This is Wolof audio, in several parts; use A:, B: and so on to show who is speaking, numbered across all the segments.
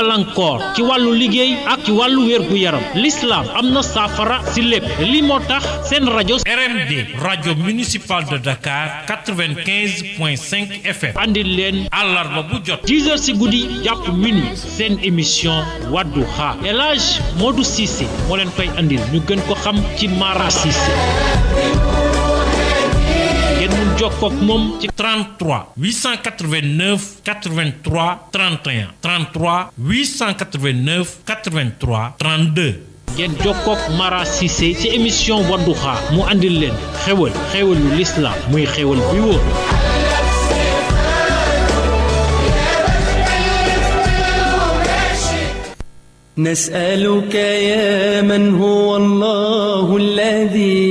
A: gàllankoor ci walu liggéey ak ci wer wérgu yaram l'islam amna safara ci lepp li motax sen radio RMD radio municipale de Dakar 95.5 FM andi leen àllarba bu jot 10 h ci goudi japp mini sen émission wadou kha l'âge, Modou Cissé mo len fay andil ñu gën ko xam ci Mara jokkoo ak moom ci 33 889 83 31 33 889 83 32. ngeen jokkoo ak Mara Cissé ci émission Wadduha mu andil leen xéwal xéwalu lislaam muy xéwal bi wóor.
B: نسألك يا من هو الله الذي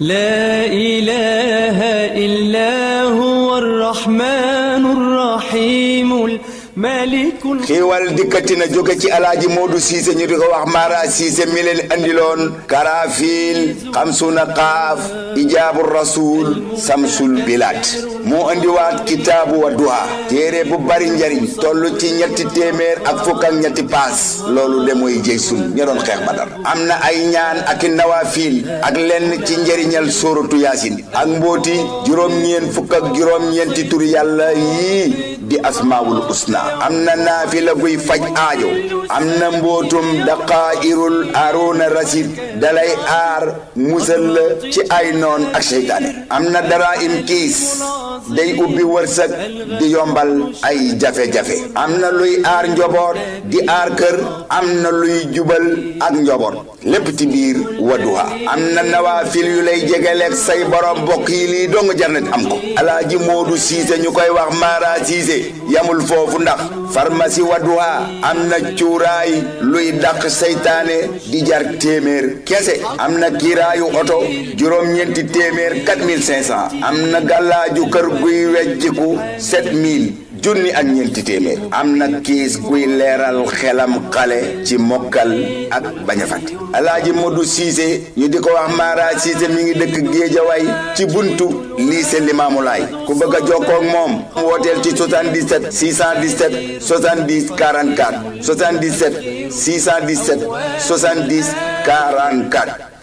B: لا إله إلا هو
C: الرحمن الرحيم الملك xiiwal dikkati na jóge ci alaaji Modou Cissé ñu di ko wax Mara Cissé mi leen andiloon karafiil xamsuna xaaf ijaabu rasul samsul bilaat moo andiwaat kitaabu wadduha téere bu bari njariñ toll ci ñetti téeméer ak fukk ak ñetti paas loolu de mooy jëy sun ña doon xeex badar am na ay ñaan ak nawafiil ak lenn ci njariñal sóoratu yaasin ak mbóoti juróom-ñeen fukk juróom-ñeenti turi yàlla yii di asmaawul usna am na naafila guy faj aajo am na mbootum daqaa'irul aaroona rasid dalay aar musal la ci ay noon ak seytaane am na dara im kiis day ubbi wërsëg di yombal ay jafe-jafe am na luy ar njoboot di aar kër am na luy jubal ak njoboot lépp ci biir Wadduha am na nawaafil yu lay jegeleeg say borom mbokk yi lii dong jar am ko alaaji Moodu Siise ñu koy wax Mara Siise yamul foofu ndax fasi wadduha am na cuuraay luy dàq seytaane di jar téeméer kese am na kiiraayu oto juróom-ñeenti téeméer 4500 am na gàllaaju kër guy wejjiku 7000 junni ak ñeenti téeméer am na kiis kuy leeral xelam xale ci mokkal ak bañ a fàtte alaaji Modou Cissé ñu di ko wax Mara Cissé mu ngi dëkk Géejawaay ci buntu lycée Limaamulaay ku bëgg a jokkoo ak moom wooteel ci 77 617 70 44 77 617 70 44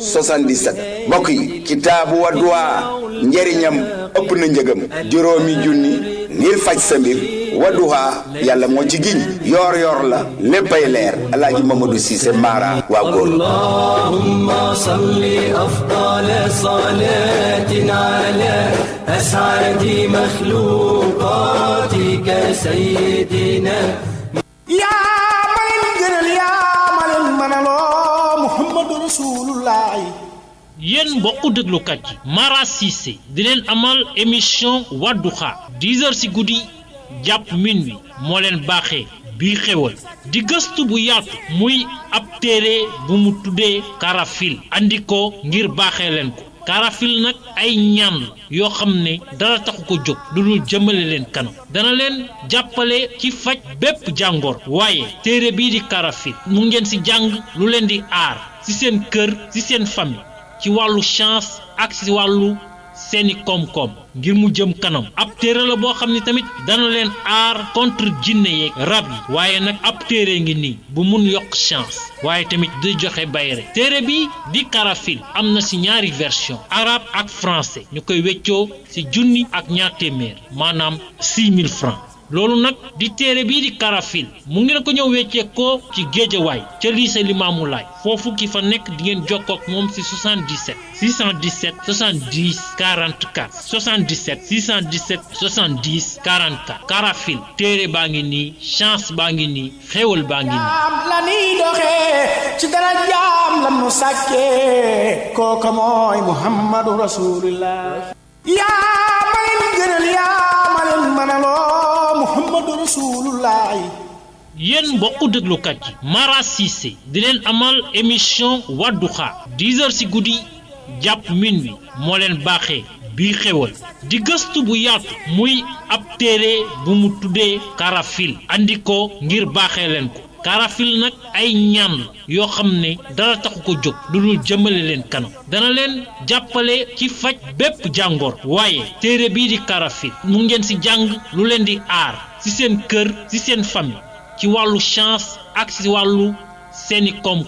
C: 77 mbokk yi kitaabu Wadduha njëriñam ëpp na njëgam juróomi junni ngir faj sa mbir Wadduha yàlla moo giñ yoor yoor la léppay leer alaaji Mamadou Cissé Mara waa góor allahumma salli
B: afdal salatin ala as'adi
D: makhluqatika sayyidina
A: yenn yéen mbokku déglukat yi Mara amal émission Wadduha 10 heures ci guddi jàpp min wi moo leen baaxee bii xewal di gëstu bu yaatu muy ab téere bu mu tuddee karafil andi ngir baaxee leen ko karafil nag ay ñaan yoo xam ne dara taxu ko jóg lu dul jëmale leen kanam dana leen jàppale ci faj bépp jàngoor waaye téere bii di karafil mu ngeen ci jàng lu leen di aar ci seen kër ci seen famille ci wàllu chance ak ci wàllu seeni koom-koom ngir mu jëm kanam ab téere boo xam ne tamit dana leen aar contre jinne yeeg rab yi waaye nag ab téere ngi nii bu mun yokk chance waaye tamit di joxe bayre téere bi bi karafil am na ci ñaari version arabe ak français ñu koy weccoo ci junni ak ñaar téeméer maanaam 6000 francs lolu nak di téré bi di karafil mu ngi ko ñew wéccé ko ci way ci lycée limamou lay fofu ki fa nek di ngeen ak mom ci 77 617 70 44 77 617 70 44 karafil téere baa ngi nii chance baa ngi nii xéewal baa ngi nii.
E: yaa ma leen gënal ya ma leen rasulullahi
A: yéen mbokku déglukat yi di leen amal émission Wadduha 10 heures ci guddi jàpp minuit moo leen baaxe bii xewal di gëstu bu yaatu muy ab téere bu mu tuddee karafil andi ngir baaxee leen ko karafil nag ay ñaan yoo xam ne dara taxu ko jóg lu dul jëmale leen kanam dana leen jàppale ci faj bépp jàngoor waaye téere bii di karafil mu ngeen ci jàng lu leen di aar ci seen kër ci seen famille ci wàllu chance ak ci wàllu seeni koom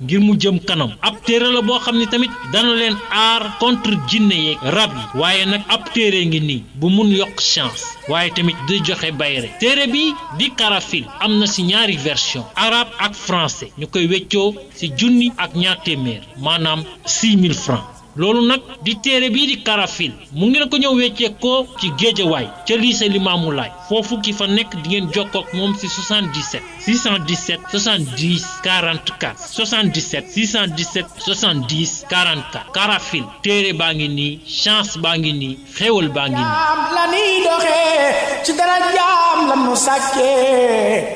A: ngir mu jëm kanam ab téere la boo xam ne tamit dana leen aar contre jinne yeeg rab yi waaye nag ab téere ngi nii bu mun yokk chance waaye tamit di joxe bayre téere bi di karafil am na ci ñaari version arabe ak français ñu koy weccoo ci junni ak ñaar téeméer maanaam 6000 francs lolou nak di téré bi di karafil mu ngi ko ñew wéccé ko ci way ci lycée Limaamu lay fofu ki fa nek di ngeen jokkoo ak mom ci 77 617 70 44 77 617 70 44 karafil téré baa ngi chance baa ngi nii xéewal baa ngi am
E: la ni doxé ci dara jam la nu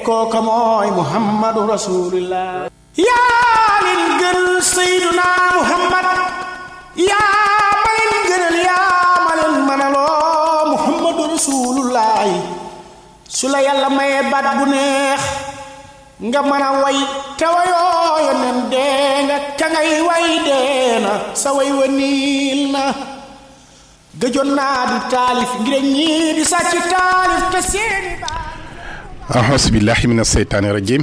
E: ko ko moy muhammadur rasulullah ya lil gën sayyiduna muhammad yaa ma leen gënal yaa ma leen manaloo muhammadu rasulullaahi su la yàlla mayee baat bu neex nga mën a way te wayoo yonen dee nga ka ngay way dee na sa way wa niil na gëjoon naa di taalif ngir ñii di sàcc taalif te seeni baa
F: ahasbillahi min aseytaani rajim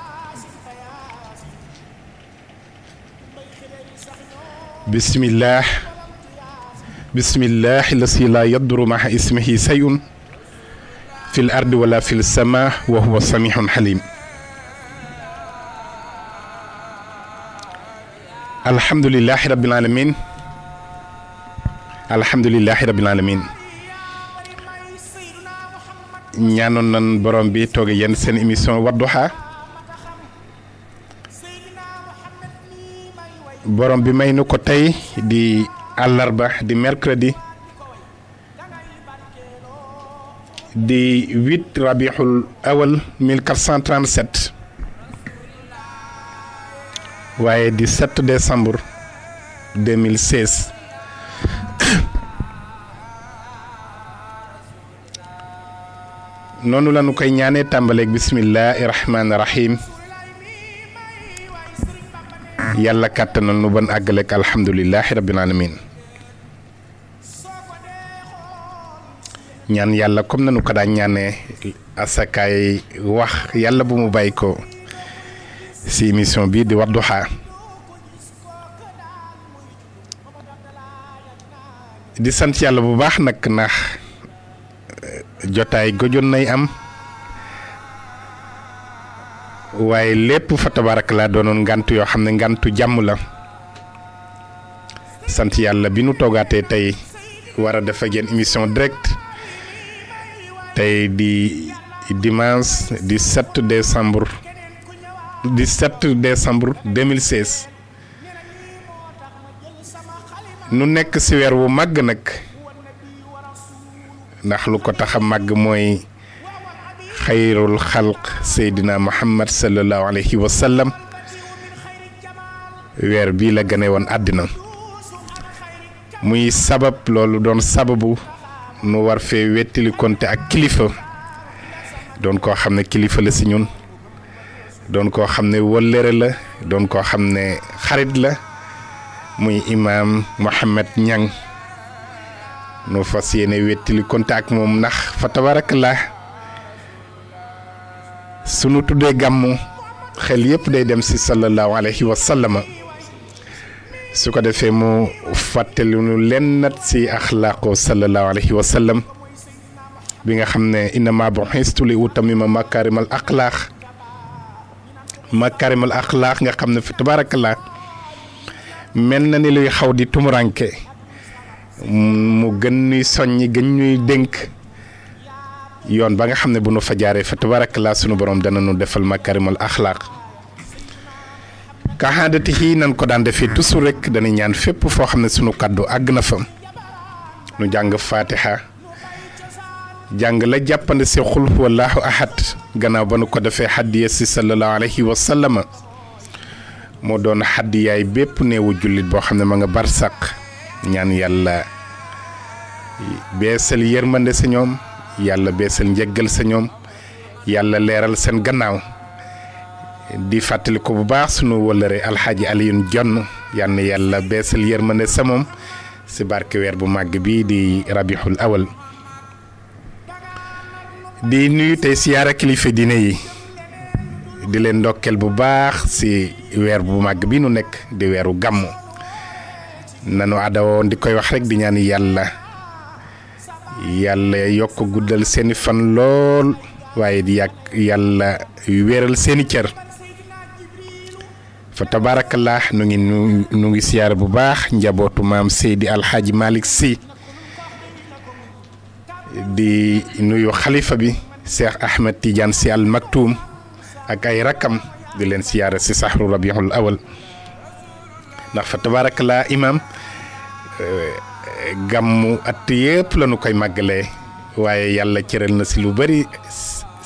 F: بسم الله بسم الله الذي لا يضر مع اسمه شيء في الأرض ولا في السماء وهو سميع حليم الحمد لله رب العالمين الحمد لله رب العالمين نيانون نان بروم بي توغي يان سن ايميسيون وضحا borom bi may nu ko tey di àllarba di mercredi di 8 rabiul awal 1437 waaye di 7 décembre 2016 noonu la nu koy ñaanee tàmbaleeg bismillahi rahmaani rahim yàlla kàttanal nu ban àggaleek alhamdulilahi rabbil alamin ñaan yàlla comme nanu ko daan ñaanee asakaay wax yàlla bu mu bàyyi ko si émission bii di Wadduha di sant yàlla bu baax nag ndax eh, jotaay gojoon nay am waaye lépp fa tabarak laa doonoon ngàntu yoo xam ne ngantu jàmm la sant yàlla bi nu toogaatee tey war a def ak yéen émission direct tey di dimanche 17 décembre 17 décembre 2016 nu nekk ci weer wu màgg nag ndax lu ko tax a màgg mooy خير الخلق سيدنا محمد صلى الله عليه وسلم weer bii la gane woon àddina muy sabab loolu doon sababu nu war fee wettili konte ak kilifa doon koo xam ne kilifa la si ñun doon koo xam ne wëllëre la doon koo xam ne xarit la muy imaam Mohamed Niang nu fas yéene wettili konte ak moom ndax fa tabarakallah sunu tuddee gàmmu xel yëpp day dem si sallallahu alayhi wa sallama su ko defee mu fàttali nu lennat si axlaaqu sallallahu alayhi wa sallam bi nga xam ne bu bu'istu li utammima makaarimal axlaaq makaarimal axlaaq nga xam ne fi tabarakallah mel na ni luy xaw di tumuranke mu gën ñuy soññi gën ñuy dénk yoon ba nga xam ne bu nu fa jaaree fa tabarak tabarakallah sunu borom dana nu defal makarimul axlaaq kaxaadati xii nan ko daan defee tusu rek dana ñaan fépp foo xam ne sunu kàddu àgg na fa nu jàng fatiha jàng la jàppande si xul wallaahu ahad gannaaw ba nu ko defee xaddiya si sallallahu alayhi wa sallama moo doon xaddiyaay bépp neewu jullit boo xam ne ma nga barsaq ñaan yàlla beesal yërmande sa ñoom yàlla beesal njëgal sa ñoom yàlla leeral seen gannaaw di fàttali ko bu baax sunu wëllëre alxaaji Alioune Jonn yal yàlla beesal yërmande sa moom si barke weer bu màgg bi di rabixul awal di nuyu tey siyaara kilifa diine yi di leen ndokkeel bu baax ci weer bu màgg bi nu nekk di weeru gàmmu nanu aada woon di koy wax rek di ñaan yàlla yàlla yokk guddal seeni fan lool waaye di yàgg yàlla wéeral seeni cër fa tabaarakallah nu ngi nu ngi siyaar bu baax njabootu maam Seydi Alxaaji malik si di nuyu xalifa bi Cheikh Ahmed Tidiane Sy Al ak ay rakkam di leen siyaara si saxru rabiul awal ndax fa tabaarakallah imaam gàmmu at yëpp la koy màggale waaye yàlla cëral na si lu bari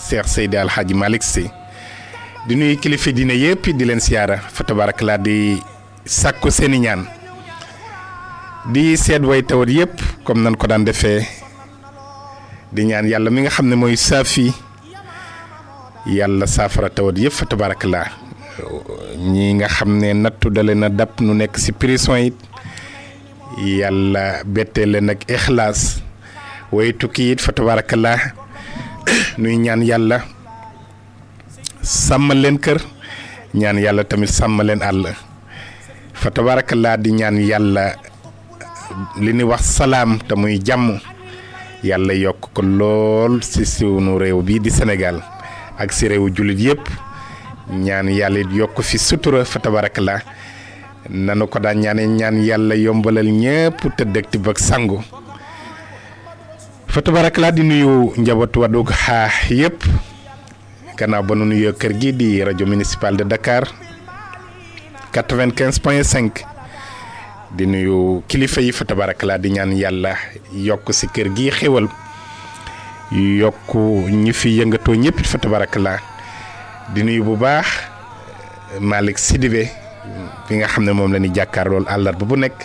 F: Cheikh Seydi Al Hadj si di nuyu kilifa dina yëpp di leen siyaara fa tabarakalaa di sàkku seeni ñaan di seet way tawat yëpp comme nan ko daan defee di ñaan yàlla mi nga xam ne mooy saafi yàlla saafara tawat yëpp fa tabarakalaa ñi nga xam ne nattu dale na dab nu nekk ci prison it yàlla bettee leen ak ixlaas way tukki it fa tabarakallah nuy ñaan yàlla sàmm leen kër ñaan yàlla tamit sàmm leen àll fa tabarakallah di ñaan yàlla li ni wax salaam te muy jàmm yàlla yokk ko lool ci sunu réew bii di Sénégal ak ci réewu jullit yépp ñaan yàlla it yokk fi sutura fa tabarakallah nanu ko daan ñaane ñaan yàlla yombalal ñëpp tëdd ak tibb ak sangu fa tabarak laa di nuyu njabootu Wadduha xaa yëpp gannaaw ba nu nuyoo kër gi di rajo municipal de Dakar 95 point di nuyu kilifa yi fa tabarak laa di ñaan yàlla yokk ci kër gi xéwal yokk ñi fi yëngatoo ñëpp fa tabarak laa di nuyu bu baax Malick Sidibé fi nga xam ne moom la ñu jàkkaar loolu àllarba bu nekk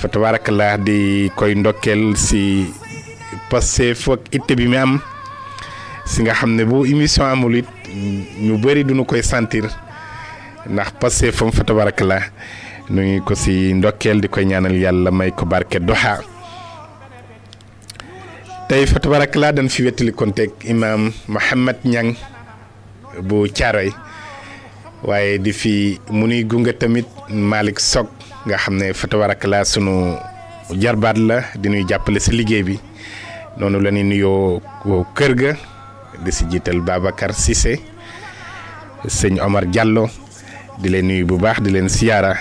F: fa tabaarakallaa di koy ndokkeel si passé foog itte bi mi am si nga xam ne bu émission amul it ñu bëri duñu koy sentir ndax passé fam fa tabaarakallaa nu ngi ko si ndokkeel di koy ñaanal yàlla may ko barke doxa tey fa tabaarakallaa dañ fi wettali konteeg imaam Mohamed Niang bu Caaroy waaye di fi mu nuy gunge tamit Malick Sock nga xam ne fatabarakala sunu jarbaat la di nuy jàppale si liggéey bi noonu la ñuy nuyoo kër ga di si jiital Babacar sise sëñ Omar Diallo di leen nuyu bu baax di leen siyaara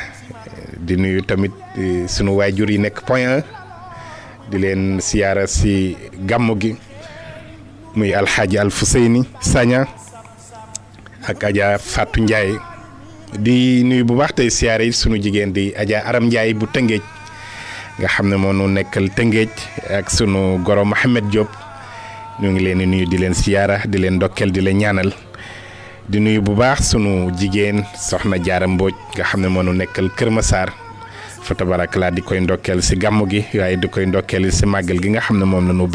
F: di nuyu tamit e, sunu waajur yi nekk point e, di leen siyaara si gàmmu gi muy alxaaji Alfuseyni Sagna ak fatun Fatou ndjay di nuyu bu baax tey siyaare yi sunu jigéen di aja Aram ndjay bu Tëngéej nga xam ne moo nu nekkal ak sunu goro Mohamed Diop ñu ngi leen nuyu di leen siyaara di leen bubah di leen ñaanal di nuyu bu baax sunu jigéen soxna Jaara Mbooj nga xam ne moo nu nekkal Kër Massar fa tabarakalaa di koy ndokkel si gàmmu gi waaye di koy ndokkel si màggal gi nga xam ne la nu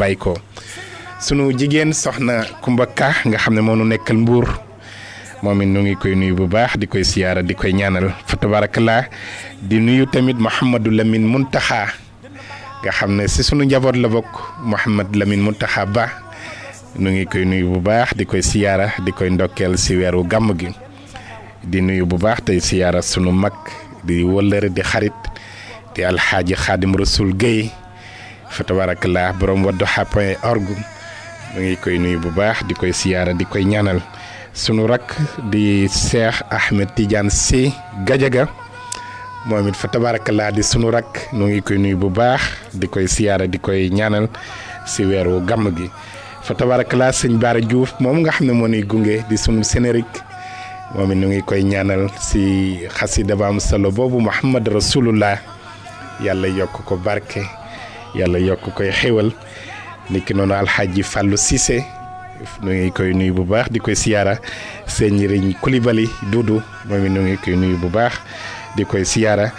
F: sunu jigéen soxna Kumba Ka nga xam ne nu nekkal Mbuur moom it nu ngi koy nuyu bu baax di koy siyaara di koy ñaanal fa la di nuyu tamit Mouhamadou Lamine Muntaxa nga xam ne si sunu njaboot la bokk Mouhamadou Lamine Muntaxa ba nu ngi koy nuyu bu baax di koy siyaara di koy ndokkeel si weeru gàmm gi di nuyu bu baax tey siyaara sunu mag di wëllëre di xarit di alxaaji xaadim rasul foto fa tabarakallah borom wadduha point org nu ngi koy nuyu bu baax di koy siyaara di koy ñaanal sunu rakk di Cheikh Ahmed Tidiane si Gadiaga moom it fa tabaarakallaa di sunu rakk nu ngi koy nuy bu baax di koy siyaara di koy ñaanal si weeru gàmm gi fa tabaarakallaa sëñ Baara Diouf moom nga xam ne moo nuy gunge di sunu sénérique moom it nu ngi koy ñaanal si xasida ba am solo boobu Muhammad Rasulullah yàlla yokk ko barke yàlla yokk koy xéwal niki noonu alxaaji Fàllu Cissé nu ngi koy nuyu bu baax di koy siyaara sëñ Riñ Kulibali Duudu moom it nu ngi koy nuyu bu baax di koy siyaara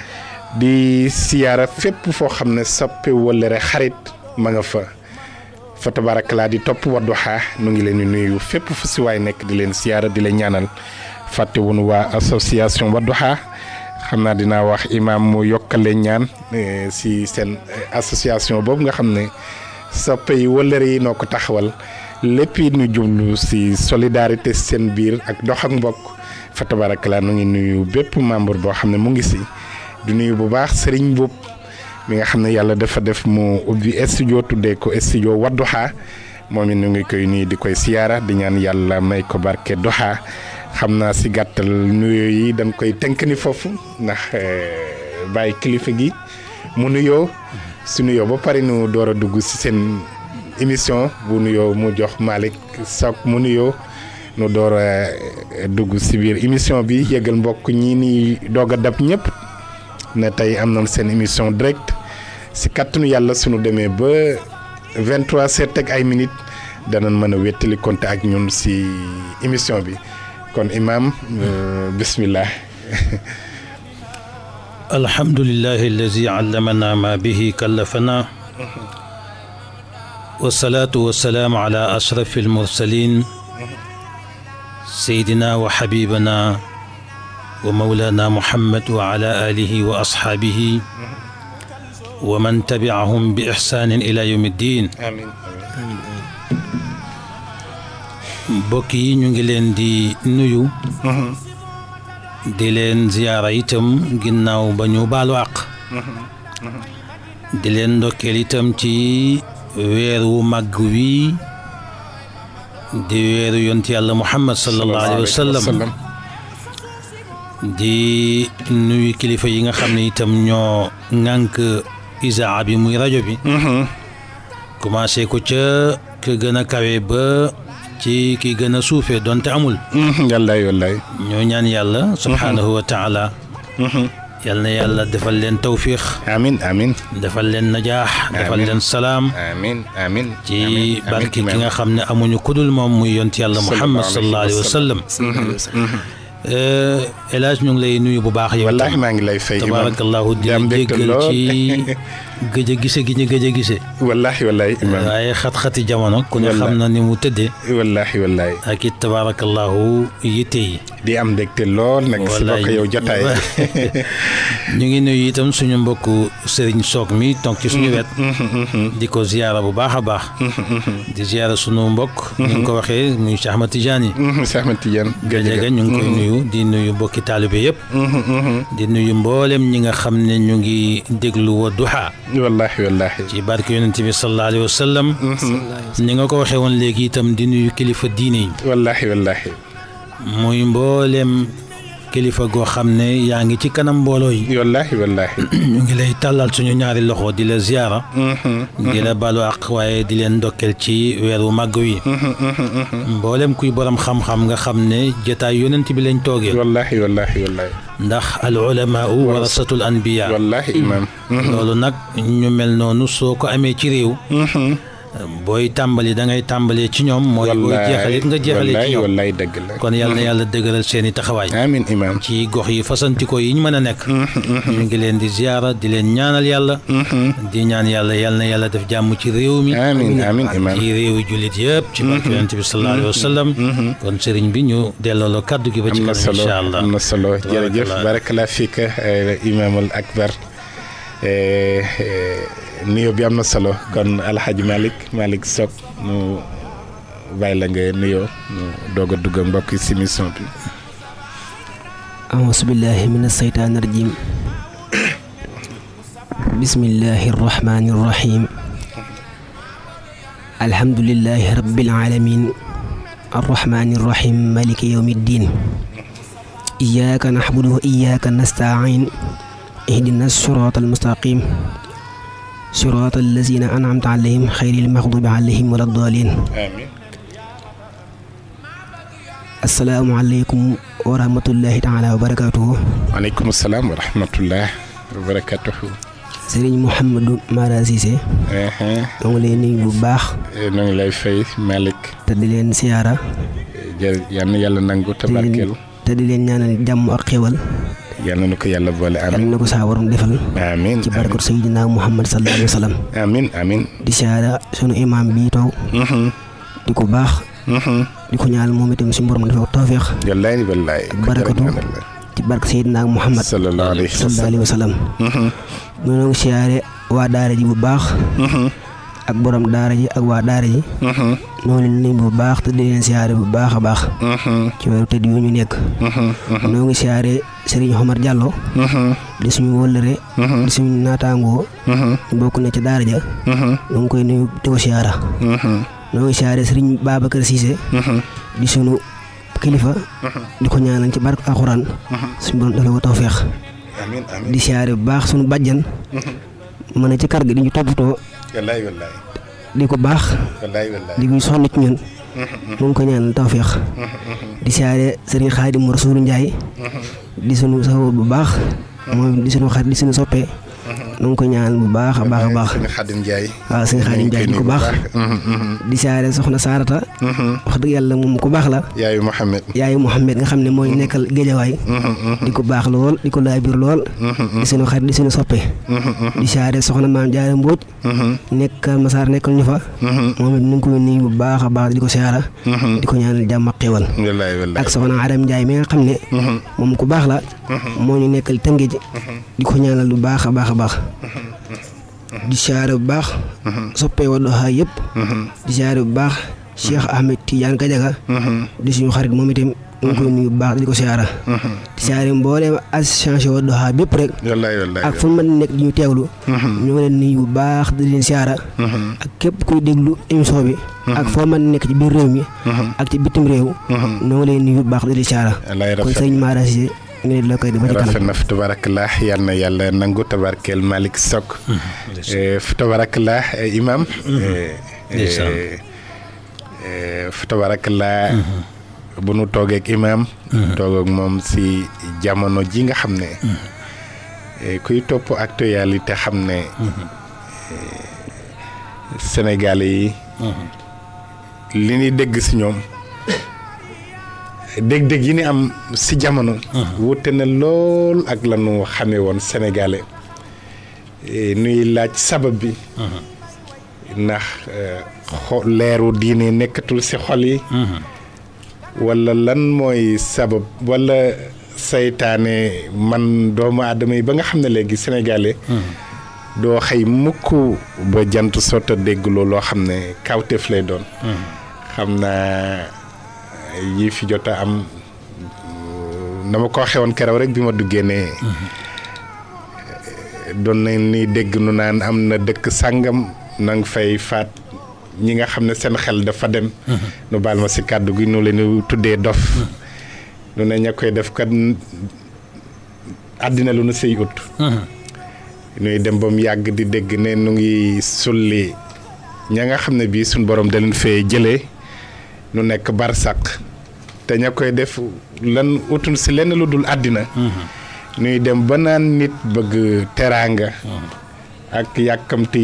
F: di siyaara fépp foo xam ne sappe wëllëre xarit ma nga fa fa tabarakalaa di topp Wadduha nu ngi leen di nuyu fépp fu si waay nekk di leen siyaara di leen ñaanal fàtte wuñu waa association Wadduha xam naa dinaa wax imaam mu yokkale ñaan eh, si seen eh, association boobu nga xam ne sappe yi wëllëre yi noo ko taxawal lépp it ñu jublu si solidarité seen biir ak dox mbokk fa nu ngi nuyu bépp membre boo xam ne mu ngi si du nuyu bu baax Serigne Mboup mi nga xam ne yàlla dafa def mu ubbi studio tuddee ko studio Wadduha moom it ñu ngi koy nuyu di koy siyaara di ñaan yàlla may ko barke doxaa xam naa si gàttal nuyoo yi dañ koy tënk ni foofu ndax eh, bàyyi kilifa gi mu nuyoo si nuyoo ba pare ñu door a dugg si seen. émission bu nuyo mu jox malik Sock mu nuyo nu door a dugg si biir émission bi yëgal mbokk ñi ni doog a dab ñëpp ne tey am nañ seen émission direct si kàttanu yàlla suñu demee ba 23h ak ay minute danañ mën a wettali compte ak ñun si émission bi kon imaam bismillah
G: الحمد لله الذي علمنا ما به كلفنا والصلاة والسلام على أشرف المرسلين سيدنا وحبيبنا ومولانا محمد وعلى آله وأصحابه ومن تبعهم بإحسان إلى يوم الدين آمين بوكي نجلين دي نيو دي لين ziyaara جناو بنيو ba دي لين àq di weer wu màgg wii di weeru yonti yàlla muhammad sallallahu alayhi wa sallam di nuyu kilifa yi nga xam ne itam ñoo ŋànk isaa bi muy rajo bi mm-hmm. commencé ko ca ka gën a kawe ba ci ki gën a suufee donte amul wallaay mm-hmm. wallaay ñoo subhaanahu wa yal na yàlla defal leen tawfiix amin amin defal leen najaax defal leen salaam amin amin ci barke ki nga xam ne amuñu kudul moom muy yont yàlla muhammad sallallahu alayhi wa sallam El Hadj ñu ngi lay nuyu bu baax yow. wallaahi maa ngi lay fay. tabaarakallaahu di jégal ci gëj a gise gi ñu gëj a gise wallaahi wallaahi imaam waaye xat-xati jamono ku ne xam na ni mu tëddee wallaahi wallaahi ak it tabaarakallaahu yitte yi di am dégte lool nag si ñu ngi nuyu itam suñu mbokku sëriñ soog mi toog ci suñu mm-hmm, wet mm-hmm, mm-hmm. di ko ziyaara bu baax a baax di ziyaara mbokk ko waxee muy Cheikh Ahmad Tidiane yi Cheikh Ahmad nuyu di nuyu mbokki taalibe yëpp di nuyu mboolem ñi nga xam ne ñu ngi déglu Wadduha والله والله جي بارك يون النبي صلى الله عليه وسلم نيغا كو واخي وون ليغي تام دي نيو كليفه ديني والله والله موي مبولم kilifa goo xam ne yaa ngi ci kanam mbooloo yi. wallaahi wallaahi. ñu ngi lay tàllal suñu ñaari loxo di la ziyaara. Mm-hmm, mm-hmm. di la balu ak waaye di leen ndokkeel ci weeru màgg wi.
D: Mm-hmm,
G: mboolem kuy borom xam-xam nga xam ne jotaay yonent bi lañ toogee. wallaahi wallaahi wallaahi. ndax al ulamaa warasatul anbiyaa. wallaahi imaam. loolu nag ñu mel noonu soo ko amee ci réew. booy tàmbali da ngay tàmbalee ci ñoom. mooy booy jeexalit nga jeexalee ci ñoom wallaay dëgg la kon yal na yàlla dëgëral seeni i taxawaay. amiin imaam ci gox yi fasantikoo yi ñu mën a nekk. Mm-hmm, mm-hmm. ñu ngi leen di ziara di leen ñaanal yàlla. Mm-hmm. di ñaan yàlla yàlla na yàlla def jàmm ci réew mi. amiin amiin imaam ci réewi jullit yëpp. ci barke yonent bi sallallahu alayhi kon sëriñ bi ñu delloo la gi ba ci kanam incha allah am
F: na solo am na solo jërëjëf barakalaa fiik imaamul akbar Eh, eh, nuyoo bi am na solo kon alxaji Malick Malick Sock nu bàyyi la nga nuyoo nu doog a dugg mbokk si émission bi
H: أعوذ بالله من الشيطان الرجيم بسم الله الرحمن الرحيم الحمد لله رب العالمين الرحمن الرحيم مالك يوم الدين إياك نعبد وإياك نستعين اهدنا الصراط المستقيم صراط الذين انعمت عليهم خير المغضوب عليهم ولا الضالين امين السلام عليكم ورحمه الله تعالى وبركاته
F: وعليكم السلام ورحمه الله وبركاته
H: سيدي محمد مراسيسي اها نغ لي نيو باخ
F: نغ لي فاي مالك تدلين سياره يعني يلا نانغو تبركل
H: تدلين نانا جام اخيوال
F: yal na nu ko yàlla boole amiin
H: yal na ko saa waroon defal amiin ci barkatu Seydina Muhammad sallallahu alayhi wa sallam amiin amiin di siyaara sunu imaam bii toog mm-hmm. di ko baax mm-hmm. di ko ñaal moom itam suñu borom dafa tawfeex
F: wallaay wallaay
H: ak barakatu ci barke Seydina Muhammad sallallahu alayhi wa sallam ñoo mm-hmm. siyaare waa daara ji bu baax ak borom daara ji ak waa daara ji. Mm-hmm. ñoo leen nuyu bu baax te di leen siyaare bu baax a baax. Mm-hmm. ci weeru tëdd yu ñu nekk. Mm-hmm. ñoo ngi siyaare Serigne Omar Diallo. di suñu wëllëre. di suñu naataangoo. bokk na ci daara ja. ñoo ngi koy nuyu di ko siyaara. ñoo ngi siyaare Serigne Babacar Cissé. di suñu kilifa. di ko ci barke alxuraan. suñu borom dafa ko tawféex. di siyaare bu baax suñu bàjjan. mën na ci kar gi di ñu toppatoo. wallaay wallaay. di ko baax. wallaay wallaay di muy sonn ci ñun. Mm-hmm. mu ngi ko ñaanal tawféex. Mm-hmm. di siyaare Serigne Khadim Rassoul Ndiaye. Mm-hmm. di sunu sawo bu baax. moom di sunu xarit di sunu soppee. nu ngi ko ñaan bu baax a baax a baax. sëñ Xaadim Njaay waaw sëñ Xaadim Njaay di ko baax. Mhm. di siyaare soxna Saarata. Mhm. wax dëgg yàlla moom ku baax la.
F: yaayu Mouhamed.
H: yaayu Mouhamed nga xam ne mooy mhm. nekkal géejawaay. di ko baax lool di di suñu xarit di suñu soppe. di siyaare soxna maam Jaara Mbóot. nekkal Masaar nekkal ñu fa. moom it ñu ngi koy nuyu bu a baax ko siyaara. di ko ñaanal jàmm ak xéwal. ak soxna Adam Njaay mi nga xam ne. moom ku baax la. moo ñu nekkal tëngeej di ko ñaanal bu baax a baax baax. di siyaare bu baax. soppee Wadduha yëpp. di siyaare bu baax. Cheikh Ahmed Tidiane Gadiaga. di suñu xarit moom itam. ñu koy nuyu bu baax di ko siyaara. di siyaare mbooleem as changé Wadduha bépp rek. ak fu mu mën nekk di ñu teewlu. ñu ngi leen képp kuy déglu émission bi. ak foo mën nekk ci biir réew mi. ak ci bitim réew. ñoo ngi leen nuyu bu baax di siyaara. kon sëñ Mara ngeen rafet
F: na fi tabarakallah yal yàlla nangu tabarakeel Malick Sock. Mm-hmm. Eh, fi tabarakallah eh, Imaam. Mm-hmm. Eh, mm-hmm. bu nu toogee ak Imaam. toog moom si jamono ji nga xam ne. kuy topp yi te xam ne. Sénégal yi. li ñuy dégg si ñoom. dég-dég yi ni am si jamono. Mhm. wute na lool ak la nu woon sénégalais nuy laaj sabab bi. Mhm. ndax euh, leeru diine nekkatul si xol yi. Mhm. wala lan mooy sabab wala seytaane man doomu aadama yi ba nga xam ne léegi sénégalais. doo xëy mukk ba jant sotta dégg loo xam ne kawteef lay doon. xam naa. yi fi jotta am na ma ko xewon keraw rek bima nañ ni dégg nu naan am na dëkk sangam nang fay faat ñi nga xam sen xel dafa dem nu bal ma ci kaddu gi nu leen tuddé dof nu ne ñakoy def kat adina lu nu sey ut dem bam di dégg ne nu ngi sulli ña nga bi sun borom da leen nu nekk barsàq te ña koy def lan utun si lenn lu dul àddina nuy mm-hmm. dem ba naan nit bëgg teranga, mm-hmm. ak yàkkamti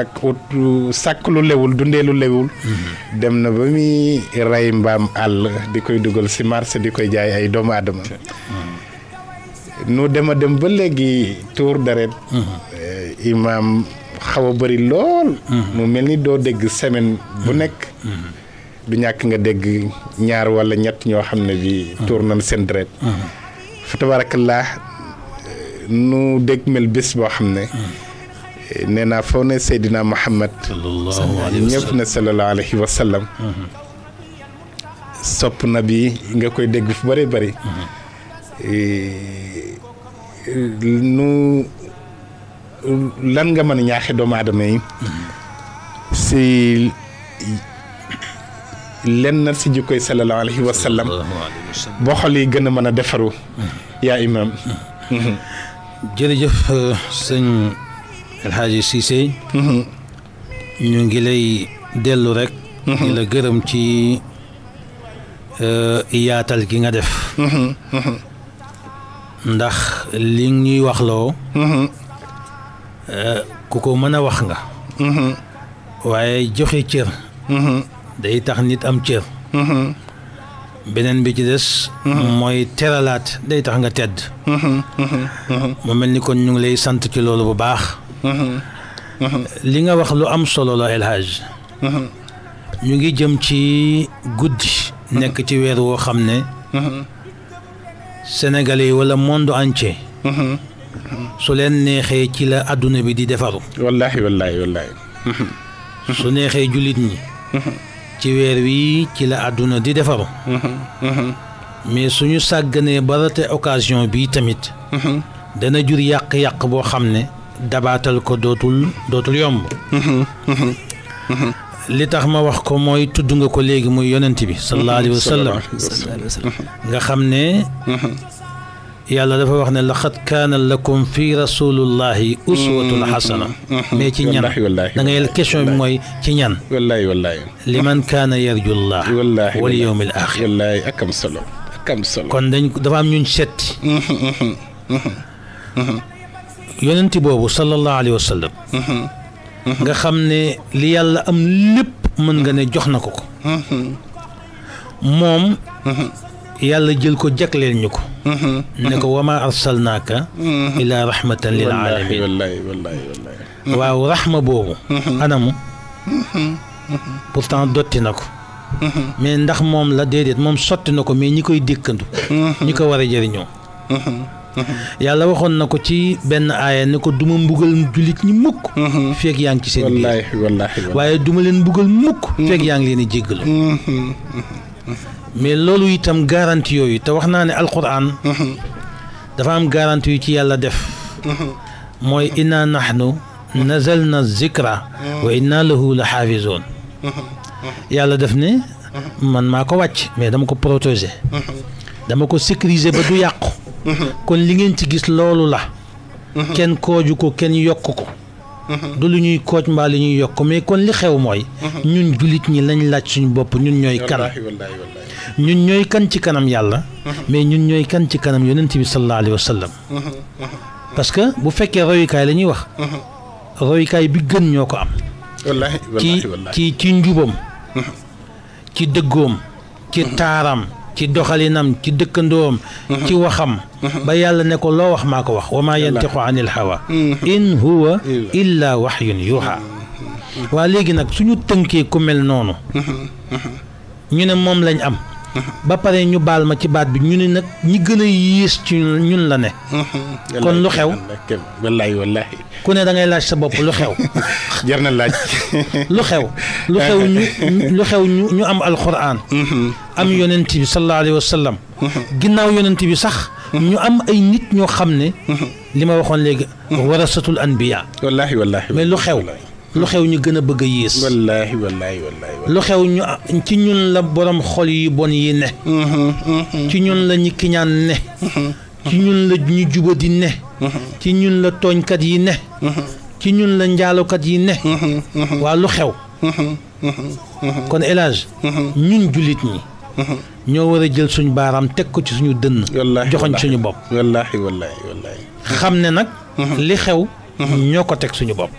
F: ak ut sàkk lu lewul dundee lu lewul mm-hmm. dem na ba muy rey mbaam àll di koy dugal si marché di koy jaay ay doomu aadama nu dema dem ba léegi tour deret eh, imam xaw a bëri lool mu mel ni doo semaine bu nekk du ñàkk nga dégg ñaar wala ñett ñoo xam ne bi ah. tuur nañ seen deret ah. fa tabarakallah nu dégg mel bés boo xam ne ah. nee naa foo ne Seydina Muhammad ñëpp ne sallallahu alayhi sopp na bi nga koy dégg fu bari bari e, nu lan nga mën a ñaaxe doomu aadama yi si lenn si jikkoy sallallahu alayhi wa sallam
G: boo xol yi gën a mën a defaru yaa imaam jërëjëf sëñ El Hadji Cissé ñu ngi lay dellu rek di la gërëm ci yaatal gi nga def ndax li ñuy waxloo ku ko mën a wax nga waaye joxe cër day tax nit am cër mm-hmm. beneen bi ci des mm-hmm. mooy teralaat day tax nga tedd mm-hmm. mu mel ni kon ñu ngi lay sant ci loolu bu baax li nga wax lu am solo la El ñu ngi jëm ci guddi nekk ci weer woo xam ne senegal yi wala monde entier su leen neexee ci la adduna bi di defaru wallaahi wallaahi su neexee jullit ñi ci weer wi ci la àdduna di defaru mais suñu sàgganee ba rate occasion bi tamit dana jur yàq-yàq boo xam ne dabaatal ko dootul dootul yomb li tax ma wax ko mooy tudd nga ko léegi muy yonent bi sallallahu alayhi wa sallam nga xam ne yàlla dafa wax ne laqad kaana lakum fi rasulillahi uswatun xasana mm, mm, mm, mais ci ñan da ngay question mooy ci ñan wallaay wallaay liman kaana yarjullah wal yawmil axir wallaay ak am solo ak am solo kon dañ dafa am ñuñ setti mm-hmm, mm-hmm, mm-hmm, boobu sallallahu alayhi wa sallam nga xam ne li yàlla am lépp mën nga ne jox na ko ko moom yàlla jël ko jagleel ñu ko ne ko wama arsalnaaka ila rahmatan lil alamin
F: wallahi wallahi
D: wallahi
G: waaw raxma boobu anam pourtant dotti na ko mais ndax moom la déedéet moom sotti na ko mais ñi koy dékkandu ñi ko war a jëriñoo yàlla waxoon na ko ci benn aaya ne ko duma mbugal jullit ñi mukk feek yaa ngi ci seen biir waaye duma leen mbugal mukk feek yaa ngi leen di jéggalu mais loolu itam garanti yooyu te wax naa ne alquran mhm. dafa am garanti yu ci yàlla def mhm. mooy inna nahnu nazalna zikra mhm. wa inna lahu la xaafizoon yàlla def ne man maa ko wàcc mais dama ko protéger dama ko sécuriser ba du yàqu kon li ngeen ci gis loolu la kenn kooju ko kenn yokk ko du lu ñuy kooj mbaa li ñuy yokk mais kon li xew mooy ñun jullit ñi lañ laaj suñu bopp ñun ñooy kan ñun ñoy kan ci kanam yàlla mais ñun ñoy kan ci kanam yonnati bi sallallahu alayhi wasallam parce que bu fekke royukaay kay lañuy wax kay bi gën ñoko am
D: wallahi wallahi ci
G: ci njubum ci deggom ci taram ci doxalinam ci dekkandom ci waxam ba yàlla ne ko lo wax mako wax wama yantiqu anil hawa in huwa illa wahyun yuha wa legi nak suñu teunké ku mel nonu ñu ne mom lañ am ba pare ñu baal ma ci baat bi ñu ne nag ñi gën a yées ci ñun la ne. kon lu xew. wallaahi wallaahi. ku ne da ngay laaj sa bopp lu xew. jar na laaj. lu xew. lu xew ñu ñu am alxuraan. Mm-hmm. am mm-hmm. yonent bi sallallahu alayhi wa sallam. Mm-hmm. ginnaaw yonent bi sax. ñu am ay nit ñoo xam ne. li ma waxoon léegi. warasatul anbiya. wallaahi wallaahi mais lu xew. lu xew ñu gën a bëgg a yées. wallaahi wallaahi wallaahi. lu xew ñu ci ñun la borom xol yi bon yi ne. Mm-hmm, mm-hmm. ci ñun la ñi kiñaan ne. Mm-hmm. ci ñun la ñu jubadi ne. ci ñun la tooñkat yi ne. ci ñun la njaalookat yi ne. waa lu xew. kon El Hadj ñun jullit ñi. ñoo war a jël suñu baaraam teg ko ci suñu dënn. joxoñ suñu bopp. wallaahi wallaahi wallaahi. xam ne nag. li xew. ñoo ko teg suñu bopp.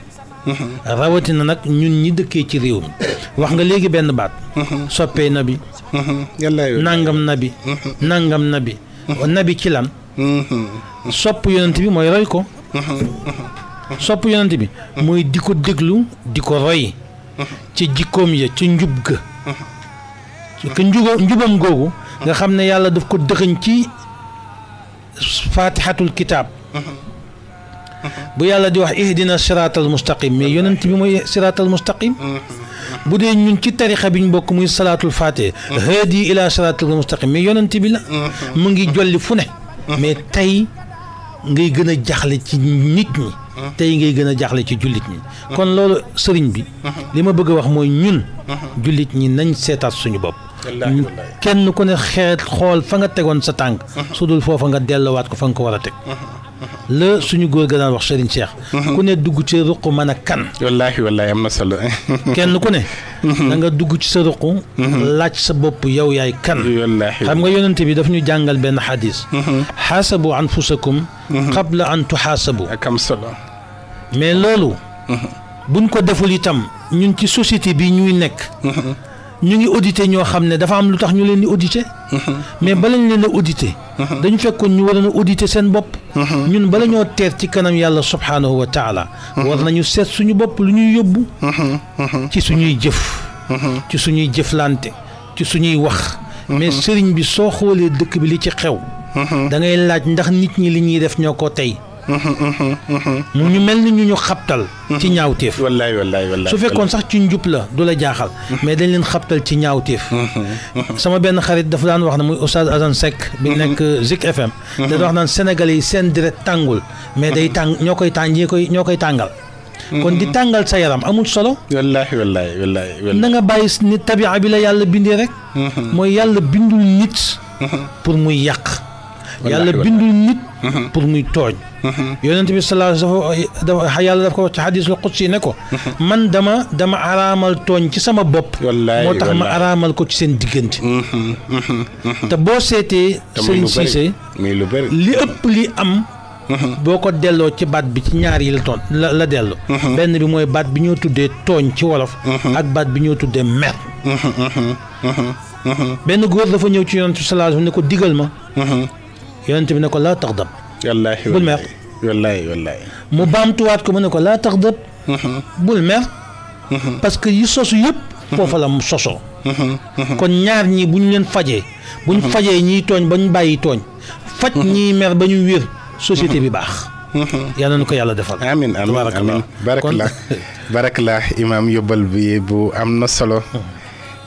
G: Mm-hmm. rawatina nag ñun ñi dëkkee ci réew mi wax nga léegi benn baat mm-hmm. soppee nabi mm-hmm. nangam nabi nangam nabi nabi ci lan sopp yonent bi mooy roy ko sopp yonent bi mooy di ko déglu di ko roy ci jikkoom ya ci njub ga ke njubam googu nga xam ne yàlla daf ko dëxëñ ci faatixatul kitaab bu yàlla di wax ihdina siraatal mustaqim mais yonent bi mooy siraatal mustaqim bu dee ñun ci tarixa bi ñu bokk muy salaatul faatee haadi ila siraatal mustaqim mais yonent bi la mu ngi jolli fu ne mais tey ngay gën a jaxle ci nit ñi tey ngay gën a jaaxle ci jullit ñi kon loolu sëriñ bi li ma bëgg a wax mooy ñun jullit ñi nañ seetaat suñu bopp kenn ku ne xeet xool fa nga tegoon sa tànk uh-huh. su dul foofa nga dellowaat ko fa nga ko war a teg uh-huh. Uh-huh. la suñu góor ga daan wax Serigne Cheikh. ku ne dugg ci ruq mën a kan. wallaahi wallaahi am na solo. kenn ku ne. da nga dugg ci sa ruq. laaj sa bopp yow yaay kan. wallaahi xam nga yonent bi daf ñu jàngal benn xadis. xaasabu anfusakum. qabla an tuxaasabu. ak am solo. mais loolu. buñ ko deful itam ñun ci société bi ñuy nekk. ñu ngi audité ñoo xam ne dafa am lu tax ñu leen di audité mais bala ñu leen auditer audité dañu fekkoon ñu war a audité seen bopp ñun bala ñoo teer ci kanam yàlla subhaanahu wa taala war nañu seet suñu bopp lu ñuy yóbbu ci suñuy jëf ci suñuy jëflante ci suñuy wax mais sëriñ bi soo xoolee dëkk bi li ci xew da ngay laaj ndax nit ñi li ñuy def ñoo ko tey mu ñu mel ni ñu ñu xabtal ci ñaawteef wallaay wallaay wallaay su fekkoon sax ci njub la du la jaaxal mais dañ leen xabtal ci ñaawteef sama benn xarit dafa daan wax na muy Oustaz Assane Seck bi nekk Zik FM da wax naan sénégalais yi seen deret tàngul mais day tàng ñoo koy tàng koy ñoo koy tàngal kon di tàngal sa yaram amul solo. wallaahi wallaahi wallaahi. na nga bàyyi ni tabia bi la yàlla bindee rek. mooy yàlla bindul nit. pour muy yàq.
H: yàlla bindul
G: nit mm-hmm. pour muy tooñ mm-hmm. yonent bi salaa dafa yàlla daf ko wax ci xadisul si ne ko mm-hmm. man dama dama araamal tooñ ci sama bopp moo tax ma araamal ko ci seen diggante te boo seetee Serigne Cissé li ëpp li am boo ko delloo ci baat bi ci ñaar yi la toon la la dellu benn bi mooy baat bi ñoo tuddee tooñ ci wolof ak baat bi ñoo tuddee mer benn góor dafa ñëw ci yonent bi salaa ne ko digal ma yonent bi ne ko laa taxdab wallaahi bul mer wallaahi wallaahi mu baamtuwaat ko mu ne ko laa taxdab bul mer parce que yi sosu yëpp foofa la mu sosoo kon ñaar ñi bu ñu leen fajee bu ñu fajee ñiy tooñ ba ñu bàyyi tooñ faj ñiy mer ba ñu wér société bi baax yàlla na ko yàlla defal. amiin
D: amiin amiin barakala
F: barakala imaam yóbbal bi bu am na solo.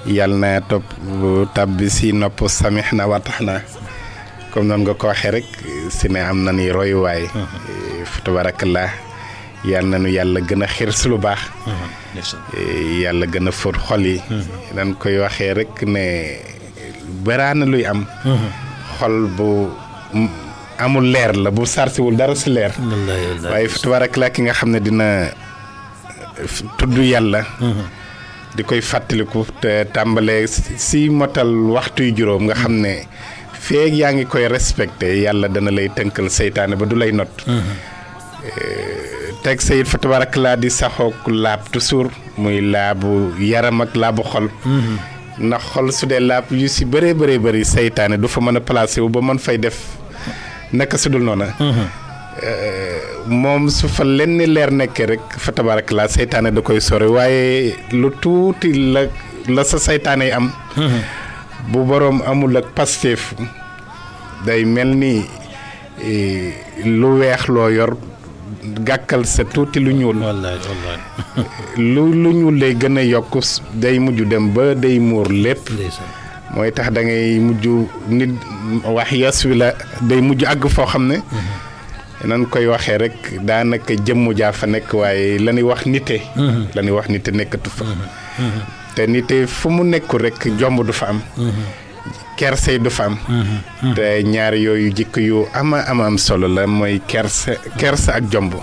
F: yàlla na topp bu tàbbi si nopp samix na watax na comme noonu nga ko waxee rek si ne am nañuy royuwaay. Uh-huh. fa tabarakallah yal nañu yàlla gën a xiir si lu baax.
D: Uh-huh.
F: Eh, yàlla gën a fóot xol yi. Uh-huh. dañ koy waxee rek ne baraana luy am. xol bu amul leer la bu sarsiwul dara si leer. waaye fa tabarakallah nga xam ne dina eh, tudd yàlla. di koy fàttaliku te tàmbalee si motal waxtu yu juróom nga xam ne. feeg yaa ngi koy respecté yàlla dana lay tënkal seytaane ba du lay not mhm. eh, teg sayit fa laa di saxook laab toujours muy laabu yaram ak laabu xol mhm. ndax xol su dee laab yu si bëree bëree bëri seytaane du fa mën a placé wu ba mën fay def naka su noona mhm. eh, moom su fa lenn leer nekkee rek fa tabarakalaa seytaane da koy sore waaye lu tuuti la la sa seytaane yi am bu boroom amul ak Pastef day mel ni e, lu weex loo yor gàkkal sa tuuti lu ñuul lu lu ñuul lay gën a yokku day mujj dem ba day muur lépp mooy tax dangay ngay mujj nit wax yas wi la day mujj àgg foo xam ne mhm. nan koy waxee rek daanaka jëmm jaa fa nekk waaye la ñuy wax nite mhm. la wax nit nekkatu fa mhm. te nit fu mu nekkul rek jomb du fa am. kerse du fa am. te ñaar yooyu jikk yu ama ama am solo la mooy kerse ak jomb.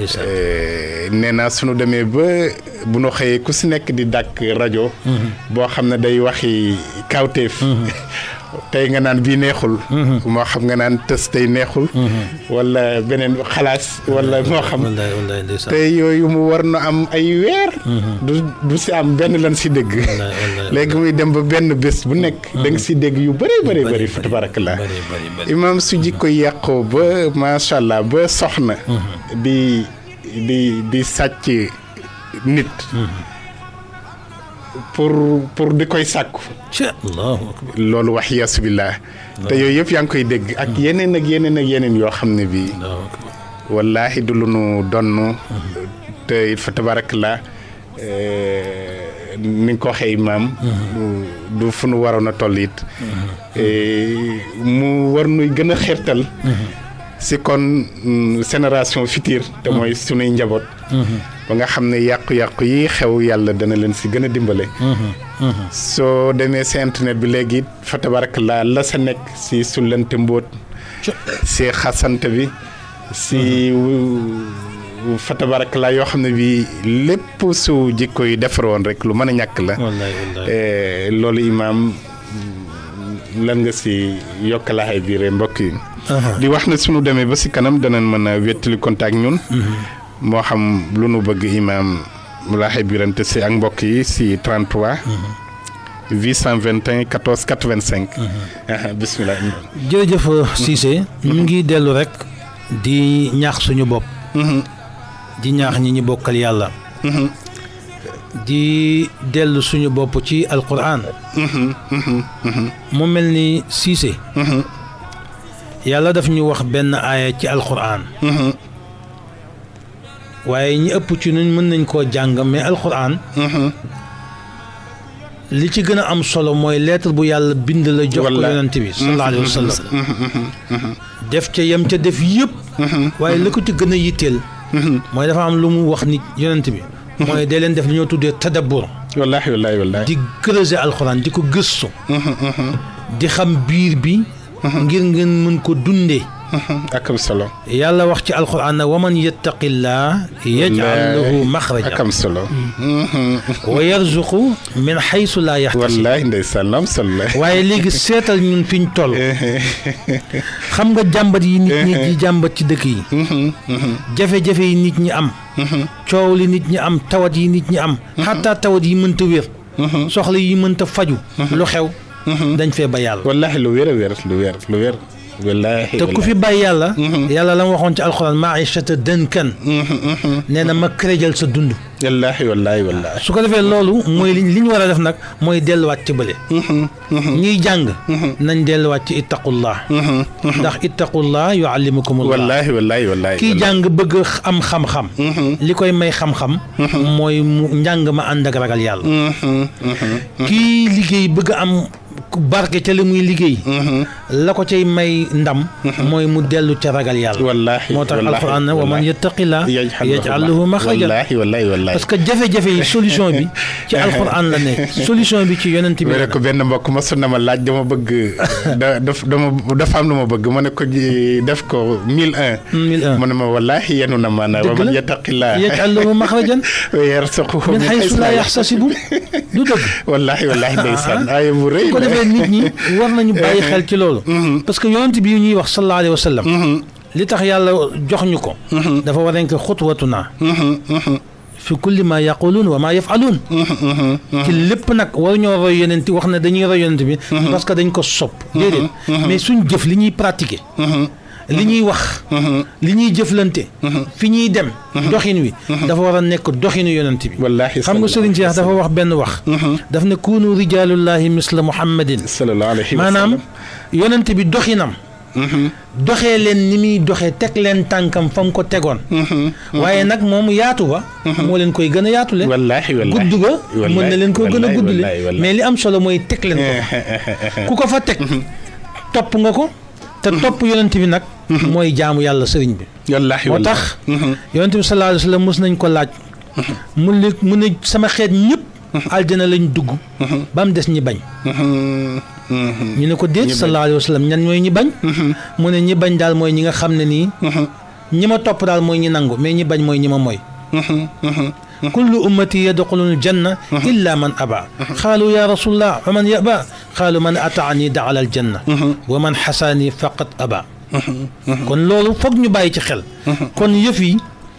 F: Eh, nee naa sunu demee ba bu nu xëyee ku si nekk di dàkk rajo. Mm-hmm. boo xam ne day waxi kawteef. Mm-hmm. tey nga naan bii neexul. Mhm. moo xam nga naan tës tey neexul. Mhm. wala beneen xalaas wala moo xam. tey yooyu mu war na am ay weer. Mhm. du si am benn lan si dégg. léegi muy dem ba benn bés bu nekk. da si dégg yu bëree bëri bëri fa tabarakallah imaam su ji ko yàqoo ba macha allah ba soxna. di di di sàcc nit. pour pour di koy sàkku. loolu wax yasubillah te yooyu yëpp yaa ngi koy dégg ak yeneen ak yeneen yeneen yoo xam ne bii. wallaahi du lu nu donn te it fa tabarakallah eh, ni ko waxee maam du fu nu waroon a toll yit eh, mu war nuy gën a xeertal. Mhm. si kon mm, génération future. te mooy mhm. sunuy njaboot. Mhm. ba nga xam ne yàqu-yàqu yi xew yàlla dana leen si gën a dimbale.
D: Mhm, mhm.
F: soo demee si internet bi léegi fa tabarakallah la sa nekk si sullante mbóot. si xasante bi. si mhm. fa tabarakallah yoo xam ne bii lépp su jikko yi defaroon rek lu mën a ñàkk la. Eh, loolu imaam lan nga si yokk laaxee biir mbokk yi. di wax ne sunu demee ba si kanam danañ mën a wéttali contact ñun. moo xam lu nu bëgg imam laaxe birante si ak mbokk yi si 33 821 14 85 bismillah
G: jërëjëf mhm. Cissé ñu ngi dellu rek di ñaax suñu bopp mhm. di ñaax ñi ñu bokkal yàlla mhm. di dellu suñu bopp ci alquran mu mel ni Cissé yàlla daf ñu wax benn aaya ci alquran waaye ñi ëpp ci nuñ mën nañ koo jàng mais alxuraan mhm. li ci gën a am solo mooy lettre bu yàlla bind la jox ko yonent bi sallallahu
D: mhm, mhm,
G: def ca yem ca def yëpp waaye li ko ci gën a yitteel mooy dafa am lu mu wax ni yonent bi mooy day leen def li ñoo tuddee tadabbur wallaahi wallaahi wallaahi di creuser alxuraan di ko gëstu di xam biir bi ngir ngeen mën ko dunde akam solo yàlla wax ci alquran na waman yattaqillah yaj'al lahu maxraja akam solo wa yarzuqu min xaysu laa yaxtasib
F: wallaay ndeysaan am solo la waaye léegi
G: seetal ñun fi ñu toll xam nga jàmbat yi nit ñi di jàmbat ci dëkk yi jafe-jafe yi nit ñi am coow li nit ñi am tawat yi nit ñi am xataa tawat yi mënta wér soxla yi mënta faju lu xew dañ fee ba yàlla wallaahi lu wér a wér lu wér lu wér wallaahi te ku fi bàyyi yàlla. Mm-hmm. yàlla la ma waxoon ci alxuraan maa ayshata dënkan. Mm-hmm, mm-hmm. nee na ma kërëjal sa dund. wallaahi wallaahi wallaahi. su ko defee loolu. mooy li ñu war a def nag mooy delluwaat ci bële. ñuy jàng. nañ delluwaat ci ittaqullah. ndax ittaqullah yuallimukumullah. wallaahi
F: wallaahi wallaahi. kii jàng
G: bëgg am xam-xam. li koy may xam-xam. mooy njàng ma ànd ak ragal yàlla. kii liggéey bëgg am. barke ci li muy liggéey la ko cay may ndam moy mu delu ci ragal yàlla wallaahi moo alquran wa man yattaqillah yaj'al lahu makhraja wallahi wallahi wallahi parce que jafe-jafe solution bi ci alquran la nek
F: solution bi ci yonent bi rek ben mbok ma sunna ma laaj dama bëgg da dama dafa am luma bëgg mané ko def ko 1001 mané mille un mu ma wallaahi yenu na wa man yattaqillah yaj'al lahu
G: makhraja wa yarsuquhu min haythu la yahtasibu du dëgg wallahi wallahi ndaysan ay bu rëy ko defee nit ñi war nañu bàyyi xel ci loolu parce que yonent bi ñuy wax sallallahu alayhi wa sallam li tax yàlla jox ñu ko dafa war nañ ko xutwatuna fi kulli ma yaquluun wa ma yafaluun ci lépp nag war ñoo roy yonent wax ne dañuy roy yonent bi parce que dañ ko sopp déedéet mais suñ jëf li ñuy pratiquer li ñuy wax li ñuy jëflante fi ñuy dem doxin wi dafa war a nekk doxinu yonent bi wallaahi xam nga sëriñ Cheikh dafa wax benn wax daf ne kunu rijalullahi misla muhammadin sallallahu alayhi wa sallam maanaam yonent bi doxinam doxee leen ni muy doxee teg leen tànkam fa mu ko tegoon waaye nag moom yaatu ba moo leen koy gën a yaatule wallaahi wallaahi gudd ba mën na leen koo gën a guddule mais li am solo mooy teg leen ko ku ko fa teg topp nga ko te topp yonent bi nag. Mhm. mooy jaamu yàlla sëriñ bi. wallaahi moo tax. Mhm. yonent bi sallallahu alayhi wa sallam mos nañ ko laaj. Mhm. mu ne mu ne sama xeet ñëpp. aljana lañ dugg. ba mu des ñi bañ. ñu ne ko déet sallallahu alayhi wa ñan mooy ñi bañ. mu ne ñi bañ daal mooy ñi nga xam ne nii. ñi ma topp daal mooy ñi nangu mais ñi bañ mooy ñi ma mooy. كل أمتي يدخل الجنة إلا من أبى قالوا يا رسول الله ومن يأبى قالوا من أتعني دعا الجنة ومن حساني فقط أبى كن لولو foog ñu bàyyi ci xel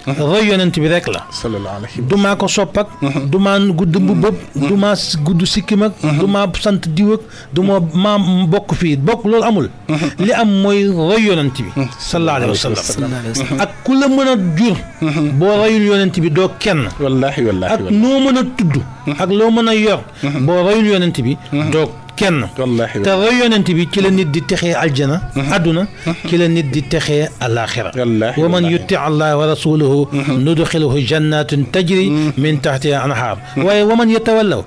G: roy yonent bi rek la du maa ko sopp ak du maa gudd mbubb du maa gudd sikkim ak du maa sant diw ak du ma maa bokk fii bokk loolu amul li am mooy roy yonent bi sallallahu alayhi wa sallam ak ku la mën a jur boo royul yonent bi doo kenn wallaahi wallaahi ak noo mën a tudd ak loo mën a yor boo royul yonent bi doo كن والله حلو تغيون انت بي كل ند تخي الجنه ادنا كل ند تخي الاخره والله ومن يطع الله ورسوله ندخله جنات تجري من تحتها انهار ومن يتولوا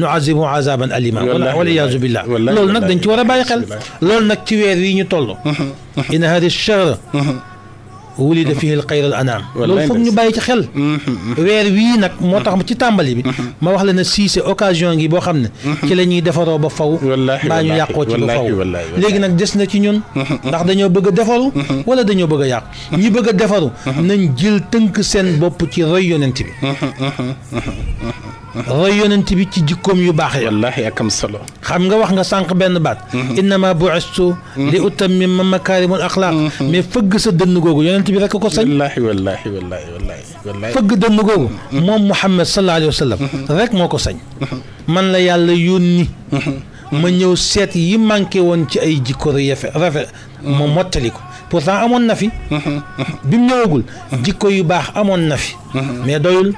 G: نعذبه عذابا اليما والعياذ بالله لول نك دنج ورا بايخل لول نك تي وير ان هذه الشهر ولد فيه القير الانام لول فوك ني باي تي خيل وير وي نك موتاخ ما تي تامبالي بي ما واخ لا سي سي اوكازيون غي بو خامني تي لا ني ديفورو با فاو با ني ياكو تي بو فاو لغي نك ديس نا تي نون داخ دانيو بوغ ديفورو ولا دانيو بوغ ياك ني بوغ ديفورو نان جيل تنك سين بوب تي ريو نانتي بي roy yonent bi ci jikkoom yu baax ya wallaahi ak am solo xam nga wax nga sànq benn baat innama bu'istu li utammima makaarimul axlaaq mais fëgg sa dënn googu yonent bi rek ko sañ wallaahi wallaahi wallaahi
D: wallaahi fëgg dënn
G: googu moom Muhammad sallallahu alayhi wa sallam rek moo ko sañ man la yàlla yónni ma ñëw seet yi manqué woon ci ay jikko rafet rafet ma mottali ko pourtant amon na fi. bim mu jikko yu bax amon na fi. mais doyul.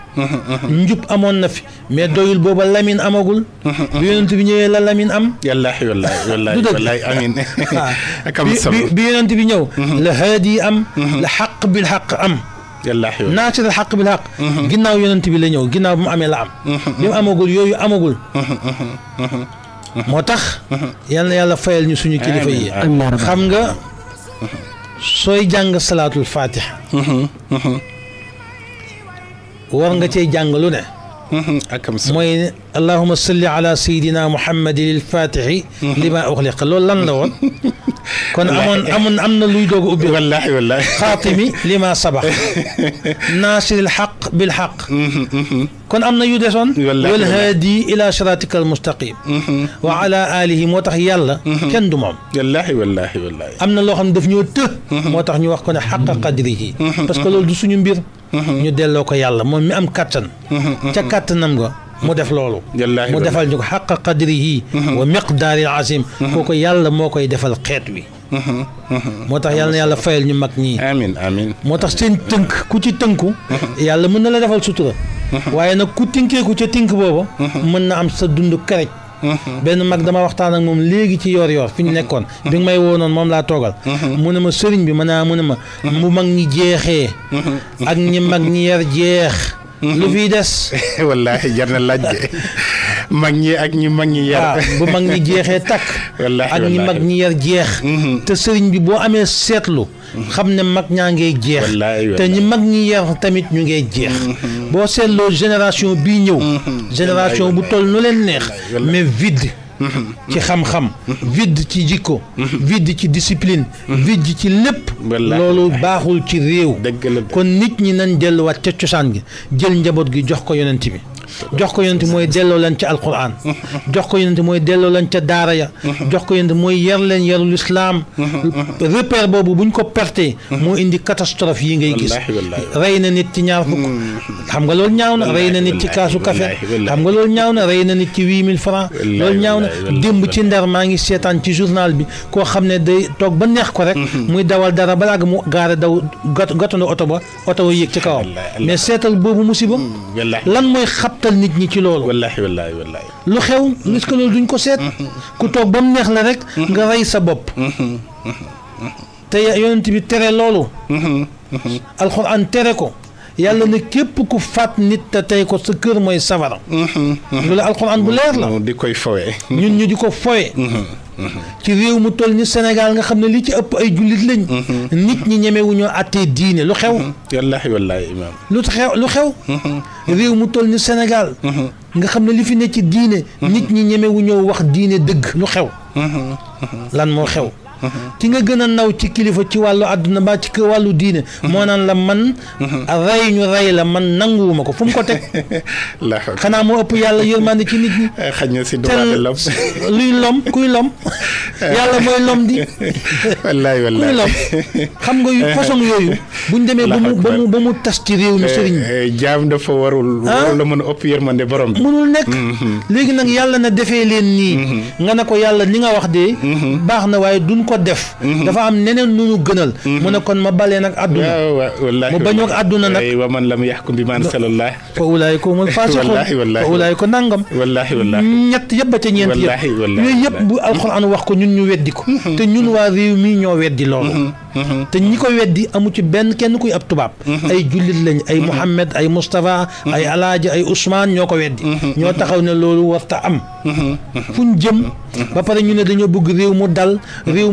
G: njub amon na fi mais doyul booba Lamine amagul. bi yonent bi ñewé la Lamine am. yàllaahi wallaahi wallahi wallaahi amiin. bi bi yonent bi ñëw. la hadi am. la haqq bil haqq am. yàllaahi wallaahi naati la xaq bil xaq. ginnaaw yonent bi la ñëw ginnaaw bi mu la am. bi amagul amagul. yàlla fayal ñu suñu kilifa yi. xam nga. sooy jàng salaatul faatiha
D: mm-hmm, mm-hmm.
G: war nga cee jàng lu ne اللهم صل على سيدنا محمد الفاتح لما اغلق لو لن نون كون امون امون امن لوي دوغ اوبي والله والله خاتمي لما سبق ناصر الحق بالحق كون امن يدسون والهادي الى صراطك المستقيم وعلى اله موتاخ يلا كان دومم
F: والله والله والله
G: امنا لو خن دف ت موتاخ ني واخ كون حق قدره باسكو لول دو سونو مبير ñu delloo ko yàlla moom mi am kàttan ca kàttanam nga mu def loolu mu defal ñu ko xaqa qadrihi wa miqdaari azim kooku yàlla moo koy defal xeet wi moo tax yàlla na yàlla fayal ñu mag ñii amin amin moo tax seen tënk ku ci tënku yàlla mën na la defal sutura waaye nag ku tinkeeku ca tink booba mën na am sa dund karaj benn mag dama waxtaan ak moom léegi ci yoor yoor fi ñu nekkoon bi nga may woonoon moom laa toogal mu ne ma sëriñ bi mën naa ah, mu ne ma mu mag ñi jeexee ak ñi mag ñi yar jeex lu fiy des.
F: wallaahi jar na laaj de
G: mag ñi ak ñi mag ñi yar. Ah, bu mag ñi jeexee takk. wallaahi ak ñi mag ñi yar jeex. Mm-hmm. te sëriñ bi boo amee seetlu. Mm-hmm. xam ne mag ñaa ngay jeex. te ñi mag ñi yar tamit ñu ngay jeex. Mm-hmm. boo seetloo génération bii ñëw. génération bu toll nu leen neex. mais vide. ci xam-xam vide ci jikko vide ci discipline vide ci lépp loolu baaxul ci réew kon nit ñi nan delluwaat ca cosaan gi jël njaboot gi jox ko yonent bi جوخ كو يونت موي ديلو لن تي القران جوخ كو يونت موي ديلو لن تي دارا يا جوخ كو يونت موي يير لن يير الاسلام ريبير بوبو بو نكو بيرتي مو اندي كاتاستروف يي غي غيس رينا نيت تي نياار فوك خام غا لول نياونا رينا نيت تي كاسو كافي خام غا لول نياونا رينا نيت تي 8000 فران لول نياونا ديمب تي ندار ماغي سيتان تي جورنال بي كو خام دي توك با نيه كو ريك موي داوال دارا بلاغ مو غارا داو غاتو نو اوتو با اوتو يي تي كاو مي سيتال بوبو مصيبه لان موي خاب xottal nit ñi ci loolu. wallaahi wallaahi lu xew gis ko loolu duñ ko seet. ku toog ba mu neex la rek. nga rey sa bopp. te yonent bi tere loolu. alxuraan tere ko. yàlla ne képp ku faat nit te tey ko sa kër mooy safara. Mm-hmm. loolu alxuraan bu leer la. di koy fowe. ñun ñu di ko fowe. ci réew mu toll ni Sénégal nga xam ne li ci ëpp ay jullit lañ. Mhm. nit ñi ñemewuñoo àttee diine lu xew. wallaahi mhm. wallaahi imaam. lu xew lu xew. Mhm. réew mu toll ni senegal nga xam ne li fi nekk ci diine. nit ñi ñemewuñoo wax diine dëgg. lu xew. lan moo xew. ki nga gën a naw ci kilifa ci wàllu àdduna mbaa ci wàllu diine. moo naan la man. rey ñu rey la man nanguwuma ko fu mu ko teg. xanaa moo ëpp yàlla yërmande ci nit ñi. xaj na si doxaate lom luy lom kuy lom. yàlla mooy lom di.
F: wallaay wallaay kuy lom xam nga yu façon yooyu.
G: buñ demee
D: ba mu ba
G: mu tas ci réew mi eh, sëriñ. Eh, jaam dafa warul. Ah? warul mën a ëpp yërmande borom bi. mënul nekk. Mm-hmm. léegi nag yàlla na defee leen nii. Mm-hmm. nga ne ko yàlla li nga wax de. Mm-hmm. baax na waaye duñ ko def dafa am neneen nu ñu gënal mu ne kon ma balee nag àdduna mu bañoog àdduna nag wa man lam yaxkum bi ma anzalallah fa ulaayika humul faasiquun fa ulaayika nangam wallahi wallahi ñett yëpp ba ca ñeent yëpp yooyu yëpp bu alquran wax ko ñun ñu weddi ko te ñun waa réew mii ñoo weddi loolu te ñi ko weddi amu ci benn kenn kuy ab tubaab ay jullit lañ ay Mouhamed ay Moustapha ay Alaaji ay Ousmane ñoo ko weddi ñoo taxaw ne loolu warta am fu ñu jëm ba pare ñu ne dañoo bëgg réew mu dal réew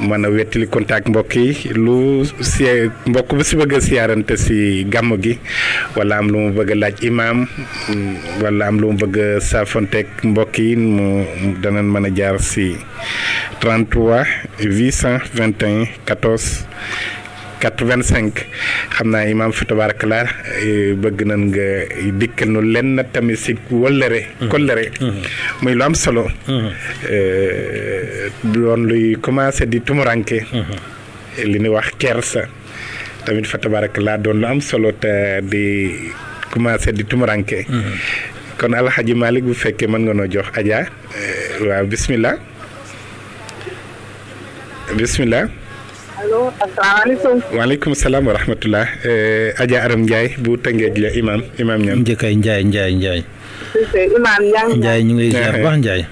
F: mën a wettali contact mbokk yi lu si mbokk bu si bëgg a siyaarante si gàmm gi wala am lu mu bëgg a laaj imaam wala am lu mu bëgg a saafonteeg mbokk yi mu danañ mën a jaar si 33 821 14. 85 xam naa imaam fa tabarakallah eh, bëgg nañ nga dikkal nu lenn tamit si wëllëre mhm. kollëre mhm. muy lu am solo doon mhm. eh, luy commencé di tumuranke li ni wax kersa tamit fa tabarakallah doon lu am solo te di commencé di tumuranke kon alxaji malik bu fekkee mën nga noo jox aja eh, waaw bismillah bismillah
D: allo
I: asalaamaaleykum.
F: salaam wa rahmatulah. Eh, Adja Aram bu Tëngéej la imaam
G: imaam ñoom. njëkkay Ndiaye Ndiaye Ndiaye. ñu ngi lay ziar baax Ndiaye.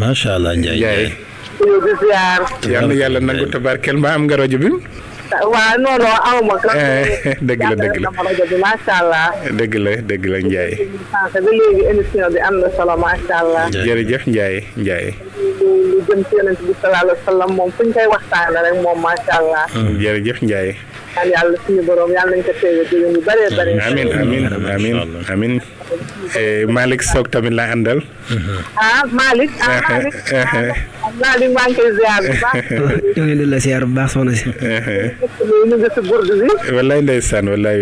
G: macha allah Ndiaye Ndiaye. yàlla yàlla nangu tabarkel ma am
F: nga rajo bi.
I: waaw non non eh, la dëgg la allah.
F: dëgg la dëgg la Ndiaye.
I: ba léegi émission na solo allah.
F: jërëjëf Ndiaye Ndiaye.
I: lu jëm ci yonent bi sallallahu alayhi wa Ndiaye. ñaan yàlla suñu borom yàlla nañ ko
F: eh, tamit laa àndal.
I: ah Malick. ah eh, eh, Malick Malick maa si. ñu ngi si burd bi.
H: wallaay ndeysaan wallaay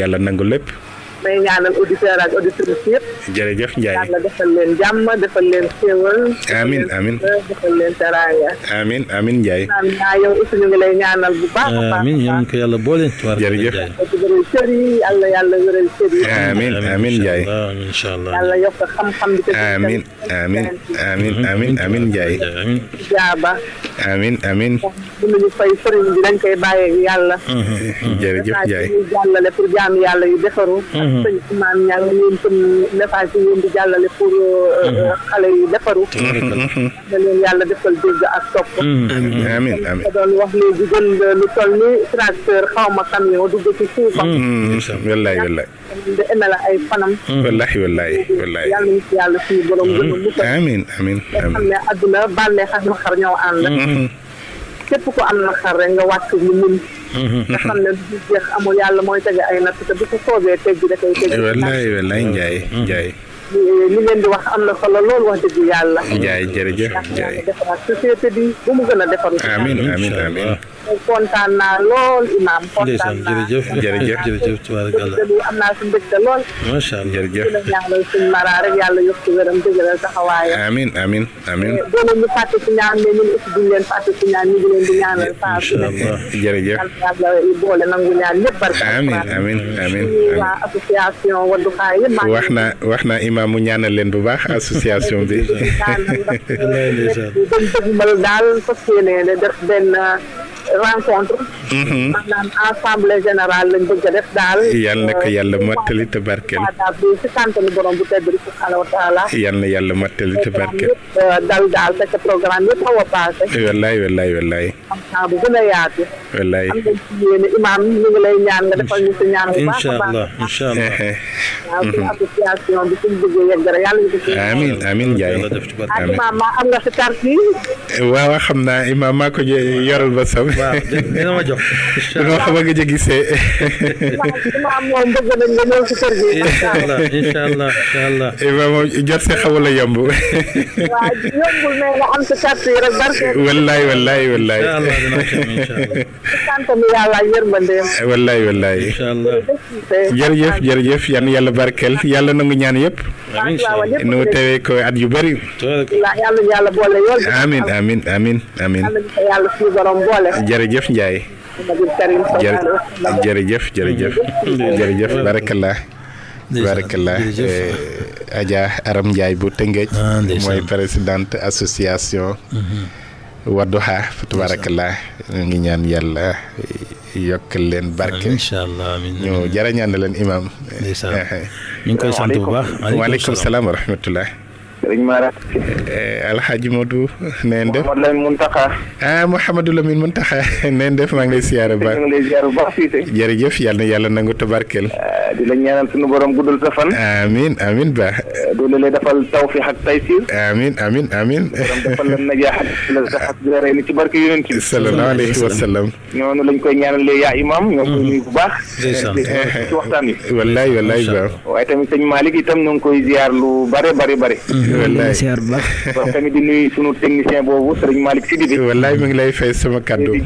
F: yàlla nangu lépp
I: may ñaanal auditeurs ak auditrices yëpp.
F: jërëjëf Ndiaye yàlla
I: defal leen jàmm defal leen xéewal. amiin amiin defal leen teraanga.
F: amiin amiin Ndiaye.
I: amiin yow aussi ñu ngi lay ñaanal bu baax a baax. amiin
F: ñaan ko yàlla boole. jërëjëf
I: wéral cër yi yàlla yàlla wéral cër yi. amiin
F: amiin Ndiaye. incha allah yàlla
I: yokk xam-xam bi. amiin
F: amiin amiin amiin amiin Ndiaye. jaaba. amiin amiin.
I: bu ñu fay sëriñ bi dañ koy bàyyi yàlla.
F: jërëjëf Ndiaye.
I: jàllale pour jaam yàlla yu defaru. Hmm. sëñ Ousmane Niang ñoom tam message yi ngeen di jàllale pour xale yi defaru da leen yàlla defal dégg ak topp
F: amiin amiin da
I: doon wax léegi gën lu toll ni tracteur xaw ma camion dugg ci suufam wallaay wallaay da emela ay fanam
F: wallaay wallaay wallaay
I: yàlla ñu si yàlla suñu borom gën a musal
F: amiin amiin amiin xam
I: ne àdduna bàllee xar ma xar ñoo ànd képp ku am na xar rek nga wàcc lu mun
F: Mm-hmm. nga xam ne
I: du jeex amul yàlla mooy tege ay natt te bu ko soobee teggi da koy teggi wallaay
F: wallaay mm-hmm. njaay mm-hmm.
D: njaay
I: li leen di wax am na solo loolu wax dëgg yàlla njaay
D: jërëjëf njaay
I: defaraat société bi bu mu gën a defar amiin amiin amiin kontaan naa lool imaam. kontaan naa jërëjëf jërëjëf jërëjëf tubaarkalla am naa si mbégte lool.
G: macha allah jërëjëf di la ñaanal
I: suñu mara rek yàlla yokk wéram dëgëral
G: taxawaayam. amiin amiin amiin. Eh,
I: boobu ñu fàtte si ñaan mais ñun aussi duñ leen fàtte si ñaan ñu ngi leen di ñaanal saa su nekk. jërëjëf yàlla boole nangu ñaan ñëpp barke.
F: amiin amiin amiin waa
I: association Wadduha yëpp. wax
F: naa wax naa imaam mu ñaanal leen bu baax association bi.
I: daal rencontre. Mhm. maanaam assemblée générale lañ bëgg a def daal. yal na ko euh, yàlla mottali
F: te barkeel. waaw
I: bi si kàntanu borom bu tedd bi subhaanahu wa taala.
F: yal na yàlla mottali te barkeel.
I: Euh, dal daal te programme yëpp xaw a paase.
F: wallaay wallaay wallaay.
I: am naa bu gën a yaatu. wallaay am nañ ci yéen imaam ñu ngi lay ñaan nga defal ñu si ñaan bu baax a baax. incha allah
G: incha allah. Eh, eh.
I: waaw si mhm. association bi suñu bëggee yegg rek yàlla ñu ko si.
G: amiin amiin Ndiaye. Ah, amiin imaam
I: maa am nga si carte yi.
F: Eh, waaw xam naa imaam maa ko yoral ba saw. waaw dina ma jox. incha allah xam nga gisee.
I: incha allah incha
F: allah incha
I: yàlla ak yërmandeem.
F: yan yàlla barkeel yàlla nangu ñaan yëpp. nu tewee ko at yu bëri.
I: yàlla yàlla boole yool.
F: jërëjëf Ndiaye jërëjëf jërëjëf jërëjëf barakallah barakallah aja Aram Ndiaye bu Tëngéej mooy présidente association mhm. Wadduha tabarakallah ngi ñaan yàlla yokkal leen barke incha allah amiin ñu jërëñaan leen imam ñu eh, eh. ngi koy sant bu baax waaleykum salaam wa rahmatullah sëriñ Mara. Eh, Alxaaji Modou. neen def Mouhamadou Lamine Muntaxa. ah Mouhamadou Lamine Muntaxa neen def maa ngi lay siyaare baax. maa ngi lay siyaare bu baax Cissé. jërëjëf yal na yàlla nangu tabarkel. Eh, di la ñaanal suñu borom guddal sa fan. amiin amiin
J: ba.
K: Eh, doole
J: lay defal tawfiq ak taysiir. amiin amiin amiin. borom defal la najaax ak la sax di la rey ni ci barke yonent bi. sallallahu alayhi wa sallam. ñooñu lañ koy ñaanalee yaa imaam. ñoo koy nuyu bu baax. ci waxtaan wi. waaye tamit sëñ Malick itam ñoo koy ziar lu bare bare bare mm-hmm. wallaay wax tamit di nuyu sunu technicien boobu sëriñ Malick Sidibé. wallaay mi
F: ngi lay fay sama kàddu.
J: di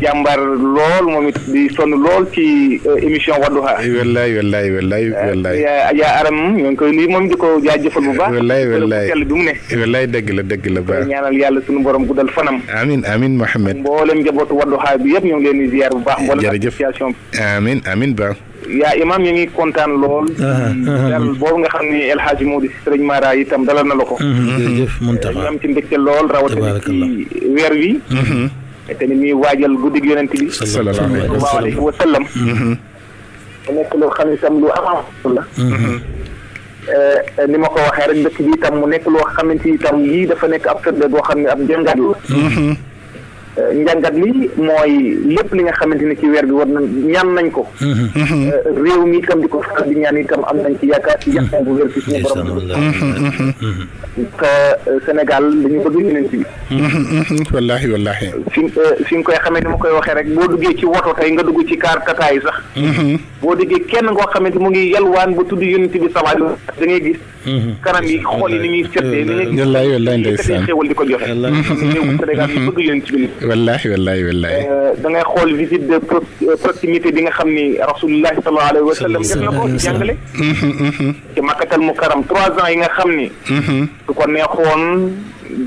J: lool moom it di sonn lool ci euh, émission Wadduha. wallaay wallaay wallaay euh, wallaay. Adja Aram ñoo ngi koy nuyu moom di ko jaajëfal bu baax.
F: wallaay wallaay kër bu mu ne. wallaay dëgg la dëgg la baax.
J: ñaanal yàlla sunu borom
F: guddal fanam. amiin amiin Mouhamed.
J: mboolem njabootu Wadduha bi yëpp ñoo ngi leen di ziar bu baax. jërëjëf mboolem association
F: bi. amiin amiin baax.
J: yaa imaam ñu ngi kontaan lool. Ah,
F: ah, ah, dal
J: boobu nga xam ne El Hadj Modou si sëriñ Mara itam dalal na la ko. Mm-hmm.
G: Mm-hmm.
J: jërëjëf ci mbégte lool rawatina ci weer wi. Mm-hmm. te ni waajal guddig yonent bi. sallallahu alayhi wa sallam. mu nekk loo xam ne itam lu am eh, eh, ni ma ko waxee rek dëkk bi itam mu nekk loo xamante ni itam lii dafa nekk ab tëdd boo xam ne ab jàngat la. Euh, njàngat li mooy lépp li nga xamante ni ci weer bi war na ñaan nañ ko. Mhm. Euh, réew mi itam di ko faral di ñaan itam am nañ ci yaakaar ci yaakaar mhm. bu wér ci suñu borom.
D: Mhm.
J: te euh, Sénégal dañu bëgg yeneen ci bi. wallaahi wallaahi. fi fi nga koy xamee ni ma koy waxee rek boo duggee ci woto tey nga dugg ci kaar tataay sax. boo duggee kenn ngoo xamante mu ngi yalwaan bu tudd yonent bi sawaay da ngay gis. kanam yi xool yi ni ñuy seetee. ni ñuy seetee xéwal di ko
F: joxe. réew Sénégal ñu bëgg yonent bi wallahi wallahi wallahi
J: da ngay xool visite de proximité bi nga xam ni rasulullahi sallallahu alayhi wa sallam def na ko ci jàngale ci makkatal mukaram trois ans yi nga xam ni su ko neexoon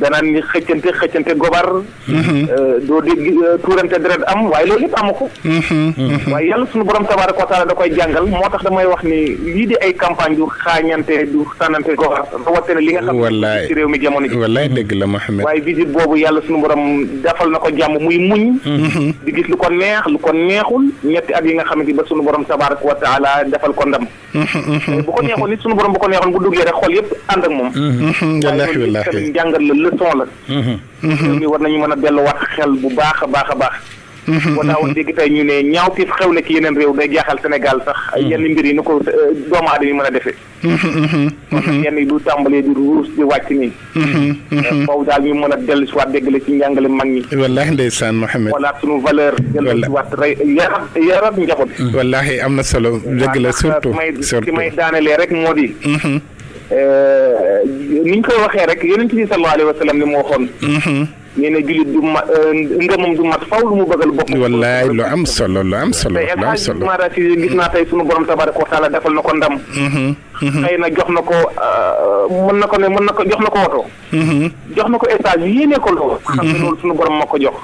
J: danaan ni xëccante xëccante gobar mhm. euh, doo dégg euh, tuurante deret am waaye loolu yëpp amu ko
D: mhm. Mhm.
J: waaye yàlla suñu borom tabaaraka wa taala da koy jàngal moo tax damay wax ni lii di ay campagne du xaañante du sànnante gobar rawatte ne li nga xam ne ci mi jamono ji wallaay dëgg la Mohamed waaye visite boobu yàlla suñu borom defal na ko jàmm muy muñ di gis lu ko neex lu ko neexul ñetti ak yi nga xam xamante ba suñu borom tabaaraka wa taala defal ko ndam
D: bu ko
J: neexoon nit suñu borom bu ko neexoon bu duggee rek xool yëpp ànd ak moom leçon la. ñoom war nañu mën a delluwaat xel bu baax a baax a baax. boo daawoon dégg tey ñu ne ñaaw tiif xew na ci yeneen réew day jaaxal Sénégal sax ay yenn mbir yi ni ko doomu aadama yi mën a defee. kon nag yenn yi du tàmbalee di ruus di wàcc nii. foofu daal ñu mën a dellu si waat dégg la ci njàngale mag ñi. wallaahi ndeysaan Mouhamed. voilà sunu valeur. dellu si waat rey yaram yaram njaboot.
F: wallaahi am na solo. dëgg la surtout surtout may si may daanelee rek moo di.
J: Euh, ni ñu ko waxee rek yonent bi sallallahu alayhi wa sallam li mu waxoon. Mhm. nee na jullit du ma euh, ngëmam du mat faw lu mu bëggal bopp. wallaay lu am solo lu am solo lu am solo te gis naa tey sunu borom tabaraka wa taala defal na ko ndam.
D: Mhm, mhm.
J: xëy na jox na ko euh, mën na ko ne mën na ko jox na ko woto. jox na ko stage yéene ko lool. xam ne loolu sunu borom moo ko jox.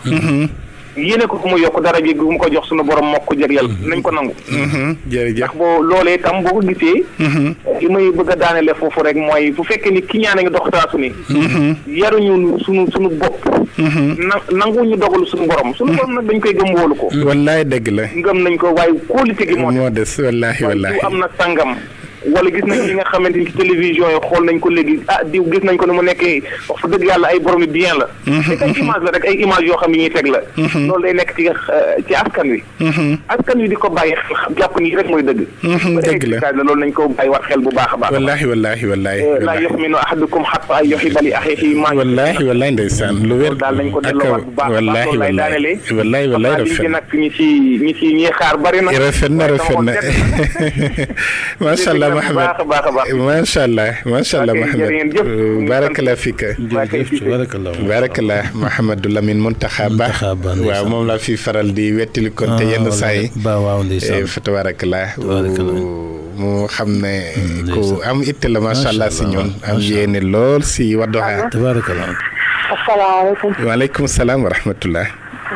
J: yéene ko ku ma yokk dara gi gu mu ko jox suñu borom mokk ko jagleel mm-hmm. nañ ko nangu
D: mm-hmm. jërëjëf
J: ndax boo loolee tam boo ko gisee
D: mm-hmm.
J: li may bëgg a daaneele foofu rek mooy bu fekkee ni ki ñaa ngi dox taasu ni yaruñu suñu suñu bopp
D: na
J: ñu dogalu suñu borom suñu borom nag dañ koy gëm wóolu ko wallaay dëgg la ngëm nañ ko waaye kóolite gi moo des wallaahi wallaahi am na sangam wala gis nañ li nga xamanteni ci télévision yi xool nañ ko léegi ah diw gis nañ ko ni mu nekkee wax fa dëgg yàlla ay borom bien la. c'est ay image la rek ay image yoo xam ne ñuy teg la. loolu day nekk ci ci askan wi. askan wi di ko bàyyi jàpp ni rek mooy dëgg. dëgg la la loolu nañ ko bàyyi waat xel bu baax a baax. wallaahi wallaahi wallaahi. laa yu'minu ahadukum ay yuhibba li axiihi maa.
F: wallaahi wallaahi ndeysaan lu wér. daal nañ ko delloowaat bu baax a baax loolu lay daanelee. wallaahi wallaahi rafet na ñi ci ñi ci ñi xaar bari na. rafet na rafet na macha allah محمد ما شاء الله ما شاء الله محمد بارك الله فيك بارك الله بارك الله محمد الله من منتخب ومم في فرال دي ويتل كنت آه، يلا ساي إيه، تبارك الله mu xam ne ku am itte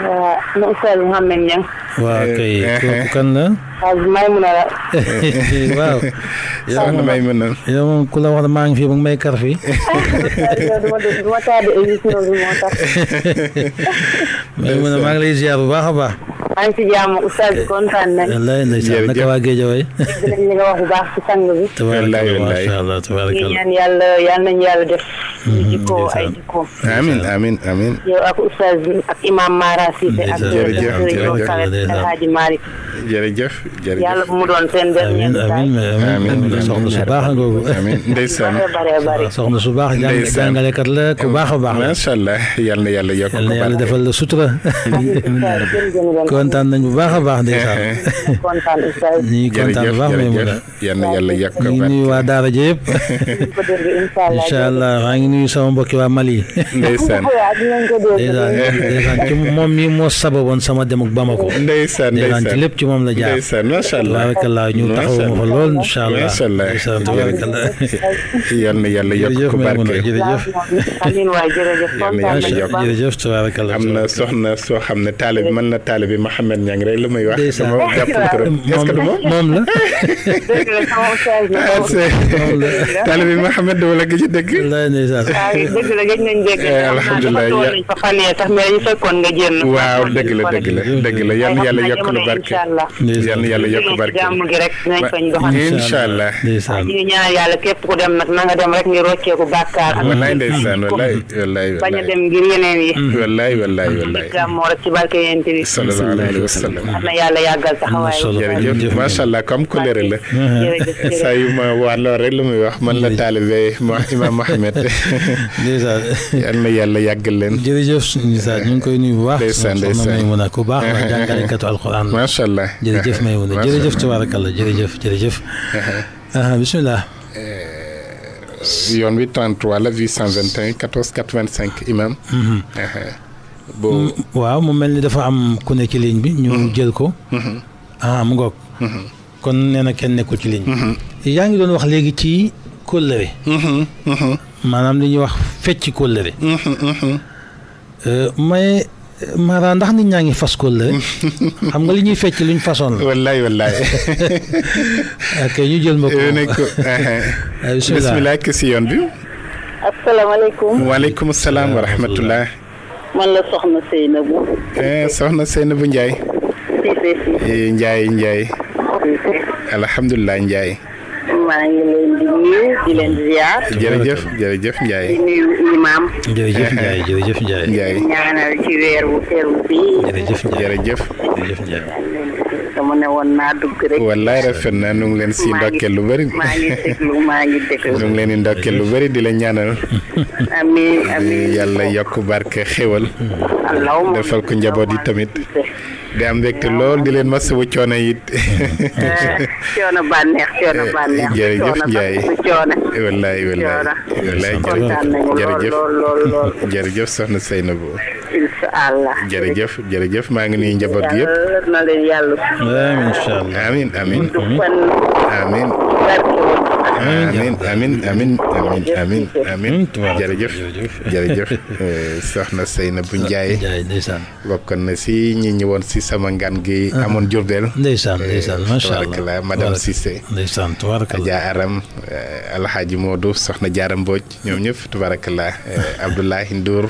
I: waaw moom eh, eh.
G: Seydou kan la.
I: waaw Maymuna la.
G: waaw. soxna Maymuna. yow moom ku la wax ne maa ngi fi mu ngi may kar fi.
I: Maymuna maa ngi
G: bu baax a baax.
I: maa ngi ci jàmm oustaz bi kontaan nañ.
G: wallaay ndeysaan naka waa Géejawaay.
I: dinañ ñu nga wax bu yal nañu yàlla def. ñu mm-hmm, jikkoo ay jikkoo.
G: amiin amiin
I: yow ak oustaz bi ak imam Mara. Moustapha Cissé ak jërëjëf Samet El Hadji Malick
F: jërëjëf
G: jërëjëf
I: yàlla bu mu doon seen benn
G: amiin soxna su baax ngoogu soxna su baax jàngalekat la ku baax a baax macha allah yal na yàlla yokk yal na yàlla defal la sutura kontaan nañ bu baax a baax ndeysaan
F: ñu ngi kontaan baax may mu la yal na yàlla yokk ñu
G: ngi nuyu waa daara ji mii moo sababoon sama dem ak Bamako. ndeysaan ndeysaan ci lépp ci moom la jaar ndeysaan macha allah tabarakallah ñu taxawu ma fa lool incha allah macha allah tabarakallah yal na yàlla yokk ko barke jërëjëf
L: amiin waay jërëjëf
G: jërëjëf tabarakallah
F: am na soxna soo xam ne taale bi mën na taale bi Mouhamed Niang rek lu muy wax sama jàpp trop est-ce que du moom la
G: taale bi Mouhamed dama la gëj a dégg dëgg
I: la gëj nañ dégg eh, alhamdulilah sax mais ñu fekkoon nga jéem na. waaw dëgg la dëgg la dëgg la yal na yàlla yokk lu barke. yal na yàlla yokk barke. incha
F: allah incha
I: allah. a dem ngir yeneen yi.
F: la. saa yu ma wax loolu man la taalibe ma imam Mohamed.
G: ndeysaan yal na yàlla koy nuyu bu ديسان ديسان ما يمونك وباخ ما جان على القران ما شاء الله جري جف ما يمونك جري جف تبارك الله جري جف جري جف اها بسم الله
F: يون 833 لافي 121 1485 امام اها
G: بو واو مو ملي دافا ام كوني تي لين بي نيو جيل كو اها مغوك كون نينا كين نيكو تي لين ياغي دون واخ ليغي تي كولري manam li ñuy wax fecc kolere hmm hmm euh may Mara ndax nit ñaa ngi fas kóllëre xam nga li ñuy fecc luñ façon la. wallaay wallaay. ok ñu jël ma ko. bisimilah kii si
F: yoon bi. asalaamaaleykum. waaleykum salaam wa rahmatullah.
M: man la Soxna Seynabou.
F: Eh, Soxna Seynabou Ndiaye. Eh, Cissé Cissé. Ndiaye Ndiaye. alhamdulilah Ndiaye.
I: maa ngi leen di nuyu di leen ziar. jërëjëf
F: jërëjëf Ndiaye. jërëjëf
I: ñaanal ci weer wu teru bi. jërëjëf dama ne woon naa dugg rek. wallaay
F: rafet na nu ngi leen si ndokkeel lu bëri. maa ngi déglu nu ngi leen di ndokkeel lu bari di la ñaanal.
I: amiin amiin
F: yàlla yokk barke xéwal. defal ko njaboot yi tamit di am mbégte lool di leen masawu coono it.
I: Eh, coono bànneex coono eh, bànneex. jërëjëf Ndiaye
F: wallaay wallaay wallaay jërëjëf jërëjëf soxna Seynabou. incha allah jërëjëf jërëjëf maa ngi nuyu njaboot gi
I: yëpp. na
F: leen amiin amiin amiin amiin amiin amiin jërëjëf jërëjëf eh, soxna Seynabou Ndiaye ndeysaan bokkoon na si ñi ñëwoon si sama ngan gi ah. amoon Jurbel ndeysaan ndeysaan eh, macha allah madame Cissé ndeysaan tubaarakallah Adja Aram eh, Alxaaji Modou soxna Jaaram Mbooj ñoom ñëpp tubaarakallah Abdoulahi Ndour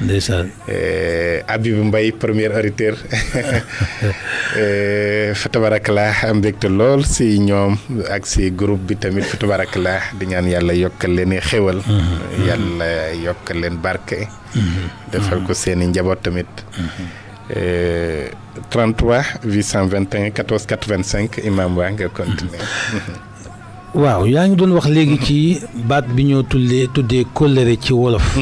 F: ndeysaan eh, Habib Mbaye premier auditeur eh, fa tabarakalaa am mbégte lool si ñoom ak si groupe bi tamit fa tabarakalaa di ñaan yàlla yokkal leen xéwal mhm. yàlla yokkal leen barke
D: mhm. defal
F: ko seeni njaboot tamit 33 821 14 85 imam waa nga continuer mhm.
G: waaw yaa ngi doon wax léegi ci baat bi ñoo tuddee kóllëre ci wolof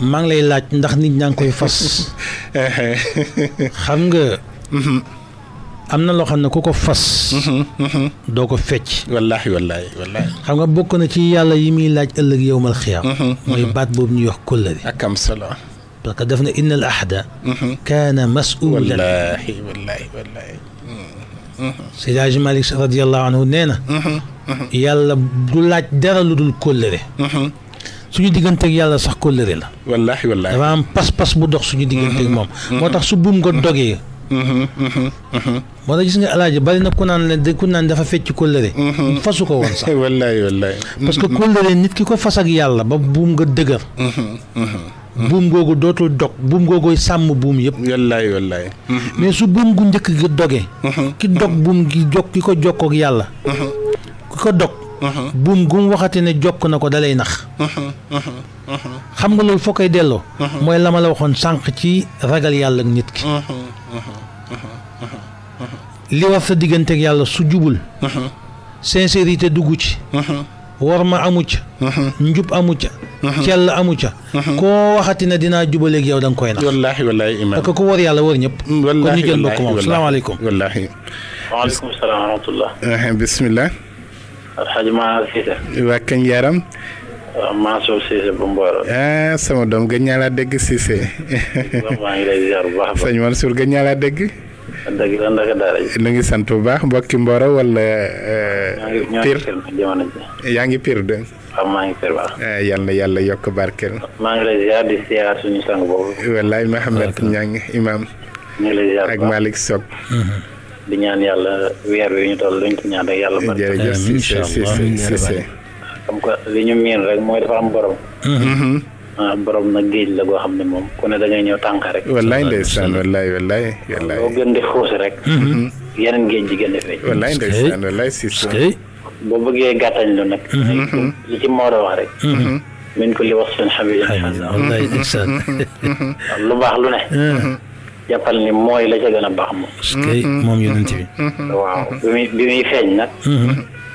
G: maa ngi lay laaj ndax nit ñaa ngi koy fas xam nga am na loo xam ne ku ko fas doo ko fecc wallaahi wallaahi wallaahi xam nga bokk na ci yàlla yi muy laaj ëllëg yowmal xiyaam mooy baat boobu ñuy wax kóllëre ak am solo parce que daf ne inna al ahda kaana masulan wallaahi wallaahi wallaahi Seydi Hadji Malick radiyallahu anhu nee na yàlla du laaj dara lu dul kóllëre suñu digganteeg yàlla sax kóllëre la. wallaahi wallaahi dafa am pas-pas bu dox suñu digganteeg moom. Mm-hmm. moo tax su buum ko mm-hmm. dogee. Mm-hmm. moo gis nga alaaji bari na ku naan la ku naan dafa fecc kóllëre. fasu ko woon sax. wallaahi wallaahi. parce que kóllëre nit ki ko fas ak yàlla ba buum nga dëgër. buum googu dootul dog buum googu sàmm buum yëpp. wallaay wallaay. mais su buum gu njëkk gi doge. ki dog buum gi jog ki ko jokkoo yàlla. ki ko dog. Uh-huh. buum gu mu waxati ne jokk na ko dalay nax uh-huh. Uh-huh. xam nga loolu foo koy delloo mooy la ma la waxoon sànq ci ragal yàlla ak nit ki li war sa digganteek yàlla su jubul sincérité dugg ci war ma amu ca njub amu ca cell amu ca koo waxati na dinaa jubaleeg yow da nga koy nax wallaahi wallaahi imaam war yàlla war ñëpp kon ñu jël mbokk moom salaamaaleykum wallaahi
B: waaleykum salaam wa rahmatullah bismillah waa
F: kañ yaram.
B: waaw Mansour Cissé bu Mboro. ah
F: sama doom gëj naa dégg Cissé. maa ngi lay ziar bu dégg.
B: nu ngi sant bu baax mbokki Mboro wala. Eh, Pire
F: yaa ngi Pire de. waaw maa eh, yàlla yokk barkeel. maa ngi lay
B: ziar ak Malick Sock. Mm-hmm. di ñaan yàlla weer wi ñu toll luñ ci ñaan rek yàlla eh, bari jërëjëf Cissé Cissé Cissé comme que li ñu miin rek mooy dafa am borom mm-hmm. ah, borom nag géej la goo xam ne moom ku ne da ngay ñëw tànk rek wallaay ndeysaan wallaay wallaay wallaay boo gën di xuus rek mm-hmm. yeneen géej ji gën di feeñ wallaay ndeysaan wallaay Cissé boo bëggee gàttañ lu nag mm-hmm. li ci Maodo wax rek min ko li wax seen xam yi lu baax lu ne jàppal ni mooy la ca gën a baax
D: moom. moom yonent bi. waaw bi muy
B: bi muy feeñ nag.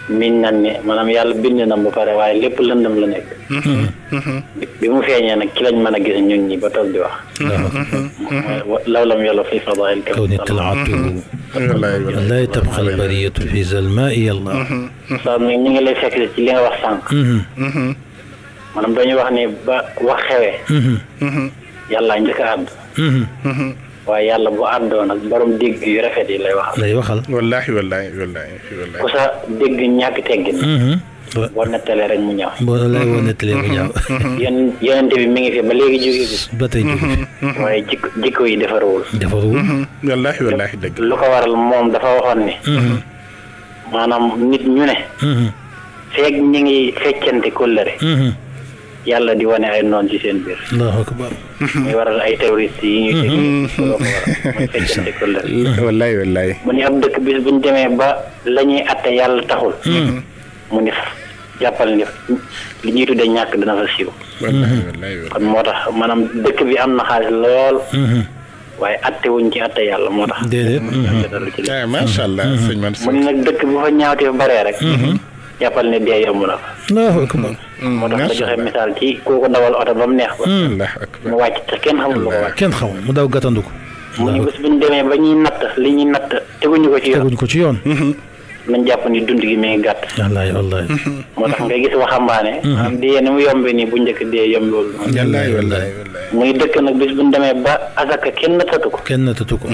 B: miñ nan ne maanaam yàlla bind na ba pare waaye lépp lëndam la nekk. bi mu feeñee nag ki lañ mën a gis ñun ñi ba toog di wax. law lam yàlla fi fadaayil kaw ni
D: talaatuhu
G: laa tabqa al bariyatu fi zalmaa'i yàlla.
B: saa mi ñu ngi lay fekk ci li nga wax sànq. maanaam dañuy wax ni ba wax xewee. yàlla njëkk a àdd. waaye yàlla bu àndoon ak borom dégg yu rafet yi lay waxal. lay
F: waxal wallaahi wallaahi wallaahi
B: wallaahi. na sa dégg ñàkk teggin. Mm-hmm. boo nettalee rek mu ñaaw. boo lay boo nettalee mu ñaaw. Mm-hmm. Mm-hmm. yéen yonente bi mi ngi fi léegi jógee fi.
G: ba
D: tey
B: jógee fi. waaye jikko jikko yi defaruwul. defaruwul. wallaahi wallaahi dëgg. lu ko waral moom dafa waxoon ni. maanaam nit ñu ne. feeg ñi ngi feccante kóllëre. yalla di wone ay non ci seen bir allahu akbar. ni waral ay terroriste yi ñu mhm. ci muy ko la.
F: wallahi wallaay.
B: mu ne ab dëkk bis buñu démé ba lañuy atté yalla taxul. Mhm. mu ni fa jàppal ni li ñuy tuddee ñak dana fa siw mhm.
D: wallaay wallaay
B: kon moo tax dëkk bi amna xaal lool. waye atté wuñ ci atté yalla motax
D: tax.
B: ay ma sha allah señ man. mu ne nag dëkk bu fa ñaawte bu bare rek. jappal ni dé yamuna
D: allahu akbar.
B: moo tax nga joxe misaal ci kooku ndawal oto ba mu neex
D: hmm, ko.
B: mu wàcc te kenn xamul lu ko wàcc.
G: kenn xamul mu daw gàttandu ko.
B: mu ni bés bu ñu demee ba ñuy ko ci yoon teguñu ko ci yoon. Hmm. nañ mi ngi gàtt. wallaahi wallaahi. Hmm. moo tax ngay gis waxambaane. am dee ni mu yombe nii bu njëkk dee yomb loolu. wallaahi wallaahi. muy dëkk nag bés bu ñu demee ba asaka kenn nattatu ko.
G: kenn nattatu ko.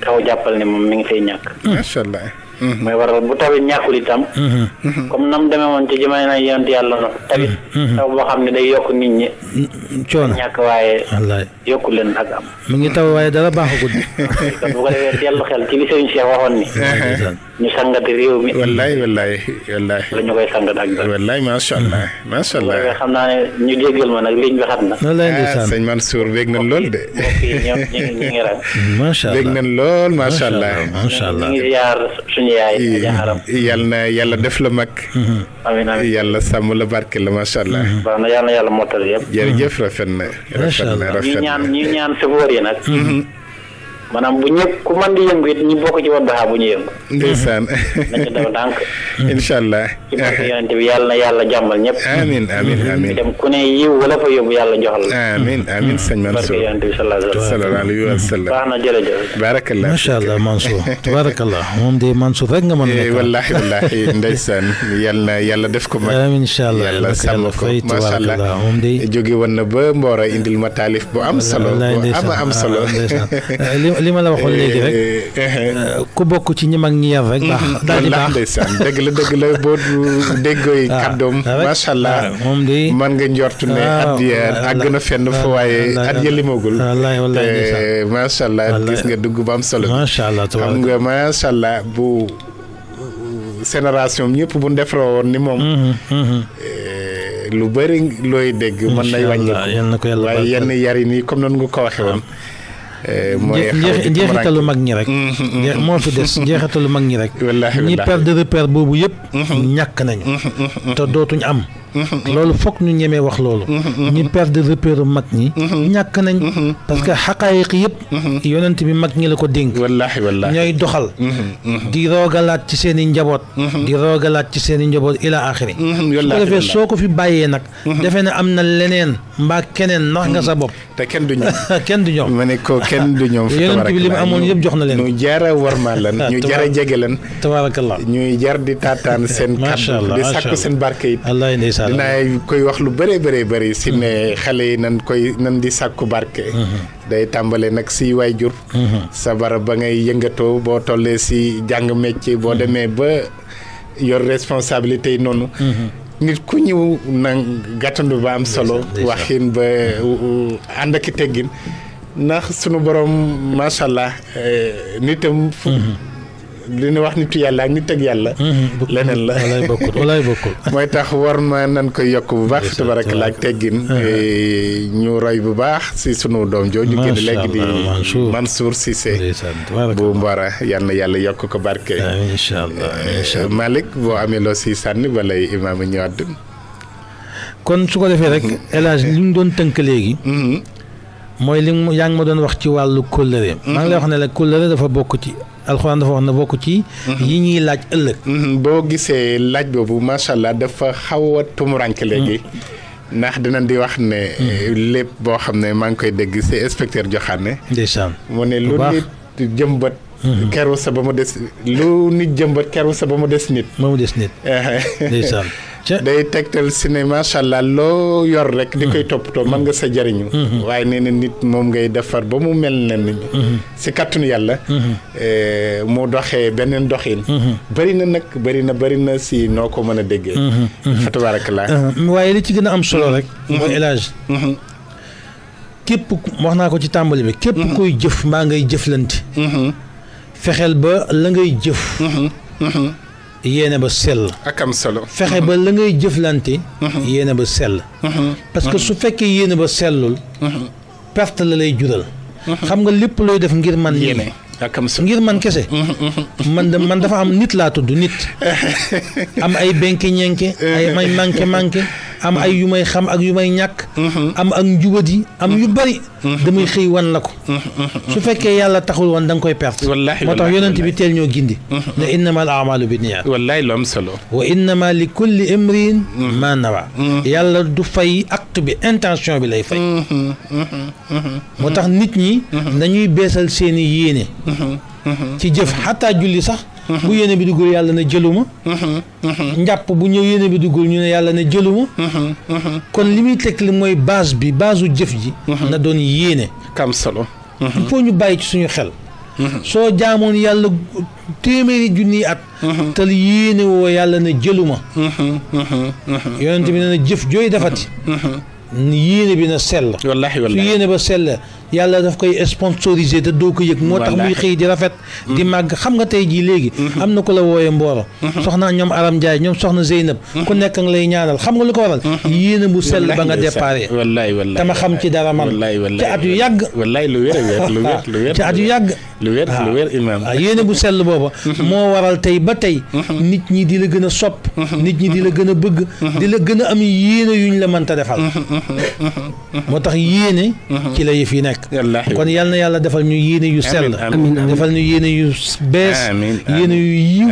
B: kaw jàppal ne moom mi ngi fay ñàkk.
G: macha allah. Mhm.
B: mooy waral bu tawit ñàkkul itam mhm. Mhm. comme nam demee woon ci jamono na yonent yàlla no tawit taw boo xam ne day yokk nit ñi coono ak am
G: mu ngi taw waaye dara baaxagul
B: kon bu ko defee dellu xel ci li Serigne Cheikh waxoon ni ñu sangati réew mi wallaay wallaay wallaay la ñu koy sangat ak dara wallaay macha allah macha allah xam naa ñu déggal ma nag liñ bi xat na
D: ah, sëñ
F: Mansour bég nañ lool de ñu allah bég nañ lool macha allah amiin yaay yal na yàlla def la mag. amiin amiin yàlla sàmm la barke la macha allah. Mm-hmm. baax yàlla yàlla motal yëpp. jërëjëf rafet na. rafet na rafet na
B: ñi ñaan ñi maanaam bu ñëpp ku mën di yëngu it ñi bokk ci Wadduha bu ñu yëngu. ndeysaan. na ci daw ndànk. incha allah. ci barke yonent bi yàlla na yàlla jàmmal ñëpp. amiin amiin amiin dem ku ne yiw wala fa yóbbu yàlla jox la. amiin amiin
F: sëñ Mansour barke yonent bi sallallahu alayhi wa sallam. baax na jërëjëf. baarakallah macha allah Mansour
G: tabaarakallah moom de Mansour rek nga mën a. wallaahi wallaahi ndeysaan
F: yàlla na yàlla def ko. amiin incha allah yàlla sàmm ko macha allah moom de. jóge woon na ba Mboro indil ma taalif
G: bu am solo bu am am solo li ma la waxoon eh, léegi rek eh, eh, euh, ku bokk ci ñi mag ñi yar rek baax mm-hmm. daal di baax
F: dëgg la dëgg la boo déggooy ah, kàddoom ah, macha allah ah, moom de man nga njort ne addiya àgg na fenn fa waaye addiya limagul wallaay allah am solo macha allah xam nga allah bu euh, génération ñëpp bu defaroo woon ni moom
D: mm-hmm, mm-hmm.
F: lu bëri looy dégg mën nay wàññi ko waaye yenn yari
G: nii comme noonu nga ko waxe woon Eh, mooy njeexitalu mag ñi rek. Mm-hmm, mm-hmm. moo fi des njeexitalu mag ñi rek. wallaahi wallaahi ñi boobu yëpp. Mm-hmm. ñàkk nañu. te dootuñu am. Mm-hmm. loolu foog ñu ñemee wax loolu mm-hmm. ñi perdre repère mag ñi mm-hmm. ñàkk nañ parce que xaqaayiq yëpp yonent bi mag ñi la ko dénk wallaahi wallaahi ñooy doxal di roogalaat ci seen i njaboot di roogalaat ci seen i njaboot ila axiri su ko defee soo ko fi bàyyee nag defee ne am na leneen mbaa keneen nax nga sa bopp te kenn du ñoom kenn du ñoom ne ko kenn du yonent bi li mu amoon yëpp jox na leen ñu jara
F: warmaa lan ñu jara jege lan tabarakallah ñuy jar di taataan seen kàddu di sàkku seen barke dinaa koy wax lu bëree bëri bëri si ne mm-hmm. xale yi nan koy nan di sàkku barke mm-hmm. day tàmbale nag si waajur mm-hmm. sa bara ba ngay yëngatoo boo tollee si jàng métier boo demee ba yor responsabilité yi noonu nit ku ñëw na gàttandu ba am solo waxin ba ànd ak teggin ndax sunu borom macha allah eh, nitam fu li ñu wax nitu yàlla ak nit ak yàlla. Mm-hmm. leneen la walaay bokkul walaay mooy tax war ma nan koy yokk bu baax fi tabarakalaay teggin. Ah. Eh, ñu roy bu baax si sunu doom jooju. macha allah léegi di Mansour Cissé. bu Mbora yàlla yokk ko barke. Ah, eh, incha allah Malick boo amee loo siy ba balay imaam ñëwaat.
G: kon su ko defee rek mm-hmm. El Hadj li doon tënk léegi. Mm-hmm. mooy li mu yaa ngi ma doon wax ci wàllu kóllëre. maa ngi lay wax ne la kóllëre dafa bokk ci. alxuraan dafa wax na bokk ci.
F: Mhm. yi ñuy laaj ëllëg. Mhm, boo gisee laaj boobu macha allah dafa xaw a tumuranke léegi. Mhm. ndax dinañ di wax ne. lépp boo xam ne maa ngi koy dégg c'est inspecteur Joxaane. ndeysaan mu ne lu nit jëmbat. keru sa ba mu des lu nit jëmbat keru sa ba mu des nit. ba des nit day tegtal si ne macha allah loo yor rek. di koy toppatoo man nga sa jariñu mm-hmm. waaye nee na nit moom ngay defar ba mu mel ne ni. Mm-hmm. si kàttanu yàlla. mu mm-hmm. eh, doxee beneen doxin. bëri na nag bëri na bëri na si noo ko mën a déggee. Uh-huh.
G: waaye li ci gën a am solo rek. mooy élage. képp wax naa ko ci tàmbali bi. képp koy jëf maa ngay jëflante. fexeel ba la ngay jëf. yéene ba sell. ak am solo. fexe ba la ngay jëflante. yéene ba sell. parce que su fekkee yéene ba sellul. perte la lay jural. xam nga lépp looy def ngir man yéene. ngir man kese. man man dafa am nit laa tudd nit. am ay benke ñenke ay may manqué manqué. am ay yu may xam ak yu may ñàkk. Mhm. am ak njubadi am yu bari. Mhm. damay xëy wan la ko. Mhm. su fekkee yàlla taxul woon da nga koy perte. moo tax yonent bi teel ñoo gindi. ne innama al bi niyaat. wallaahi solo. wa innama li kulli imrin ma yàlla du fay acte bi intention bi lay fay.
D: moo tax
G: nit ñi. nañuy beesal seeni yéene. ci jëf xataa julli sax bu yéene bi duggul yàlla na jëluma njàpp bu ñëw yéene bi duggul ñu ne yàlla na jëluma kon li muy teg li mooy base bi baseu jëf ji na doon yéene kam solo il ñu bàyyi ci suñu xel soo jaamoon yàlla téeméeri junniy at tal yéene woo yàlla na jëluma yonent bi ne na jëf jooy defati yéene bi na sell wallaahi su yéene ba sell yàlla daf koy sponsorisé te doo ko yëg moo tax muy xëy di rafet di màgg xam nga tey jii léegi am na ku la wooye mbooro soxna ñoom aram jaay ñoom soxna Zeynab ku nekk nga lay ñaanal xam nga lu ko waral yéene bu sell ba nga déparé wallaay wallaay dama xam ci dara man ci at yu yàgg wallaay lu wér lu wér lu wér ci at yu yàgg lu wér lu wér imam waaw yéene bu sell booba moo waral tey ba tey nit ñi di la gën a sopp nit ñi di la gën a bëgg di la gën a am yéene yuñ la mënta defal moo tax yéene ci la yëf yi nekk nekk kon yal na yàlla defal ñu yéene yu sell defal ñu yéene yu bees yéene yu yiw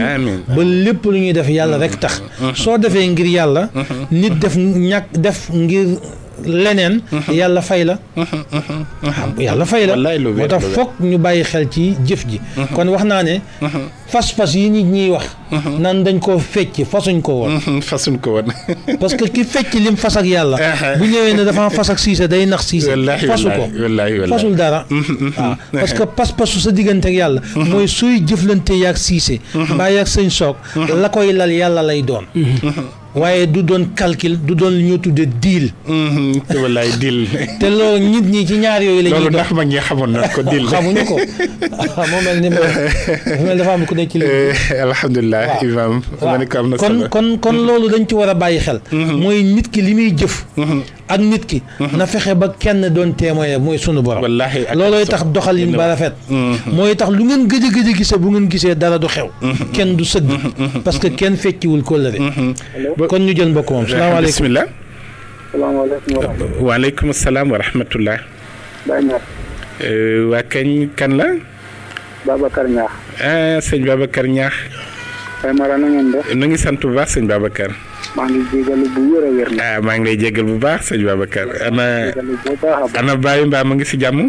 G: ba lépp lu ñu def yàlla rek tax mm-hmm. soo defee ngir yàlla mm-hmm. nit def ñàkk def ngir leneen. yàlla fay la. yàlla fay la moo tax foog ñu bàyyi xel ci jëf ji. kon wax naa ne. fas-fas yi nit ñiy wax. naan dañ koo fecc fasuñ ko woon. fasuñ ko woon. parce que ki fecc lim fas ak yàlla. bu ñëwee ne dafa fas ak siisa day nax siisa. fasu ko fasul dara.
D: waaw parce que
G: pas-pasu sa diggante ak yàlla. mooy suy jëflante yaag siise. mbaa yaag sëñ soog. la koy lal yàlla lay doon. waaye du doon calcul du doon lu ñu tuddee deal. te mm-hmm. te loolu nit ñi ci ñaar yooyu. la ñuy loolu ndax ma ngi xamoon na ko deal. xamuñu ko mel ni mel dafa am ku nekk ci léegi. Eh, alhamdulillah imam. ma ne ko kon kon mm-hmm. loolu dañ ci war a bàyyi xel. Mm-hmm. mooy nit ki li muy jëf. ak nit ki. na fexe ba kenn doon témoin mooy sunu borom. wallaahi loolooy tax doxalin ba rafet. mooy tax lu ngeen gëj a gëj a gisee bu ngeen gisee dara du xew. kenn du sëgg. parce que kenn fecciwul kóllëre. kon ñu jël mbokk moom
M: salaamaaleykum bisimilah. salaamaaleykum
F: waaleykum salaam wa rahmatulah. waa kañ kan la.
M: Babacar Niakh.
F: ah sëñ Babacar Niakh.
M: na ngeen def.
F: nu ngi sant bu baax sëñ Babacar. maa ngi jégalu bu wér a wér. ah maa ngi lay jégal bu baax sëñ Babacar ana ana Baye mbaa ma ngi si jàmm.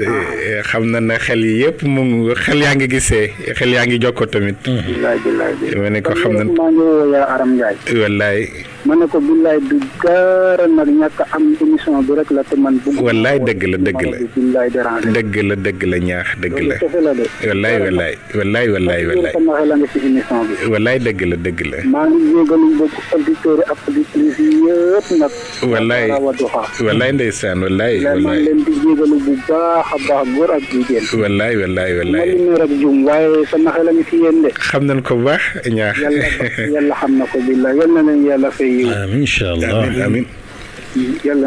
F: Eh, xam na na xel yi yëpp mu xel yaa ngi gise xel yaa ngi jokkoo tamit. ma ne ko xam na.
M: maa
F: ngi
M: ma ne ko billaay du dara nag ñàkk am émission bi rek la te man. wallaay dëgg la dëgg la
F: dëgg la dëgg la ñaax dëgg la. wallaay wallaay wallaay wallaay wallaay. wallaay dëgg la dëgg la.
M: maa ngi yëgalu mbokku auditeurs yi ak auditrices yi yëpp nag. wallaay
F: wallaay ndeysaan wallaay.
M: wallaay maa ngi leen di yëgalu bu baax a baax góor ak jigéen. wallaay wallaay wallaay. ma lim rek jum waaye sama xel a ngi ci yéen de. xam nañ ko bu baax ñaax. yàlla yàlla xam na ko billaay yal na leen yàlla fay yiw amiin incha allah amiin amiin yàlla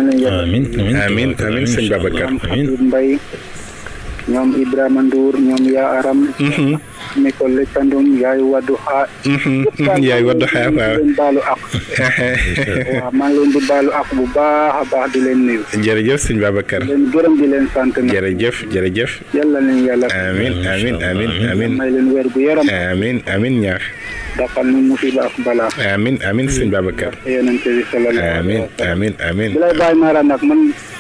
M: nañ yaay Wadduha mhm. yaay Wadduha mhm. baalu ak bu baax a baax di leen nuyu jërëjëf sëñ Babacar
F: leen gërëm di leen sant na jërëjëf jërëjëf yàlla nañ yàlla amiin ñaax دقل من مصيبة أقبلا آمين آمين سيد بابكر آمين آمين آمين آمين
M: بلاي باي مارانك من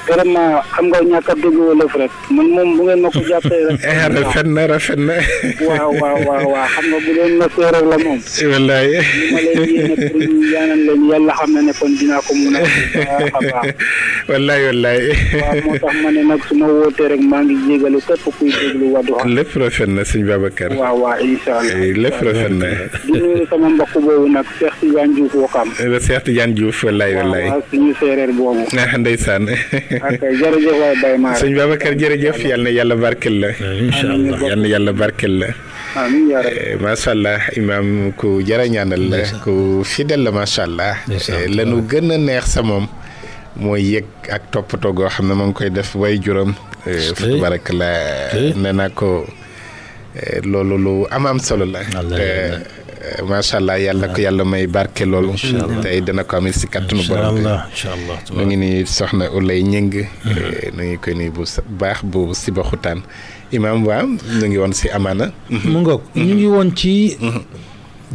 M: كرم ما خمغا ونياك بيجو لفرت من مم بغين مكو جاك إيه رفنا رفنا واه واه واه واه خمغا بغين نصير لنوم إيه والله مالي يانا لن يلا حمنا كون جناكو منا والله والله واه موتا حمنا نكس نوو تيرك مانجي جيغلو كتو كوي تيغلو وادوها
F: لفرفنا سيد بابكر واه
M: واه إن شاء الله لفرفنا nuyu sama mbokk boobu nag Cheikh
F: jërëjëf waay yàlla barkel la. incha allah yàlla barkel la.
D: amiin yaa rabbi.
F: Eh, allah imaam ku jërë la. ku fidèle la macha allah. Eh, la gën a neex sa moom. mooy yëg ak toppatoo goo xam ne moo ngi koy def way juróom. Eh, fa tabaraka la nee naa ko loolu lu am am solo la. macha allah yàlla ko yàlla may barke loolu. tey dana ko amee si kattanu borom. incha allah nu ngi nii soxna Ulay Ñing. Mm-hmm. Eh, nu ngi koy nuyu bu baax bu si baxutaan imaam waa nu ngi woon si amaana.
G: mu ngoog ñu ngi woon ci. Mm-hmm.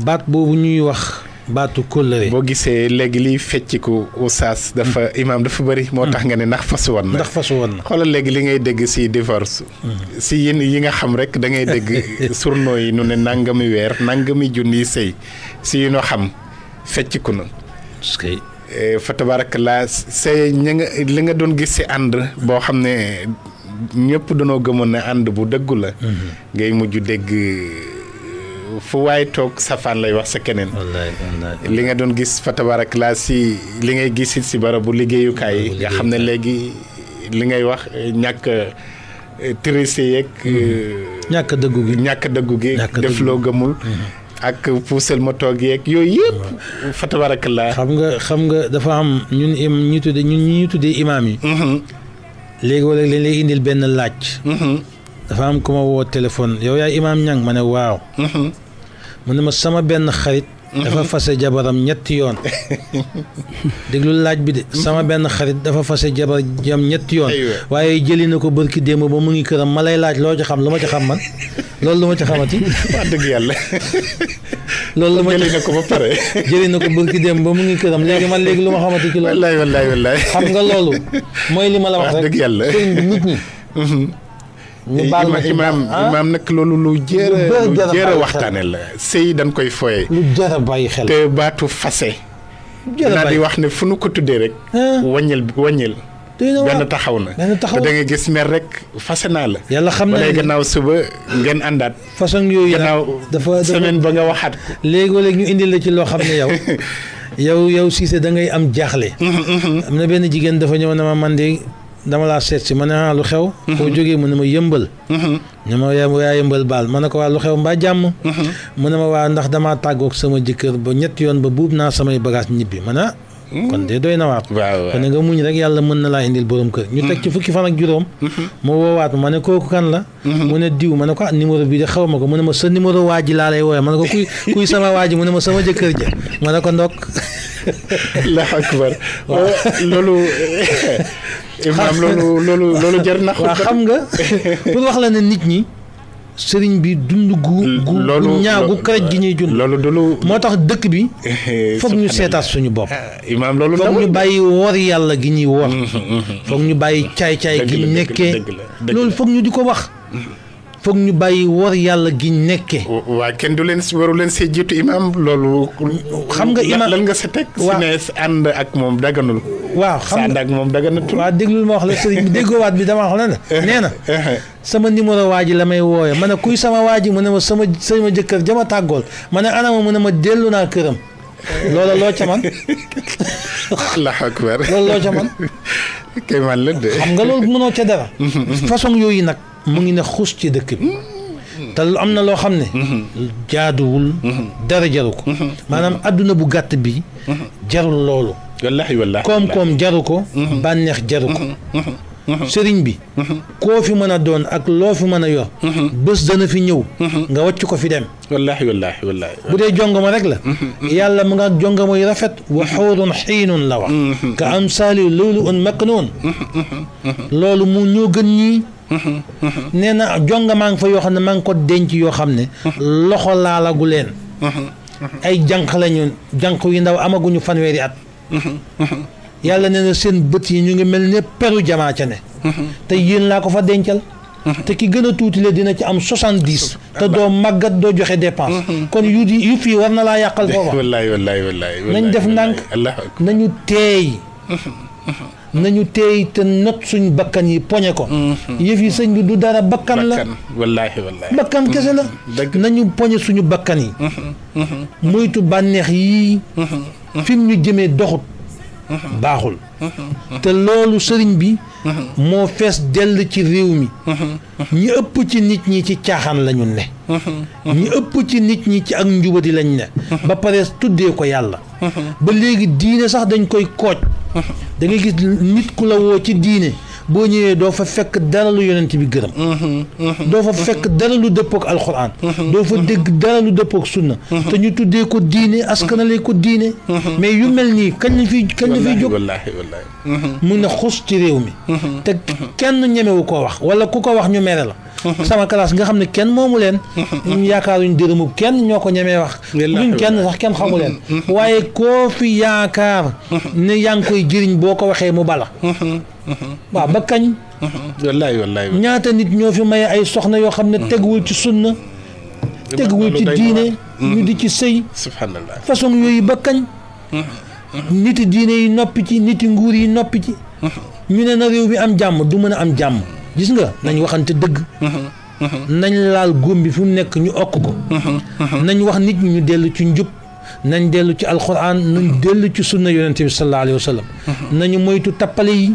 G: baat boobu ñuy wax. baatu kóllëre boo
F: gisee léegi liy fecciku oustaz dafa mm. imaam dafa bëri moo tax mm. nga ne ndax fasu woon na ndax fasu woon na xoolal léegi li ngay dégg si divorce mm. si yéen yi nga xam rek da ngay dégg surnoo yi nu ne nangami weer nangami junniy sëy si yu noo xam fecciku na eh, foto ba tabarak la sëy ña nga li nga doon gis si ànd boo xam ne ñëpp danoo gëmoon ne ànd bu dëggu la mm-hmm. ngay mujj dégg fu waay toog safaan lay wax sa keneen. li nga doon gis fa tabaarakala si li ngay gis si barabu liggéeyukaay yi. nga xam ne léegi li ngay wax eh, ñàkk eh, tricé yeeg. Mhm. Eh,
G: ñàkk dëggu gi ñàkk dëggu
F: gi. def loo gëmul. Mhm. ak puusal ma toog yeeg yooyu yëpp. fa tabaarakala.
G: xam nga xam nga dafa am ñun ñu tuddee ñun ñu tuddee imaam yi. Mhm. léegi wala lañ lay indil benn laaj. dafa am ku woo téléphone yow yaay imaam ñang ma ne waaw. mu ne ma sama benn xarit. dafa fase jabaram ñetti yoon déglu laaj bi de sama benn xarit dafa fase jabar jam ñetti yoon waaye jëli na ko bërki démb ba mu ngi këram ma lay laaj loo ci xam lu ma ci xam man loolu lu ma ci xamati wax dëgg yàlla loolu lu ma jëli na ko ba pare jëli na ko bërki démb ba mu ngi këram léegi man léegi lu ma xamati ci loolu wallaay wallaay wallaay xam nga loolu mooy li ma la wax rek dëgg yàlla
F: nit ñi ñu eh, baal ma imaam imaam ah? nag loolu lu jër a waxtaane la sëy dañ koy foye lu jër a bàyyi xel te baatu fase naa di wax ne fu nu ko tuddee rek ah? wàññil wàññil benn taxaw na te da nga gis mer rek fase naa la yàlla xam na ne gannaaw suba ngeen àndaat façon yooyu
G: gannaaw dafa semaine ba nga waxaat ko léegi léegi ñu indil la ci loo xam ne yow yow yow Cissé da ngay am jaaxle am na benn jigéen dafa ñëw na ma man de dama laa seet si ma ne ah lu xew. koo mhm. jógee mu ne ma yëmbal. Mhm. ne ma yaa yëmbal baal ma ne ko waa lu xew mbaa jàmm. Mhm. mu ne ma waa ndax damaa tàggoog sama jëkkër ba ñetti yoon ba buub naa samay bagages ñibbi ma ne mm. kon de doy na waat. waaw kon nga muñ rek yàlla mën na laa indil borom kër. ñu teg mm. ci fukki fan ak juróom. ma woowaat ma ne kooku kan la. mu ne diw ma ne ko ah numéro bi de xaw ma ko mu ne ma sa numéro waa ji laa lay woowee ma ne ko kuy sama waa ji mu ne ma sama jëkkër ja ma ne ko ndokk. la imaam loolu loolu loolu jar na. xam nga pour wax la ne nit ñi. sëriñ bi dund gu. gu ñaagu karaj gi ñuy dund. loolu dulu moo tax dëkk bi. foog ñu seetaat suñu bopp. imaam loolu foog ñu bàyyi wor yàlla gi ñuy wor. foog ñu bàyyi caay-caay gi nekkee. loolu foog ñu di ko wax. foog ñu bàyyi wor yàlla gi
F: nekke waa kenn du leen si leen see jiitu imaam loolu. xam nga imaam lan nga sa teg. waaw su ne ak moom daganul.
G: waa xam nga ànd ak moom daganatul. waaw déglul ma wax la sëriñ bi déggoowaat bi damaa xam ne eh, na. Eh, eh. sama numéro waa ji la may wooye ma ne kuy sama waa ji mu ne ma sama sama jëkkër jama tàggool ma ne anama mu ne ma dellu naa këram. loola loo ca man. kay man la xam nga loolu mënoo ca dara. façon yooyu nag. mu ngi ne xuus ci dëkk bi te am na loo xam ne jaaduwul dara jaru ko maanaam adduna bu gàtt bi jarul loolu wallaahi wallaahi koom-koom jaru ko mm-hmm. bànneex jaru ko mm-hmm. Mm-hmm. Mhm. sëriñ bi mhm. koo fi mën a doon ak loo fi mën a yor mhm. bés dana fi ñëw nga wàcc ko fi dem wallaahi wallaahi wallaahi bu dee jongama rek la yàlla mu nga ak jongama rafet wa xuurun xiinun la wax ka am saali loolu un maknoon loolu mu ñoo gën ñii nee na jonga maa ngi fa yoo xam ne maa ngi ko denc yoo xam ne loxo laalagu leen ay janq lañu janq yu ndaw amaguñu fanweeri at yàlla ne na seen bët yi ñu ngi mel ne peru jamaa ca ne mhm. te yéen laa ko fa dencal mhm. te ki gën a tuuti le dina ci am soixante dix te doo màggat doo joxe dépense mhm. kon yu di yu fii war na laa yàqal foofa
F: wallaay wallaay wallaay nañ def
G: ndànk nañu teey nañu teey te not suñ bakkan yi poñe ko yëf yi sëñ du dara bakkan la
F: wallaahi wallaahi bakkan kese la
G: nañu poñe suñu bakkan yi moytu bànneex yii fi ñu jëmee doxut baaxul mhm. te loolu sëriñ bi mhm. moo fees dell ci réew mi mhm. ñi ëpp ci nit ñi ci caaxaan lañu ne ñi ëpp ci nit ñi ci ak njubadi lañ ne ba pare tuddee ko yàlla ba léegi diine sax dañ koy kooj da gis nit ku la woo ci diine boo ñëwee doo fa fekk dara lu yonent bi gërëm doo fa fekk dara lu dëppook alxuraan doo fa dégg dara lu dëppook sunna te ñu tuddee ko diine askanale ko diine mais yu mel nii kañ la fiy kañ la fiy jóg mu ne xus ci réew mi te kenn ñemewu koo wax wala ku ko wax ñu mere la sama classe nga xam ne kenn moomu leen ñu yaakaaruñ dërëmu kenn ñoo ko ñemee wax luñ kenn sax kenn xamu leen waaye koo fi yaakaar ne yaa ngi koy jëriñ boo ko waxee mu bala waaw ba kañ ñaata nit ñoo fi maye ay soxna yoo xam ne teguwul ci sunna
F: teguwul ci diine ñu di ci
G: sëy subhanallah façon yooyu ba kañ niti diine yi noppi ci niti nguur yi noppi ci ñu ne na réew mi am jàmm du mën a am jàmm gis nga nañ waxante dëgg. nañ laal góom bi fu mu nekk ñu okk ko. nañ wax nit ñu dellu ci njub. nañ dellu ci alquran nañ dellu ci sunna yonente bi sallallahu alayhi wa sallam nañu moytu tappale yi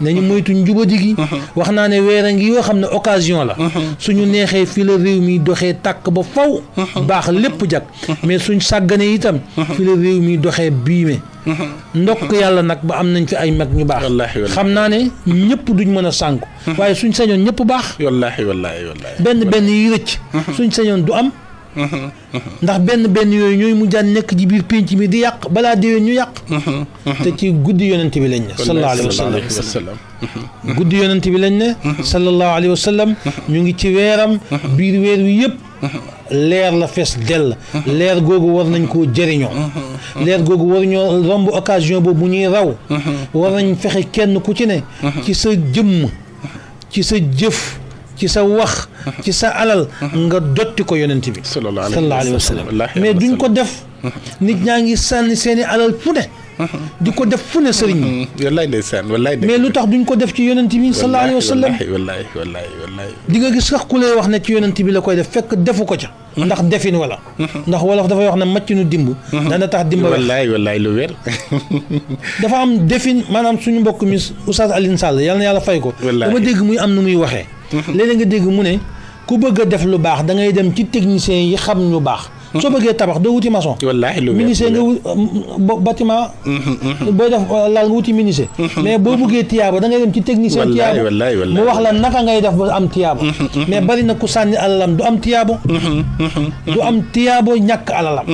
G: nañu moytu njubadi gi wax naa ne weer a ngi yoo xam ne occasion la suñu neexee fi la réew mi doxee tàkk ba faw baax lépp jag mais suñ sàggane itam fi la réew mi doxee biime ndokk yàlla nag ba am nañ fi ay mag ñu baax. xam naa ne ñëpp duñ mën a sànku. Hmm. waaye suñ sañoon ñëpp baax. wallaahi wallaahi wallaahi benn benn yi rëcc. Hmm. suñ sañoon du am. ndax benn benn yooyu ñooy mu jaan nekk ci biir pénc mi di yàq balaa déwén ñu yàq. te ci guddi yonent bi lañ ne. sallallahu alayhi wa sallam guddi yonent bi lañ ne. sallallahu alayhi wa sallam ñu ngi ci weeram. biir weer wi yëpp. leer la fees dell. leer googu war nañ koo jëriñoo. leer googu war ñoo romb occasion boobu ñuy raw. war nañ fexe kenn ku ci ne. ci sa jëmm. ci sa jëf. ci sa wax. ci sa alal nga dotti ko yonent bi sallallahu alayhi wa sallam mais duñ ko def nit ñaa ngi sànni seeni alal fu ne di ko def fu ne sëriñ bi wallaay ndeysaan lu tax duñ ko def ci yonent bi sallallahu alayhi wa sallam
F: wallaay
G: di nga gis sax ku lay wax ne ci yonanti bi la koy def fekk defu ko ca ndax defin wala ndax wolof dafay wax ne màcc nu dimb dana tax dimba wallaay wallaay lu wér dafa am defin maanaam suñu mbokk mi Oustaz Alioune Sall yal na yàlla fay ko ma dégg muy am nu muy waxee léeg-léeg nga dégg mu ne ku bëgg a def lu baax da ngay dem ci techniciens yi xam ñu baax soo bëggee tabax doo wuti maçon. wallahi lu meññ nga bâtiment. booy def laal nga wuti menuisier. mais boo bëggee tiyaba da ngay dem ci technicien. tiyaba wallahi wallahi mu wax la naka ngay def ba am tiyaba mais bari na ku sànni alalam du am tiyaabo. du am tiyaabo ñàkk alalam.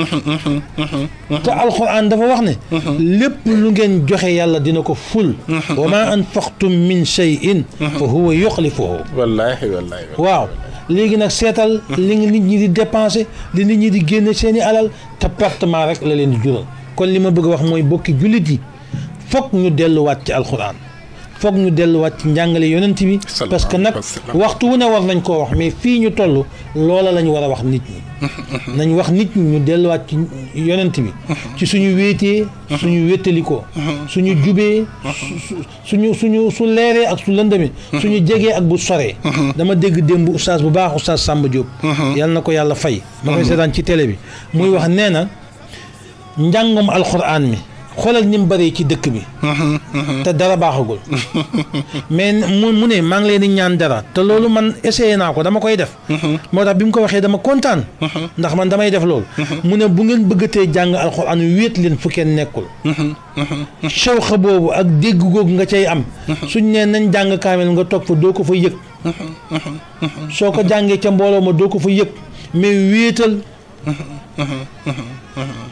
G: te alxuraan dafa wax ne. lépp lu ngeen joxe yàlla dina ko ful. wa ma anfaqtum min shay'in fa huwa yuxlifuhu. wallahi wallahi waaw. léegi nag seetal. li nit ñi di dépenser li nit ñi di génne seeni alal te pertement rek la leen di jural kon li ma bëgg wax mooy bokki jullit yi fokk ñu delluwaat ci alxuraan. foog ñu delluwaat ci njàngale yonent bi parce que nag waxtu wu ne war nañ koo wax mais fii ñu toll loola lañ war a wax nit ñi nañ wax nit ñu delluwaat ci yonent bi ci suñu wéetee suñu wéttalikoo suñu jubee suñu suñu su leeree ak su lëndëmee suñu jegee ak bu soree dama dégg démb oustaz bu baax oustaz Samba Diop yal na ko yàlla fay ma koy seetaan ci télé bi muy wax nee na njàngom alxuraan mi xoolal ni mu bëree ci dëkk bi. te dara baaxagul. mais mu mu ne maa ngi leen di ñaan dara te loolu man essayé naa ko dama koy def. moo tax bi mu ko waxee dama kontaan. ndax man damay def loolu. mu ne bu ngeen bëggatee jàng alxuraan wéet leen fu kenn nekkul. shawxa boobu ak dégg googu nga cay am. suñ nee nañ jàng kaamel nga toog fa doo ko fa yëg. soo ko jàngee ca mbooloo ma doo ko fa yëg mais wéetal.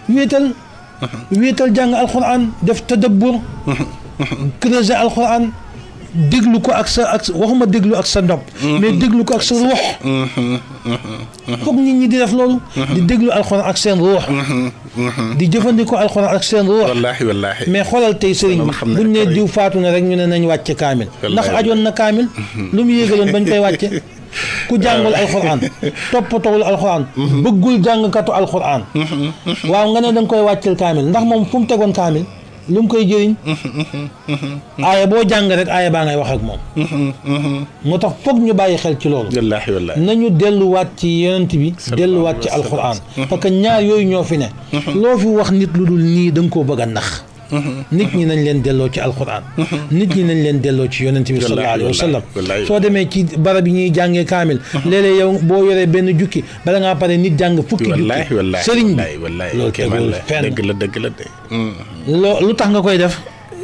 G: wéetal. ويتال جانغ القران ديف تدبر كرزا القران ديغلو كو اكسا اكس واخوما ديغلو اكسا ندوب مي ديغلو كو اكسا روح فوك نيت ني دي داف لولو دي ديغلو القران اك سين روح دي جيفانديكو القران اك سين روح والله والله مي خولال تي سيرين بون ني ديو فاتو ني رك ني نان واتي كامل ناخ اديون نا كامل لوم ييغلون بان تي واتي ku jàngul alxuraan toppatoowul alxuraan mhm. bëggul jàngkatu alxuraan mhm, mhm. waaw nga ne danga koy wàccil kaamil ndax moom fu mu tegoon kaamil lu mu koy jëriñ aaya boo jàng rek aaya baa ngay wax ak moom moo tax foog ñu bàyyi xel ci loolu nañu delluwaat ci yonent bi delluwaat ci alxuraan parce ñaar yooyu ñoo fi ne loo fi wax nit lu dul nii da nga koo bëgg a nax نيت ني نلان ديلو تي القران نيت ني نلان ديلو تي يونتي صلى الله عليه وسلم سو ديمي كي بارا بي ني جانغي كامل ليلى يو بو يوري بن جوكي بلا غا باري نيت جانغ فوكي والله والله سيرين
F: والله والله دغ لا دغ لا
G: لو لو تاخ غاكاي ديف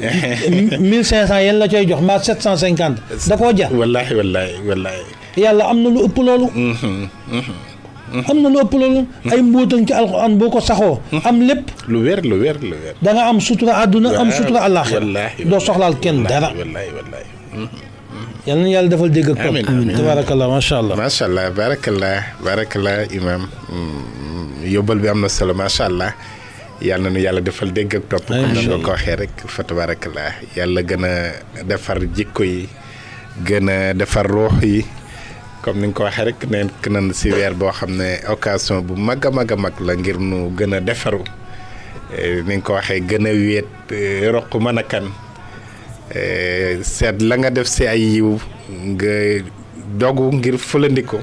G: 1500 يلا تاي جوخ ما 750 داكو جا والله والله والله يلا امنا لو اوب لولو amna lo nopp ay mbotan ci alquran boko saxo am lépp lu wér lu wér lu wér da nga am sutura aduna am sutura àllaaxira do soxlal ken dara
D: wallahi wallahi
G: yalla yàlla defal dégg ak topp tabaarakallah
F: macha allah macha allah baarakallah baarakallah imaam yóbbal bi amna na solo macha allah yàlla nu yàlla defal deg ak top comme ni ko waxee rek fa tabaarakallah yàlla gëna defar jikko yi gëna defar ruux yi comme ni nga ko waxee rekk nekk nañ si weer boo xam ne occasion bu mag a mag a mag la ngir nu gën a defaru eh, ni nga ko waxee gën a wéet eh, roq mën a kan eh, seet la nga def si ay yiw nga dogu ngir fëlandiko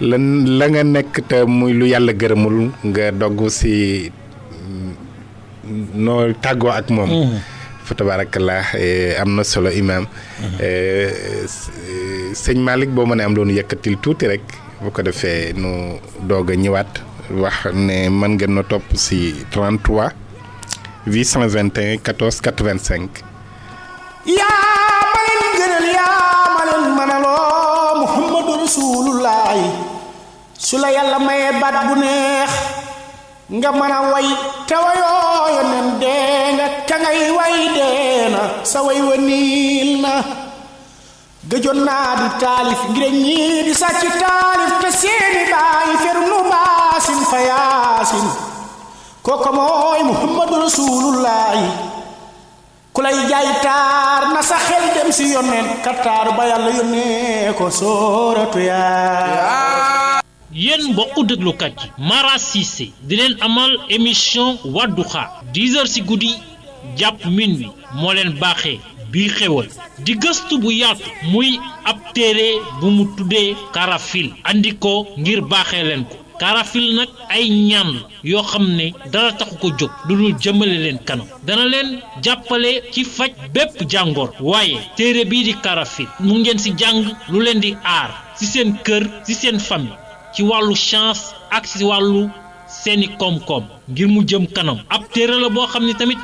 F: lan la nga nekk te muy lu yàlla gërëmul nga dogu si mm, noo tàggoo ak moom mm-hmm. fa tabarakallah eh, am na solo imaam mhm. eh, sëñ Malick boo mënee am loonu yëkkatil tuuti rek boo ko defee nu doog a ñëwaat wax ne mën ngeen na topp si 33 821
E: yaa ma leen gënal muhammadu rasulullahi su la yàlla mayee baat bu neex nga mën a way te wayoo yonen dee nga ka way dee na sa way wa niil na gëjoon naa di taalif ngir ñii di sàcc taalif te seeni baay fer nu baasin fa yaasin kooku mooy muhammadu rasulullahi ku lay jaay taar na sa xel dem si yonen ka ba yàlla yónnee ko sooratu yaa
A: yéen bokku déglukat yi Mara Cissé di leen amal émission Wadduha 10 heures ci guddi jàpp min wi moo leen baaxee bii xewal di gëstu bu yaatu muy ab téere bu mu tuddee karafil andi ngir baaxee leen ko karafil nag ay ñaan yoo xam ne dara taxu ko jóg lu dul jëmale leen kanam dana leen jàppale ci faj bépp jàngoor waaye téere bii di karafil mu ngeen si jàng lu leen di aar ci seen kër ci seen famille ci walu chance ak ci walu seni koom ngir mu jëm kanam ab téré la bo xamni tamit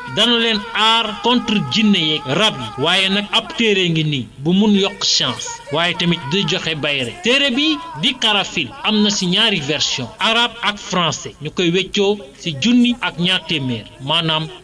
A: contre jinne chance rab yi waaye a ab téré ngi ni bu mun chance waaye tamit di joxe bayre téré bi di karafil amna ci ñaari version arabe ak français ñukoy koy ci junni ak ñaar témèr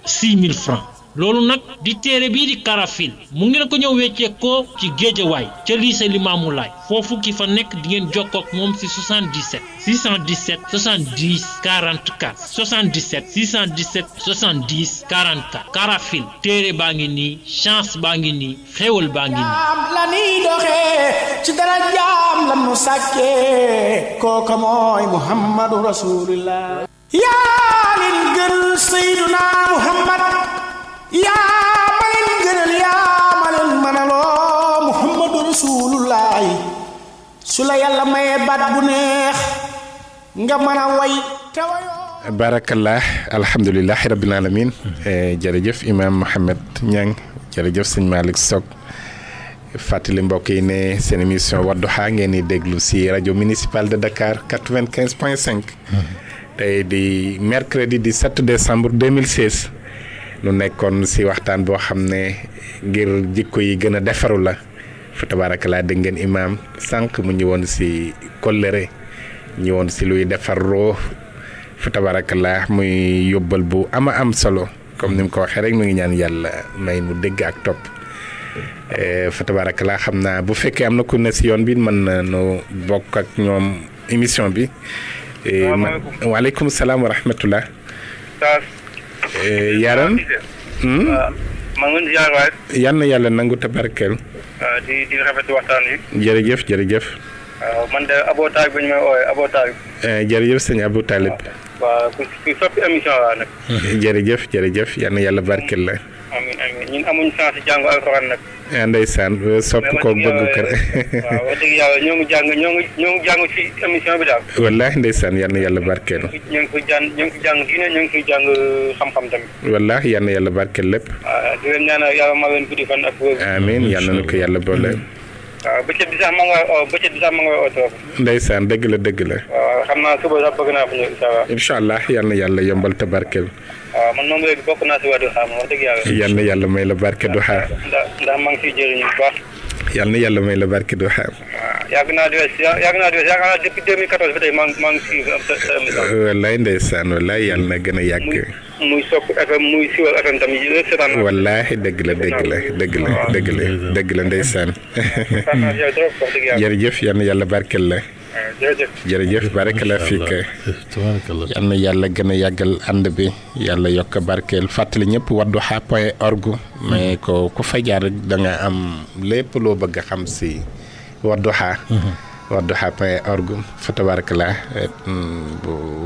A: 6000 francs lolou nak di téré bi di karafil mu ngi ko ñew wéccé ko ci way ci lycée limaamu lay fofu ki fa nek di ngeen ak mom ci 77 617 70 44 77 617 70 44 karafil téré baa ngi chance baa ngi nii xéewal baa ngi am
E: la ni doxé ci dara jam la nu sàkkee kooka moy muhammadu rasulillah ya lil gën sayyiduna muhammad
F: barakallah Alhamdulillah, rabbil alamin eh, jërëjëf imam mohammed ñang jërëjëf seigne malik sok fatali mbok yi ne sen émission ngeen di déglu si municipal de dakar 95.5. point hmm. di mercredi 17 décembre 2016 lu nekkoon si waxtaan boo xam ne ngir jikko yi gën a defaru la fa tabaraka laa dégg ngeen imaam sànq mu ñëwoon si kóllëre ñëwoon si luy defaroo fa tabaraka laa muy yóbbal bu ama am solo comme ni mu ko waxee rek mu ngi ñaan yàlla may mu dégg ak topp eh, fa tabaraka laa xam naa bu fekkee am na ko ne si yoon bi mën na nu bokk ak ñoom émission bi. Eh, waaleykum salaam wa Eh, yaran hmm?
M: ah, maa ngi
F: yal yàlla nangu te barkeel.
M: Ah, di di rafetlu waxtaan wi.
F: jërëjëf jërëjëf.
M: Ah, man de Abou Talib bu ñu may woowee Abou Talib.
F: Eh, jërëjëf sëñ Abou
M: waaw ku sopp émission waa nag.
F: jërëjëf jërëjëf yal yàlla barkeel la.
M: amiin amiin ñun amuñu chance jàngu alxuraan nag.
F: Eh, ndeysaan eh, sopp ko bëgg kër.
M: waaw wax dëgg yàlla ñoo ngi jàng ñoo ngi ñoo ci émission bi daal.
F: wallaahi ndeysaan yàlla barkeel.
M: ñoo ngi fi jàng diine ñoo ngi fi jàng xam-xam tamit.
F: wallaahi yal yàlla barkeel lépp.
M: waaw ah, di leen ñaanal yàlla
F: maa ko yàlla boole.
M: waaw bëccëg bi sax ma nga bëccëg bi sax ma nga oto.
F: ndeysaan dëgg la dëgg la.
M: waaw xam naa suba sax bëgg naa fa ñëw incha allah.
F: incha allah yal na yàlla yombal te barkeel.
M: waaw man moom léegi bokk naa si waa Duha wax dëgg yàlla. yal
F: na yàlla may la barke Duha. ndax
M: ndax maa ngi ciy jëriñu bu baax.
F: yal na yàlla may la barke Duha.
M: waaw yàgg naa di wees yàgg naa di wees yaakaar naa depuis 2014 ba tey maa ngi maa ngi si.
F: wallaay ndeysaan wallaay yàlla na gën a yàgg.
M: muy Sock FM muy Siwal dëgg
F: la dëgg la dëgg la dëgg la dëgg la ndeysaan. jërëjëf yal na yàlla barkel la. jërëjëf jërëjëf la fiik yal na yàlla gën a yàggal ànd bi yàlla yokk barkeel fàttali ñëpp wadduha point org mais ko ku fa jaar rek am lépp loo bëgg a xam si wadduha mhm. wadduha point ya, org fa tabarakallah eh, hmm,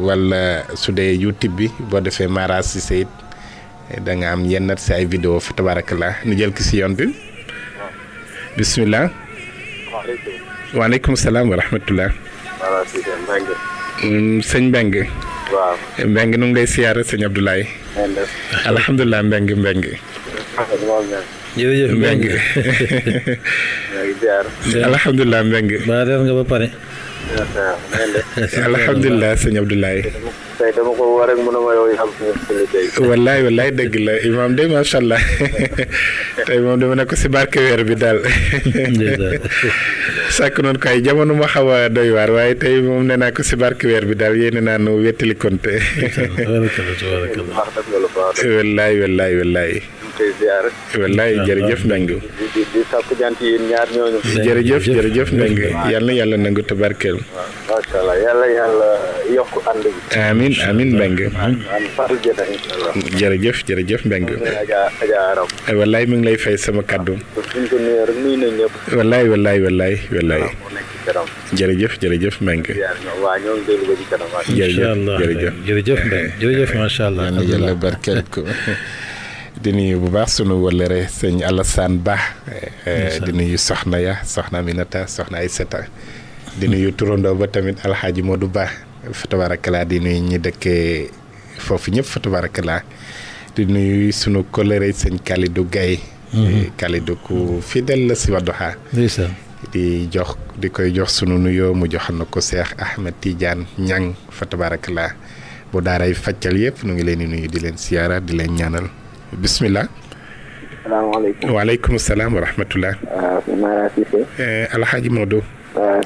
F: wala su dee youtube bi boo defee mara sise it eh, da nga am yennat si ay vidéo fa tabarakallah nu jël ki si yoon bi bismillah alaykum salaam wa rahmatullah mm, sëñ mbeng waaw eh, mbeng nu ngi lay siyaare sëñ abdoulaye mbeng mbeng
M: jërëjëf
G: Mbeng alhamdulilah Mbeng ba reer nga ba pare alhamdulilah sëñ
F: Abdoulaye wallaay wallaay dëgg la imaam de macha allah tey moom dama ne ko si barke weer bi daal sàkk noonu ko ay jamono ma xaw a waar waaye tey moom nee naa ko si barke bi daal yéene naa wettali konte wallaay wallaay wallaay
L: koy ziar. wallaay jërëjëf Mbengue. di di di sakku jant yéen ñaar jërëjëf
F: jërëjëf wallaay mi ngi lay fay sama kaddu. wallaay wallaay wallaay jërëjëf jërëjëf Mbengue. di nuyu bu baax sunu wëllëre sëñ Alassane Ba. Eh, eh, di nuyu Soxna ya Soxna Aminata Soxna seta di nuyu turandoo ba tamit Alxaaji Modou du baax tabarakalaa di nuyu ñi dëkkee foofu ñëpp fa tabarakalaa di nuyu sunu kóllëre sëñ Kalidou Gaye mhm. eh, Kalidou ku fidèle la si Wadduha di jox di koy jox sunu nuyoo mu joxal na ko Cheikh Ahmed Tidiane Niang fa tabarakalaa bu daaray faccal yëpp nu ngi leen di nuyu di leen siyaara di leen ñaanal بسم الله
L: السلام عليكم
F: وعليكم السلام ورحمة الله آه الحاج مودو آه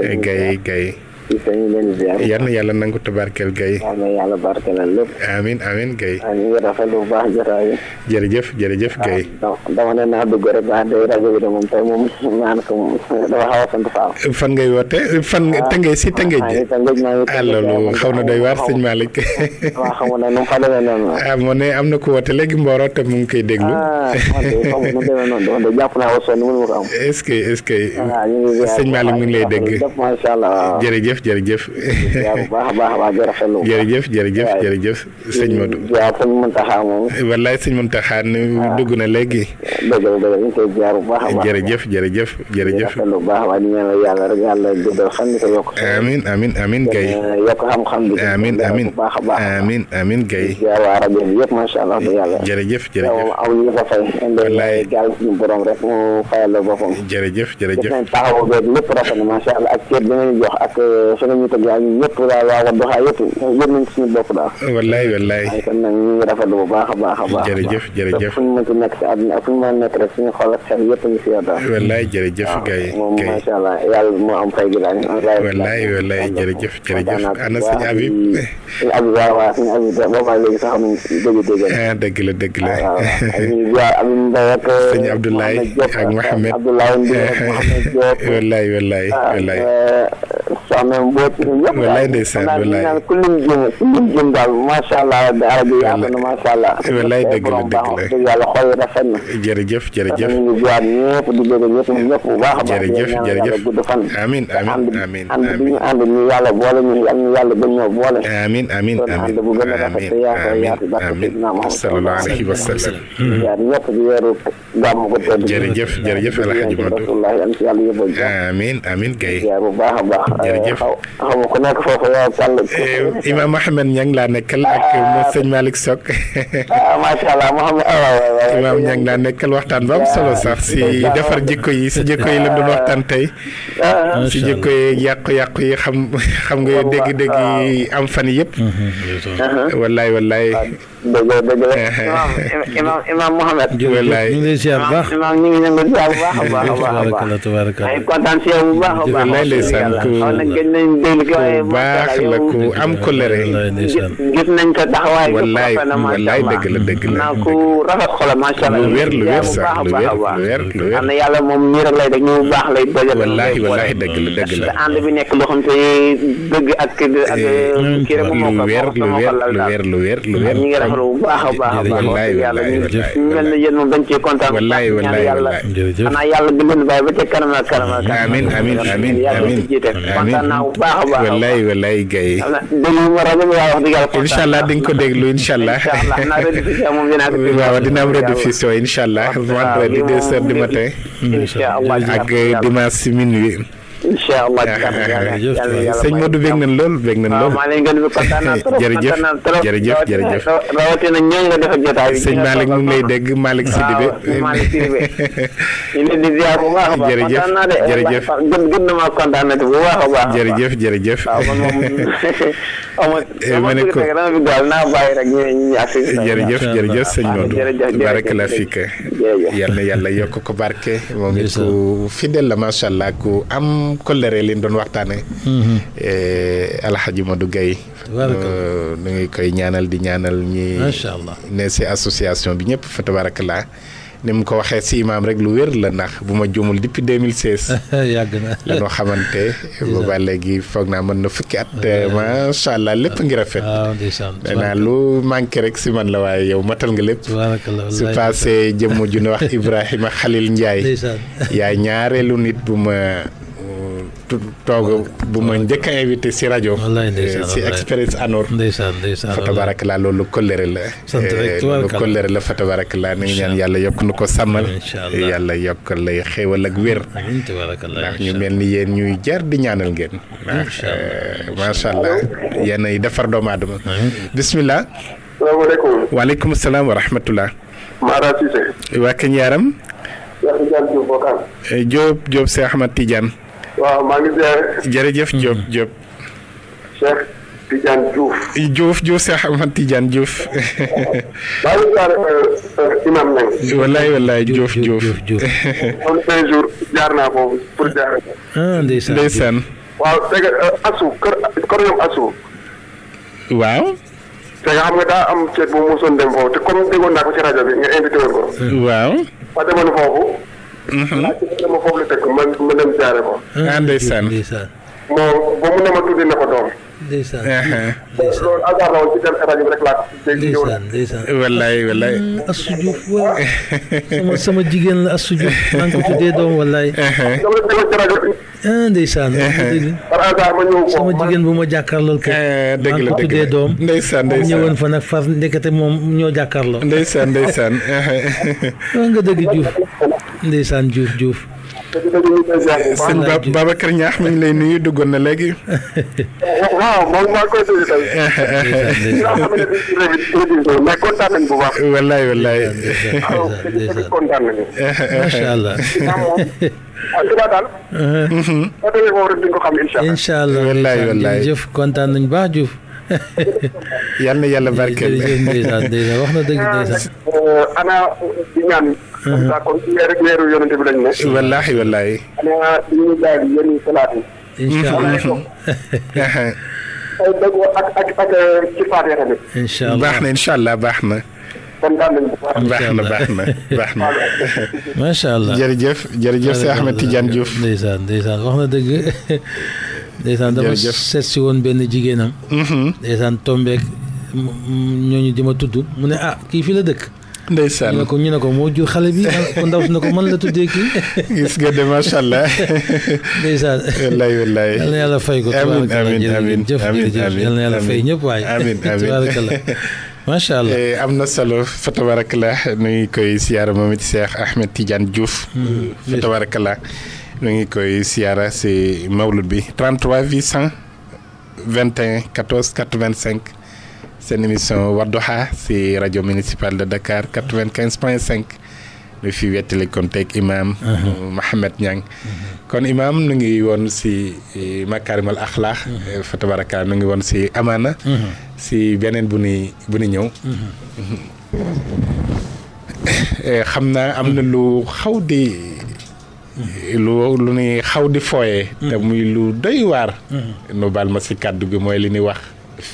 F: جاي جاي dañu leen ziar. yal na yàlla nangu
L: tabarkeel Gaye. yal na yàlla barkeelal lépp. amiin amiin Gaye. ñu ngi rafetlu bu baax jotaay bi. jërëjëf jërëjëf Gaye. dama ne naa dugg rek baax day rajo bi de moom tey moom maan ko moom a sant Faal.
F: fan ngay woote ah, si ah, Tëngéej. ah loolu xaw na doy waar sëñ Malick.
L: waaw xamu ne nu mu fa demee noonu.
F: ah mu ne am na ku woote léegi Mboro te mu
L: ngi koy déglu. ah man de xamu nu demee noonu de jàpp naa ko sonn mënu ma ko am. est-ce que est-ce que. waaw ah, ñu ngi ziar sëñ Malick mu ngi lay dégg. jërëjëf jërëjëf jërëjëf. bu baax a baax a baax di rafetlu. jërëjëf jërëjëf jërëjëf. sëñ Modou waaw sëñ Mountakha moom. wallaay sëñ Mountakha
F: ni dugg na léegi.
L: dëgg la la ñu a di rafetlu ko yokk.
F: amiin amiin amiin kay. yokk xam-xam bi.
L: amiin amiin amiin amiin kay. jaar waa rajo bi yëpp macha allah di yàlla. jërëjëf jërëjëf aw ñu ko fay. wallaay gaal suñu borom rek mu fayal la boppam. jërëjëf jërëjëf. taxawu beeg lépp rafet na jox ak su nga ñu teg yaa ngi ñëpp daal waa Wadduha yëpp yëpp nañ suñu bopp daal wallaay wallaay kon nag ñu ngi rafetlu bu baax a baax a baax jërëjëf jërëjëf fu ñu mën ci nekk si àdduna ak fu ñu mën nekk rek suñu xol ak xel yëpp ñu si yow daal wallaay jërëjëf gars yi moom macha allah yàlla moo am fay gi daal wallaay wallaay jërëjëf jërëjëf ana sëñ Habib sëñ Habib waaw waaw sëñ Habib boobaa léegi sax nañ dégg dégg dëgg la dëgg la sëñ Abdoulaye ak Mohamed Abdoulaye wallaay wallaay ah, wallaay euh, boo ci ñëpp wallaay ndeysaan wallaay naan ku lim jëm ku lim jëm daal macha allah rabbi arajo yi am na macha allah wallaay dëgg la dëgg la dëgg yàlla xol yi rafet na jërëjëf jërëjëf ñu ngi jaar ñëpp di bëgg ñëpp ñëpp bu baax a baax jërëjëf jërëjëf gudd fan amiin amiin amiin ànd bi ñu ànd ñu yàlla boole ñu yàlla ñu yàlla gën ñoo boole amiin amiin amiin ànd bu gën a rafet yaako yaatu barke sidna Muhammad sallallahu alayhi wa sallam jaar ñëpp di weeru gàmm ko tedd jërëjëf jërëjëf alhaji Madou amiin amiin kay bu baax a baax jërëjëf
F: imaam axmed ñang laa nekkal ak moo sëñ malik sok imaam ñang laa nekkal waxtaan ba am solo sax si defar jikko yi si jikko yi la doon waxtaan tey si jikko yi yàqu-yàqu yi xam xam nga dégg-dégg yi am fan
L: yëpp wallaay wallaay dëgg dëgg la
G: imaam imaam mohamed wallaay ñu ngi ziar baax
L: imaam ñu ngi nangu ziar bu baax a baax
G: a baax ay
L: kontaan si yow bu baax a baax wallaay ndeysaan nañ dégg waaye baax la ku am kolere gis nañ sa taxawaay wallaay wallaay dëgg la dëgg la naa ku rafet xolam macha allah lu wér lu wér sax lu wér lu wér lu wér am na yàlla moom nii rek lay def ñu baax lay dajal wallaay wallaay dëgg la dëgg la ànd bi nekk loo xam te dëgg ak ak eh, euh, kii rek moo ko wér lu wér lu wér lu wér lu wér ñu ngi rafetlu bu baax a baax a baax wallaay yàlla ñu mel na yéen moom dañ ciy kontaan wallaay wallaay yàlla xanaa yàlla di leen bàyyi ba ca kanam ak kanam ak kanam amiin amiin amiin amiin waaw baax a baax wallaay wallaay gay danañ
F: war a waaw wax dëgg yàlla incha allah di nga ko déglu incha allah waaw dina am rediffusion incha
K: incha allah jërëjëf sëñ Modou
F: bég nañ lool bég nañ lool maa a kontaan naa trop jërëjëf jërëjëf jërëjëf
K: rawatina ñoom nga def ak jotaay bi sëñ Malick mu a baax jërëjëf jërëjëf
L: na maa kontaan bu baax Eh, ma ne ko naa bàyyi rek ñu ah, jërëjëf
F: yal na yàlla yokk ko barke moom it ku fidèle la macha allah ku am kolere leen doon waxtaane Alhaji mm-hmm. eh, Modou Guèye euh, nu ngi koy ñaanal di ñaanal ñi ne si association bi ñëpp fa tabarak ni mu ko waxee si imaam rek lu wér la ndax bu ma jumul depuis 2016.
G: yàgg na
F: la xamante. boobaa léegi foog naa mën na fukki at. macha allah lépp ngi rafet. waaw ah, danaa lu manqué rek si man la waaye yow matal nga lépp. su paasee jëmm ju ñu wax Ibrahima Khalil Ndiaye. yaay ñaareelu nit bu ma. toog bu ma njëkk invité si rajo. Eh, si expérience Anor. ndeysaan
G: ndeysaan fa
F: la loolu kollëre la. sant rek eh, loolu ñaan yàlla yokk nu ko sàmmal. yàlla yokk lay xéewal ak wér.
G: ndax
F: ñu mel ni yéen ñuy jar di ñaanal ngeen. Eh, macha allah macha ay defar doomu aadama. bisimilah. salaamaaleykum. waaleykum salaam wa rahmatullah.
K: Mara Cissé.
F: waa Kañ Ahmad Tidiane.
K: waaw maa ngi ziare.
F: jërëjëf Diop mm-hmm. Diop.
K: Cheikh Tidiane Diouf.
F: Diouf Diouf Cheikh Ahmad Tidiane Diouf.
K: maa ngi ziare euh, imam nañ. wallaay
F: wallaay
K: jaar naa foofu pour jaar.
G: ah ndeysaan ndeysaan.
K: waaw dégg euh, kër kër ñoom asu. waaw. te nga xam nga daa am ceeb bu mu mosoon dem foofu te comme déggoon naa ko ci rajo bi nga invité woon ko.
D: Mm-hmm. waaw.
K: ma demoon foofu. Mhm. laaj bi dama foofu la dëkk man ma dem jaare ko. ah ndeysaan moom ba mu ne ma tuddi na ko doom. ndeysaan eh, eh. loolu hasard la woon ci dem rajo bi rek laa ko. ndeysaan
F: ndeysaan wallaay wallaay. Mm,
G: Astou Diouf waaw sama sama jigéen la Astou Diouf maa ngi ko tuddee doom wallaay. Eh, dama la dama ci rajo bi. ah ndeysaan. par hasard ma ñëw ko sama jigéen bu ma jàkkaarlool ko. dëgg la dëgg la maa ngi ko tuddee doom. ndeysaan ndeysaan ñëwoon fa nag far ndekete moom ñoo jàkkaarloo. ndeysaan ndeysaan. Ah, nga dëgg Diouf. ndeysaan Diouf Diouf. sëñ Babacar Niakh mi ngi lay nuyu duggoon na léegi.
L: waaw moom kontaan bu baax. wallaay wallaay.
K: Ah, macha allah.
G: ah suba daal. Uh-huh. Mm-hmm. boo déggee moom rek di nga ko xam incha allah. incha allah wallaay wallaay jëf kontaan nañu baax Diouf.
F: yal na yàlla barkeel. jërëjëf ndeysaan ndeysaan wax na dëgg ndeysaan.
K: Ah, ana di ñaan. comme ça kon ci weeru weeru yonente bi lañ ne. wallaahi wallaahi. xanaa suñu euh, daal di yéen salaat yi. incha baax na
F: incha baax na. baax na baax na baax na.
G: macha allah jërëjëf
F: jërëjëf si Ahmed Tidiane
G: dama seet si woon benn jigéenam. Mhm. ndeysaan tombeek ñooñu di ma tudd mu ne ah kii fii la ndeysaan ñu ne ko ñu ne ko moo jur xale bi ko ndaw si ne ko man la tuddee kii. gis nga de macha allah. ndeysaan. wallaay wallaay. yal na yàlla fay ko. amiin amiin amiin jëf jërëjëf na yàlla fay ñëpp
F: waay. amiin macha allah eh, am na solo fa tabarakallah nu ngi koy siyaara moom it Cheikh Ahmed Tidiane Diouf.
D: Hmm, fa
F: tabarakallah nu ngi koy siyaara si mawlud bi 33 821 14 85. seen émission Wadduha si Radio Municipale de Dakar 95.5. Le 5 ñu fi wettali kon uh-huh. Niang. kon Imam nu ngi woon si eh, makaarimal axlaax. Uh-huh. Eh, fa tabaraka nu ngi woon si amana, si uh-huh. beneen bu ni bu ni ñëw. Eh, xam naa am na lu xaw di. lu lu ni xaw di fooyee. te muy lu doy waar. nu baal ma si kàddu gi mooy li ñuy wax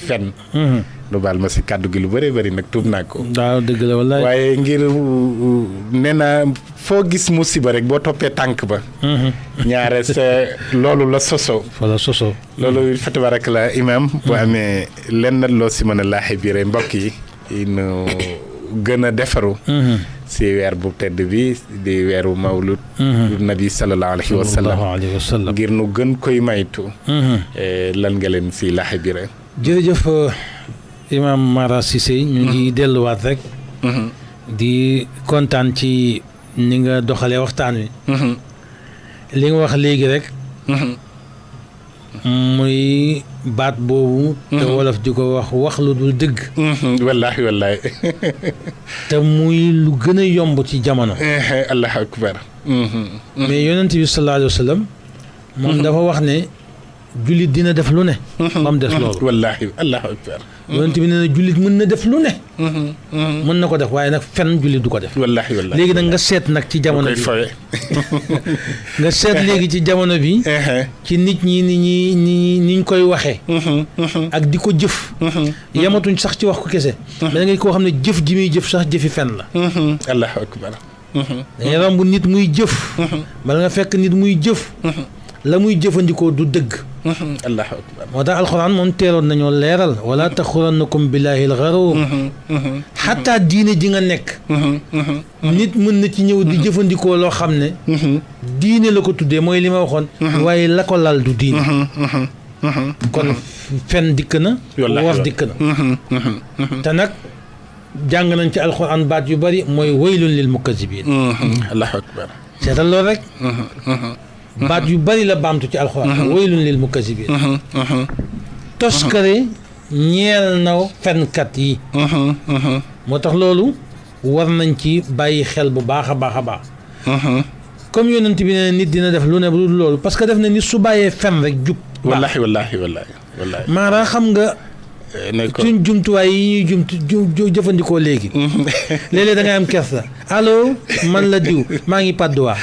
F: fen. lu baal ma si kàddu gi lu bëree bëri nag tuub naa ko.
G: waaw dëgg la wallaay waaye ngir
F: uh, nee na foo gis musiba rek boo toppee tànk ba. Mhm. ñaare sa loolu la soso. wala soso. loolu fa tabarak la imaam. bu mhm. amee lenn loo si mën a laaxee biiree mbokk yi nu gën a defaru. Mhm. si weer bu tedd bi di weeru mawlud nabi sallallahu alayhi wa sallam ngir nu gën koy maytu. Eh, lan nga leen si laaxee biiree.
G: Imam Mara Cissé ñu ngi mhm. delluwaat rek mhm. di kontaan ci ni nga doxalee waxtaan wi mhm. li nga wax léegi rek muy baat boobu te wolof di ko wax wax lu dul dëgg wallaahi wallaahi te muy lu gën a yomb ci jamono eh, allahu akbar mais yonent bi sallallahu alayhi moom dafa wax ne جولي دينا دفلونه مام دفلو والله الله اكبر وانت من جولي من دفلونه من نكو دف واي نك فن جولي دوكو دف والله والله ليغي دا سيت نك تي جامونو بي نغا سيت ليغي تي جامونو بي كي نيت ني ني ني ني نين كوي واخه اك ديكو جيف يماتون صاح تي واخ كو كيسه دا نغي كو خامني جيف جيمي جيف صاح جيفي فن لا الله اكبر دا نيت موي جيف بالا فك نيت موي جيف لاموي جيفانديكو دو دغ الله اكبر مودا القران مون تيرو نانيو ليرال ولا تخرنكم بالله الغرور حتى دين ديغا نيك نيت من نتي نيو دي جيفانديكو لو خامني دين لاكو تودي موي لي ما وخون واي لاكو لال دو دين كون فين ديكنا واخ ديكنا تنك جانغ نانتي القران بات يو بري موي ويل للمكذبين الله اكبر سيتال لو رك baat yu bari la baamtu ci alxuraan waylun lil mukazibin toskare ñeel na fenkat yi moo tax loolu war nañ ci bàyyi xel bu baax a baax a baax comme yonent bi ne nit dina def lu ne loolu parce que def na nit su bàyyee fen rek jub wallaahi
F: wallaahi wallaahi wallaahi
G: maanaam xam nga eh, suñ jumtuwaay yi ñuy jumtu jëfandikoo léegi léeg-léeg da ngay am kersa allo man la diw maa ngi pàdduwaa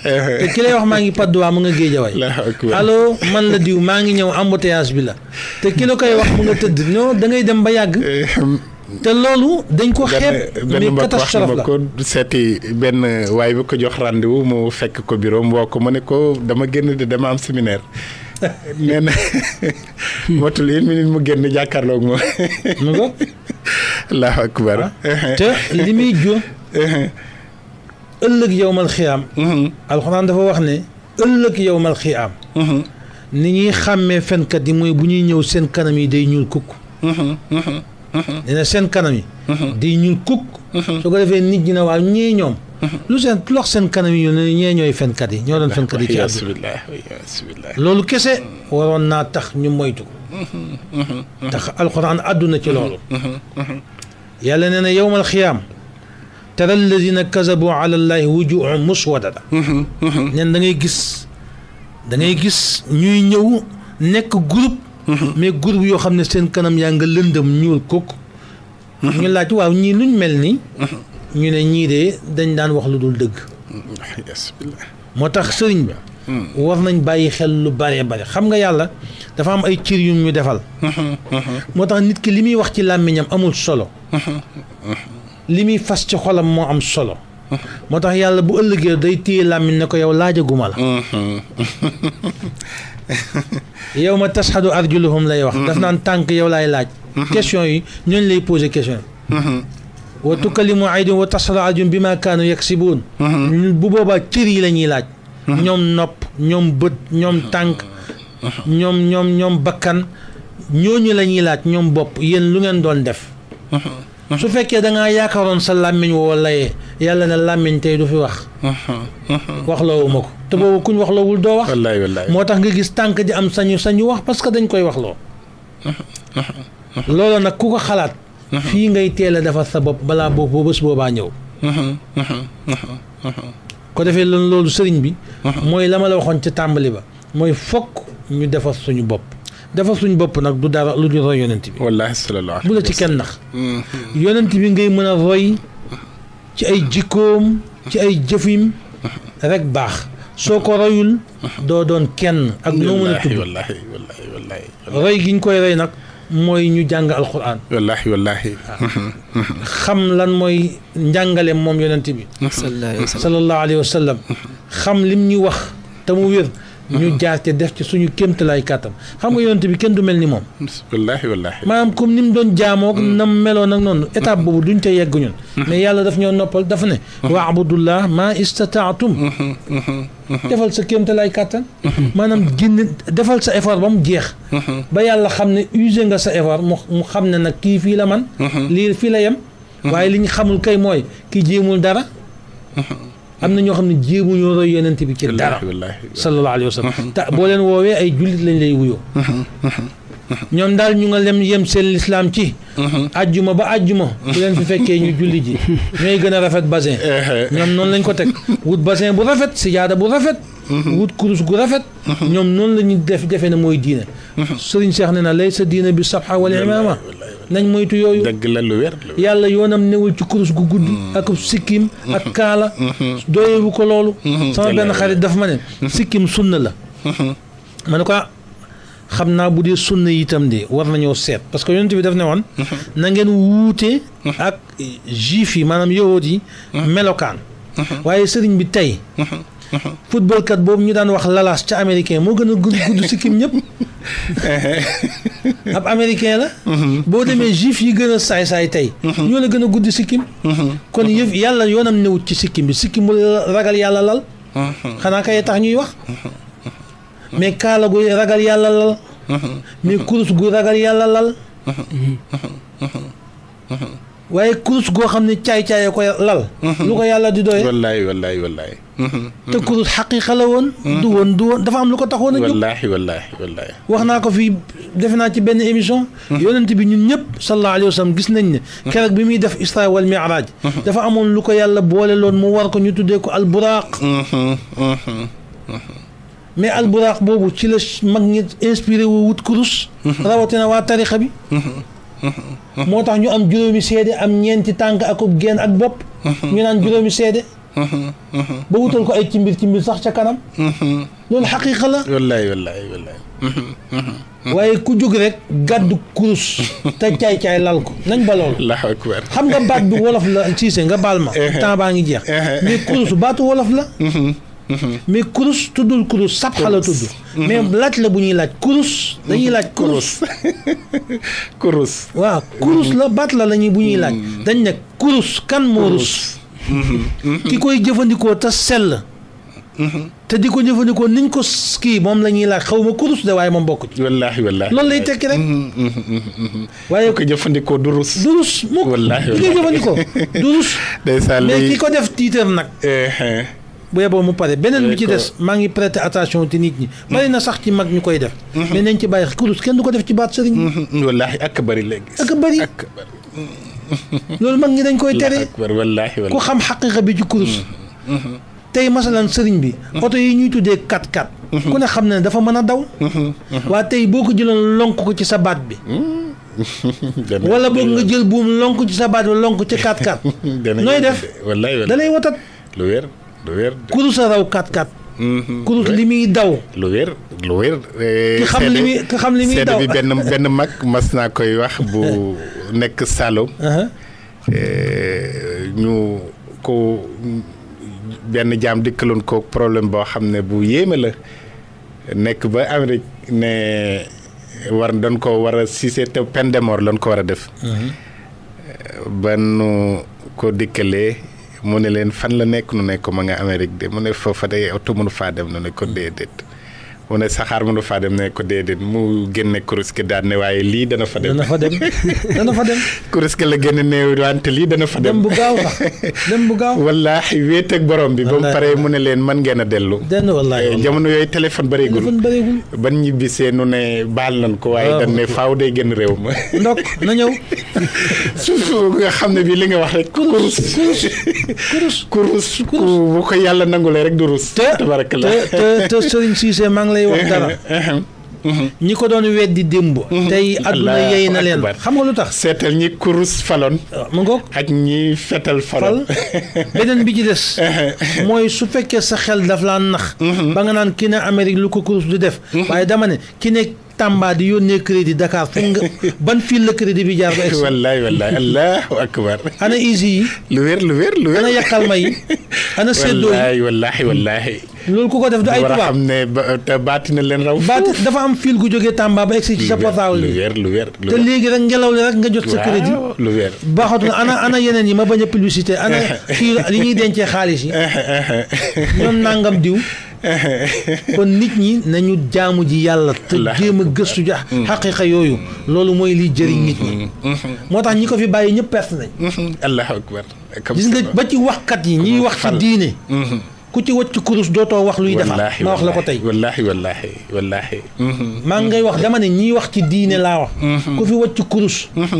G: Eh, eh. te ki lay wax maa ngi Patte d'Oie mu nga Géejawaay allo man la diw maa ngi ñëw embouteillage bi la te ki la koy wax mu nga tëdd non da dem ba yàgg eh, hmm. te loolu dañ ko xeeb mais catastrophe la ko
F: seeti benn waay bi ko jox rendez-vous mu fekk ko bureau woo ko mu ne ko dama génn di dama am séminaire nee na motul une minute mu génn jàkkaarloog moom. mu ko. allahu akbar. Ah. te
G: li muy jur. ëllëg yowmal xiyaam alxuraan dafa wax ne ëllëg yowmal xiyaam ni ñuy xàmmee fenkat di mooy bu ñuy ñëw seen kanam yi day ñuul kukk nee na seen kanam yi day ñuul kukk su ko defee nit ñi ne waaw ñee ñoom lu seen lox seen kanam yi ñu ne ñee ñooy fenkat yi ñoo doon fen fenkat yi ci àdduna loolu kese waroon naa tax ñu moytu tax alxuraan àdduna ci loolu yàlla nee na yowmal xiyaam tara alladina kazabu ala allahi wujuhum muswadada nen da ngay gis da ngay gis ñuy ñëw nekk groupe mais groupe yoo xam ne seen kanam yaa nga lëndëm ñuul kook ñu laaj waaw ñii luñ mel ni ñu ne ñii de dañ daan wax lu dul dëgg moo tax sëriñ bi war nañ bàyyi xel lu bare bare xam nga yàlla dafa am ay cir yu ñu defal moo tax nit ki li muy wax ci làmmiñam amul solo li muy fas ci xolam moo am solo moo tax yàlla bu ëllëgee day téye làmmiñ ne ko yow laajaguma
D: la mm-hmm.
G: yow ma tashhadu arjuluhum lay wax daf mm-hmm. naan tànk yow laay laaj mm-hmm. question yi ñooñu lay posé question yi wa tukallimu aydun wa tashhadu bi ma kaanu yaksibuun bu boobaa cër yi la ñuy laaj ñoom nopp ñoom bët ñoom tànk ñoom ñoom ñoom bakkan ñooñu lañuy laaj ñoom bopp yéen lu ngeen doon def su fekkee da ngaa yaakaaroon sa làmmiñ woo layee yàlla na làmmiñ tey du fi wax. wax loowuma ko. te boobu kuñ wax wul doo wax. wallaay wallaay moo tax nga gis tànk di am sañu sañu wax parce que dañ koy wax loo. loolu nag ku ko xalaat. fii ngay teel a defar sa bopp balaa boobu bés boobaa ñëw. ko defee lan loolu sëriñ bi. mooy la ma la waxoon ca tàmbali ba. mooy fokk ñu defar suñu bopp. dafa suñ bopp nag du dara lu ñu roy yonent bi. wallaahi ci kenn nax.
D: Mm-hmm.
G: yonent bi ngay mën a roy ci ay jikkoom ci ay jëfim mm-hmm. rek baax soo ko royul mm-hmm. doo doon kenn ak noo mën a tudd roy gi ñu koy roy nag mooy ñu jàng alquran. wallaahi xam lan mooy njàngale moom yonent bi. sallallahu alayhi xam lim ñu wax te mu wér. ñu jaar te def ci suñu kéemtalaay kàttan xam nga yonent bi kenn du mel ni moom wallaahi wallaahi maanaam comme ni mu doon jaamoo mm. nam meloon ak noonu étape mm-hmm. boobu duñ ca yegg ñun mm-hmm. mais yàlla daf ñoo noppal dafa ne mm-hmm. waabudullah ma istataatum defal sa kéemtalaay kàttan maanaam génn defal sa effort ba mu jeex ba yàlla xam ne usé nga sa effort mu xam ne nag kii fii la man lii fii la yem waaye liñ xamul kay mooy ki jéemul dara am na ñoo xam ne jéemu ñoo roy yonent bi ci dara sallallahu alayhi wa sallam te boo leen woowee ay jullit lañ lay wuyoo ñoom daal ñu nga lem yem seen lislaam ci ajjuma ba ajjuma bu leen fi fekkee ñu julli ji ñooy gën a rafet basin ñoom noonu lañ ko teg wut basin bu rafet sijaada bu rafet wut kurus gu rafet ñoom noonu la ñu def defee ne mooy diine sëriñ Seex ne na lay sa diine bi sabxa wala imaama nañ moytu yooyu. dëgg la lu wér yàlla yoonam newul ci kurus gu gudd. ak sikkim ak kaala. doyewu ko loolu. sama benn xarit daf ma ne. sikkim sunna la. ma ne ko xam naa bu dee sunna itam de war nañoo seet parce que yonent bi daf ne woon. na ngeen wuute. ak juif yi maanaam yahood yi. melokaan. waaye sëriñ bi tey. football kat boobu ñu daan wax lalaas ca américain moo gëna a gudd gudd sikkim ñëpp ab américain la boo demee juif yi gën a saay-saay tey la gën a gudd sikkim kon yëf yàlla yoonam newut ci sikkim bi sikkim ragal yàlla lal xana kay tax ñuy wax mais kaala gu ragal yàlla lal mais kurus gu ragal yàlla lal waye kurus go xamne ne caay ko lal lu ko yàlla di doye
F: wallahi wallahi wallahi
G: te kurus haqiqa la won du won du woon dafa am lu ko taxone a wallahi
F: wallahi wallahi
G: waxna ko fi defna ci ben émission yonent bi ñun ñep sallallahu alayhi wasallam gis nañ ne keroog bi mi def isra wal mi'raj dafa amon lu ko yàlla boole lon mu war ko ñu tuddé ko al buraq mais al buraq bobu ci la mag ñi inspiré wu wut kurus rawatina wa tarixa bi moo tax ñu am juróomi seede am ñeenti tànk akub geen ak bopp ñu naan juróomi seede ba wutal ko ay cimbir cimbir sax ca kanam loolu xaqiiqa la wallaay wallaay wallaay waaye ku jóg rek gàddu kurus te caay-caay lal ko nañ ba loolu allahu akbar xam nga baat bi wolof la siise nga baal ma eh, eh. temps baa ngi jeex mais kurus baatu wolof la Mhm. mais kurus tuddul kurus sabxa la tudd. Mhm. mais laaj la bu ñuy laaj kurus. dañuy laaj kurus. kurus. waaw kurus mhm. la baat la la bu ñuy laaj. dañ ne kurus kan moo rus. ki koy jëfandikoo te sell. te di ko jëfandikoo niñ ko kii moom la ñuy laaj xaw ma kurus de waaye moom bokk ci. wallaahi wallaahi lay tekki rek. waaye ko jëfandikoo du mukk wallaahi koy jëfandikoo du rus. ki ko def tiitër nag. Eh, eh. bu yeboo mu pare beneen bi ci des maa ngi prêter attention ci nit ñi bari na sax ci mag ñu koy def mhm. mais nañ ci bàyyi kurus kenn du ko def ci baat sëriñ mhm. ak bari léegi ak bari loolu mag ñi dañ koy tere ku xam xaqiqa bi ci kurus mhm. tey masalan sëriñ bi oto yi ñuy tuddee 4x4 ku ne xam ne dafa mën a daw waa tey boo ko jëlee lonk ko ci sa baat bi wala boog nga jël buum lonk ci sa baat bi lonk ci 4 kaat 4 nooy def da lay watat lu wér lu sa raw 4-4. ku dul li muy daw.
F: lu wér lu wér. ki xam li muy daw seede benn mag mas naa koy wax bu nekk Saloum. Eh, ñu ko benn jaam dikkaloon ko problème boo xam ne bu yéeme la nekk ba Amérique ne war doon ko war a si te peine de mort lañ ko war a def. Mhm. ba nu ko dikkalee. mu ne leen fan la nekk nu ne ko ma nga Amérique de mu ne foofa day oto mënu faa dem nu ne ko mm. déedéet mu ne saxaar mënu faa dem ne ko déedéet mu génne kurus gi daal ne waaye lii dana fa dem. dana fa dem
G: fa dem.
F: kurus gi la génne ne wante lii dana fa dem. dem bu gaaw bu gaaw. wallaahi wéet ak borom bi. ba mu paree mu ne leen man ngeen a dellu. denn eh, jamono yooyu téléphone bëreegul. téléphone bëreegul. ban ñibbisee nu ne baal nañ ko. waaye ah, dañ ne faaw day génn réew ma. ndok na ñëw. suuf nga xam ne bii li nga wax rek. kurus kurus kurus. bu ko yàlla nangulee rek du rus. te te te Serigne Cissé maa ngi lay wax
G: ñi ko doon weddi démb. tey adduna yey na leen xam nga lu tax. seetal ñi kurus faloon. Ah, mu ngoog ak ñi fetal faloon. beneen bi ci des. mooy su fekkee sa xel daf laa nax. Mhm. ba nga naan ki ne Amérique lu ko kurus du def. Mhm. waaye dama ne ki ne. Tamba di yónnee crédit Dakar fu nga ban fil la crédit bi jaar ba. ex wallaay wallaay allahu
F: akbar. ana
G: isi yi. lu wér lu wér lu wér. ana yàqal ma yi. ana séddoo yi
F: wallaay wallaay loolu ku ko def du ay tubaab war a xam ne ba baati na
G: leen raw. baati dafa am fil gu jógee Tamba ba egg si sa portable. lu wér lu wér te léegi rek ngelaw li rek nga jot sa crédit.
F: lu wér na ana
G: ana yeneen yi ma bañ a publicité ana fii li ñuy dencee xaalis yi. ñoom nangam diw. kon nit ñi nañu jaamu ji yàlla te jéem a gëstu ji mm. xaqiqa yooyu loolu mooy lii jëriñ nit ñi mm-hmm. Mm-hmm. moo tax ñi ko fi bàyyi ñëpp perte nañ mm-hmm. allahu gis nga ba ci waxkat yi ñuy wax ci diine ku ci wacc kurus dootoo wax luy defar ma wax la ko tey
F: wallaahi wallaahi wallaahi
G: maa ngay wax dama ne ñiy wax ci diine laa wax ku fi wacc kurus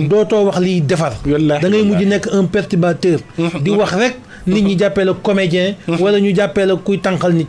G: dootoo wax liy defar da ngay mujj nekk un perturbateur di wax rek nit ñi jàppee la comédien wala ñu jàppee la kuy tànqal nit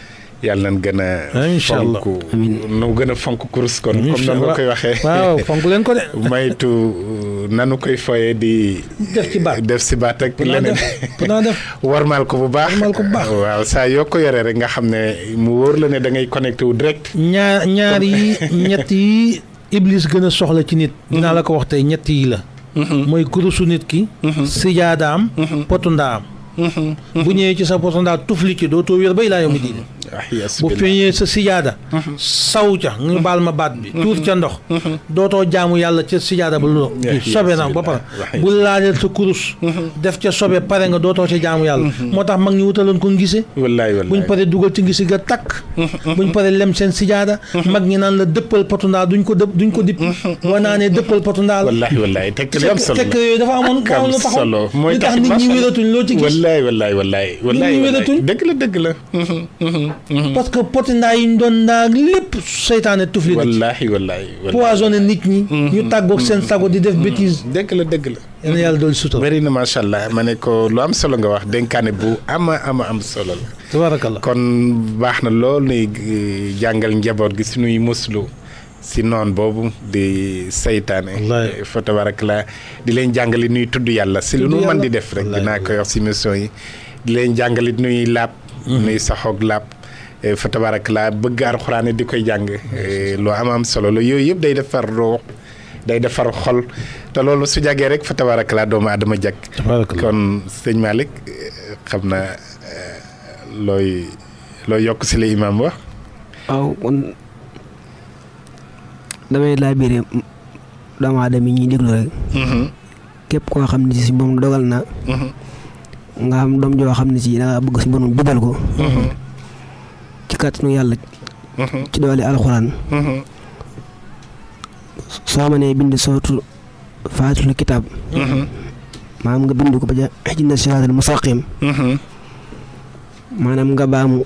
F: yàlla nañ gën a. incha allah fonk nu gën a fonk kurus ko comme nan nga koy waxee. waaw fonk leen ko de. maytu euh, nanu koy foyee di. def ci baat def si baat ak leneen. warmaal ko bu baax. warmaal ko bu baax waaw saa yoo ko yoree rek nga xam ne mu wóor la ne da ngay connecté wu direct.
G: ñaar ñaar yi ñett yi iblis gën a soxla ci nit. dinaa la ko wax tey ñett yi la. Mhm. mooy kurusu nit ki. Mhm. sijaadaam. Mhm. potu ndaam. bu ñëwee ci sa potu ndaa tufli ci dootoo wér bay laa yomi diine. bu feeñee sa sijaada uh-huh. saw ca nga uh-huh. baal ma baat bi uh-huh. tuur ca ndox dootoo jaamu yàlla ca sijaada ba lu sobe na ba pare bu laajal sa kurus def ca sobe pare nga dootoo ca jaamu yàlla moo tax mag ñu wutaloon ko ngise buñ pare dugal ci ngise ga takk buñ pare lem seen ñi naan la dëppal potu ndaa duñ ko dëpp duñ ko dip wa naa ne dëppal potu ndaa la
F: tekk yooyu dafa amoon amoon solo mooy tax nit ñi wératuñ loo ci gis wallaay wallaay wallaay wallaay
G: dëgg Mhm. parce que potindaa yi ñu doon naa lépp seytaane tufli na ci. wallaahi wallaahi poisonné nit mhm. seen sago di def mhm. bêtise.
F: dëgg la dëgg la. yéen yàlla dool sutura. bëri na allah ma ne ko lu am solo nga wax dénkaane bu ama ama am solo la. kon baax na lool nuy e, jàngal njaboot gi nuy muslu. si noon boobu di saytaane e, fa tabarakallah di leen jàngali nuy tudd yàlla si lu nu mën di def rek dinaa koy wax si mission yi di leen jàngalit nuy laab nuy saxoog laab Eh, fa laa bëgg alxuraan di koy jàng eh, lu am am solo la yooyu yëpp day defar ruux day defar xol te loolu su jàggee rek fa tabarak laa doomu aadama jag kon sëñ Malick eh, xam na looy looy yokk si la imaam wax waaw
H: damay laa biire doomu aadama yi ñuy déglu rek mm-hmm. képp koo xam ne si moom dogal na mm-hmm. nga xam doom joo xam ne si da bëgg si borom bidal ko mm-hmm. ci kàttanu yàlla. ci doole alxuraan. soo mënee bind sootu faatilu kitaab. maanaam nga bind ko ba ja xijina siraatal mustaqim. maanaam nga baamu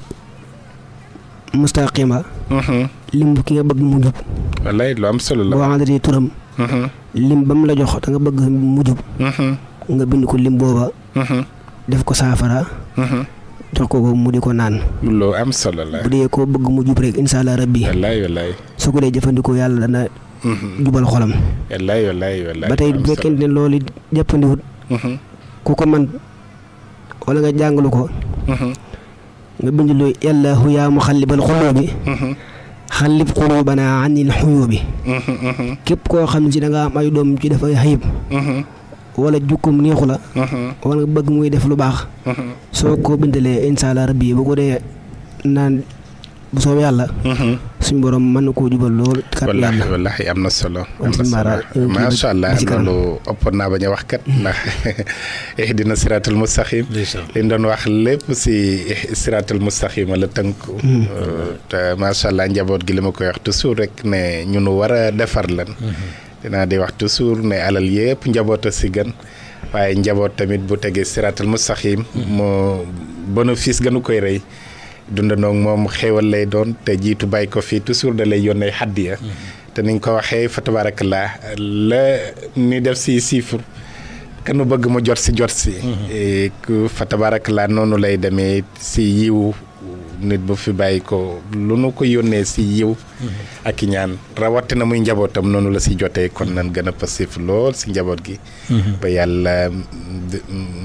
H: mustaqima. lim ki nga bëgg mu jub. wallaay lu am turam. lim ba mu la jox da bëgg mu jub. nga bind ko lim booba. def ko saafara. jox ko ko mu di ko naan. loo am la. bu dee ko bëgg mu jub rek incha allah rabbi. wallaay wallaay. su ko dee jëfandikoo yàlla dana. Mhm. jubal xolam.
F: wallaay wallaay wallaay. ba tey bu fekkente
H: ne loolu jàppandiwut. Mhm. ku ko man wala nga jàngalu ko. Mhm. nga bind lu yàllaahu yaa muxallibal xuluubi. xallib xuluubanaa anil xuyuubi. képp koo xam ne si da nga am ay doom ci dafay xayib. wala jukkum neexu la. Mm-hmm. wala bëgg muy def lu baax.
D: Mm-hmm. soo
H: ko bindalee incha allah rabbi bu ko dee naan bu soobee yàlla. Mm-hmm. suñ borom mën na koo jubal lool. kat yàlla
F: wallaahi am na solo. macha allah loolu ëpp naa bañ wax kat. ndax ihdina siraatal mustaqim. li ñu doon wax lépp si siraatal mustaqim la tënku. Mm. Euh, te macha allah njaboot gi li ma koy wax toujours rek ne ñu war a defar la naa di wax toujours ne alal yëpp njaboot a si gën waaye njaboot tamit bu tegee siratal mustaqim moo bénéfice gënu koy rëy dundandoo moom xéewal lay doon te jiitu bàyyi ko fii toujours da lay yónnee xaddiya te ni nga ko waxee fa tabarakallah la ni def si chiffre kanu bëgg mu jot si jot si. Mm-hmm. fa tabarakallah noonu lay demee si yiwu nit bu fi bàyyi ko lu nu ko yónnee si yiw ak i ñaan rawatina muy njabootam noonu la si jotee kon nan gëna a passif lool si njaboot gi mhm. ba yàlla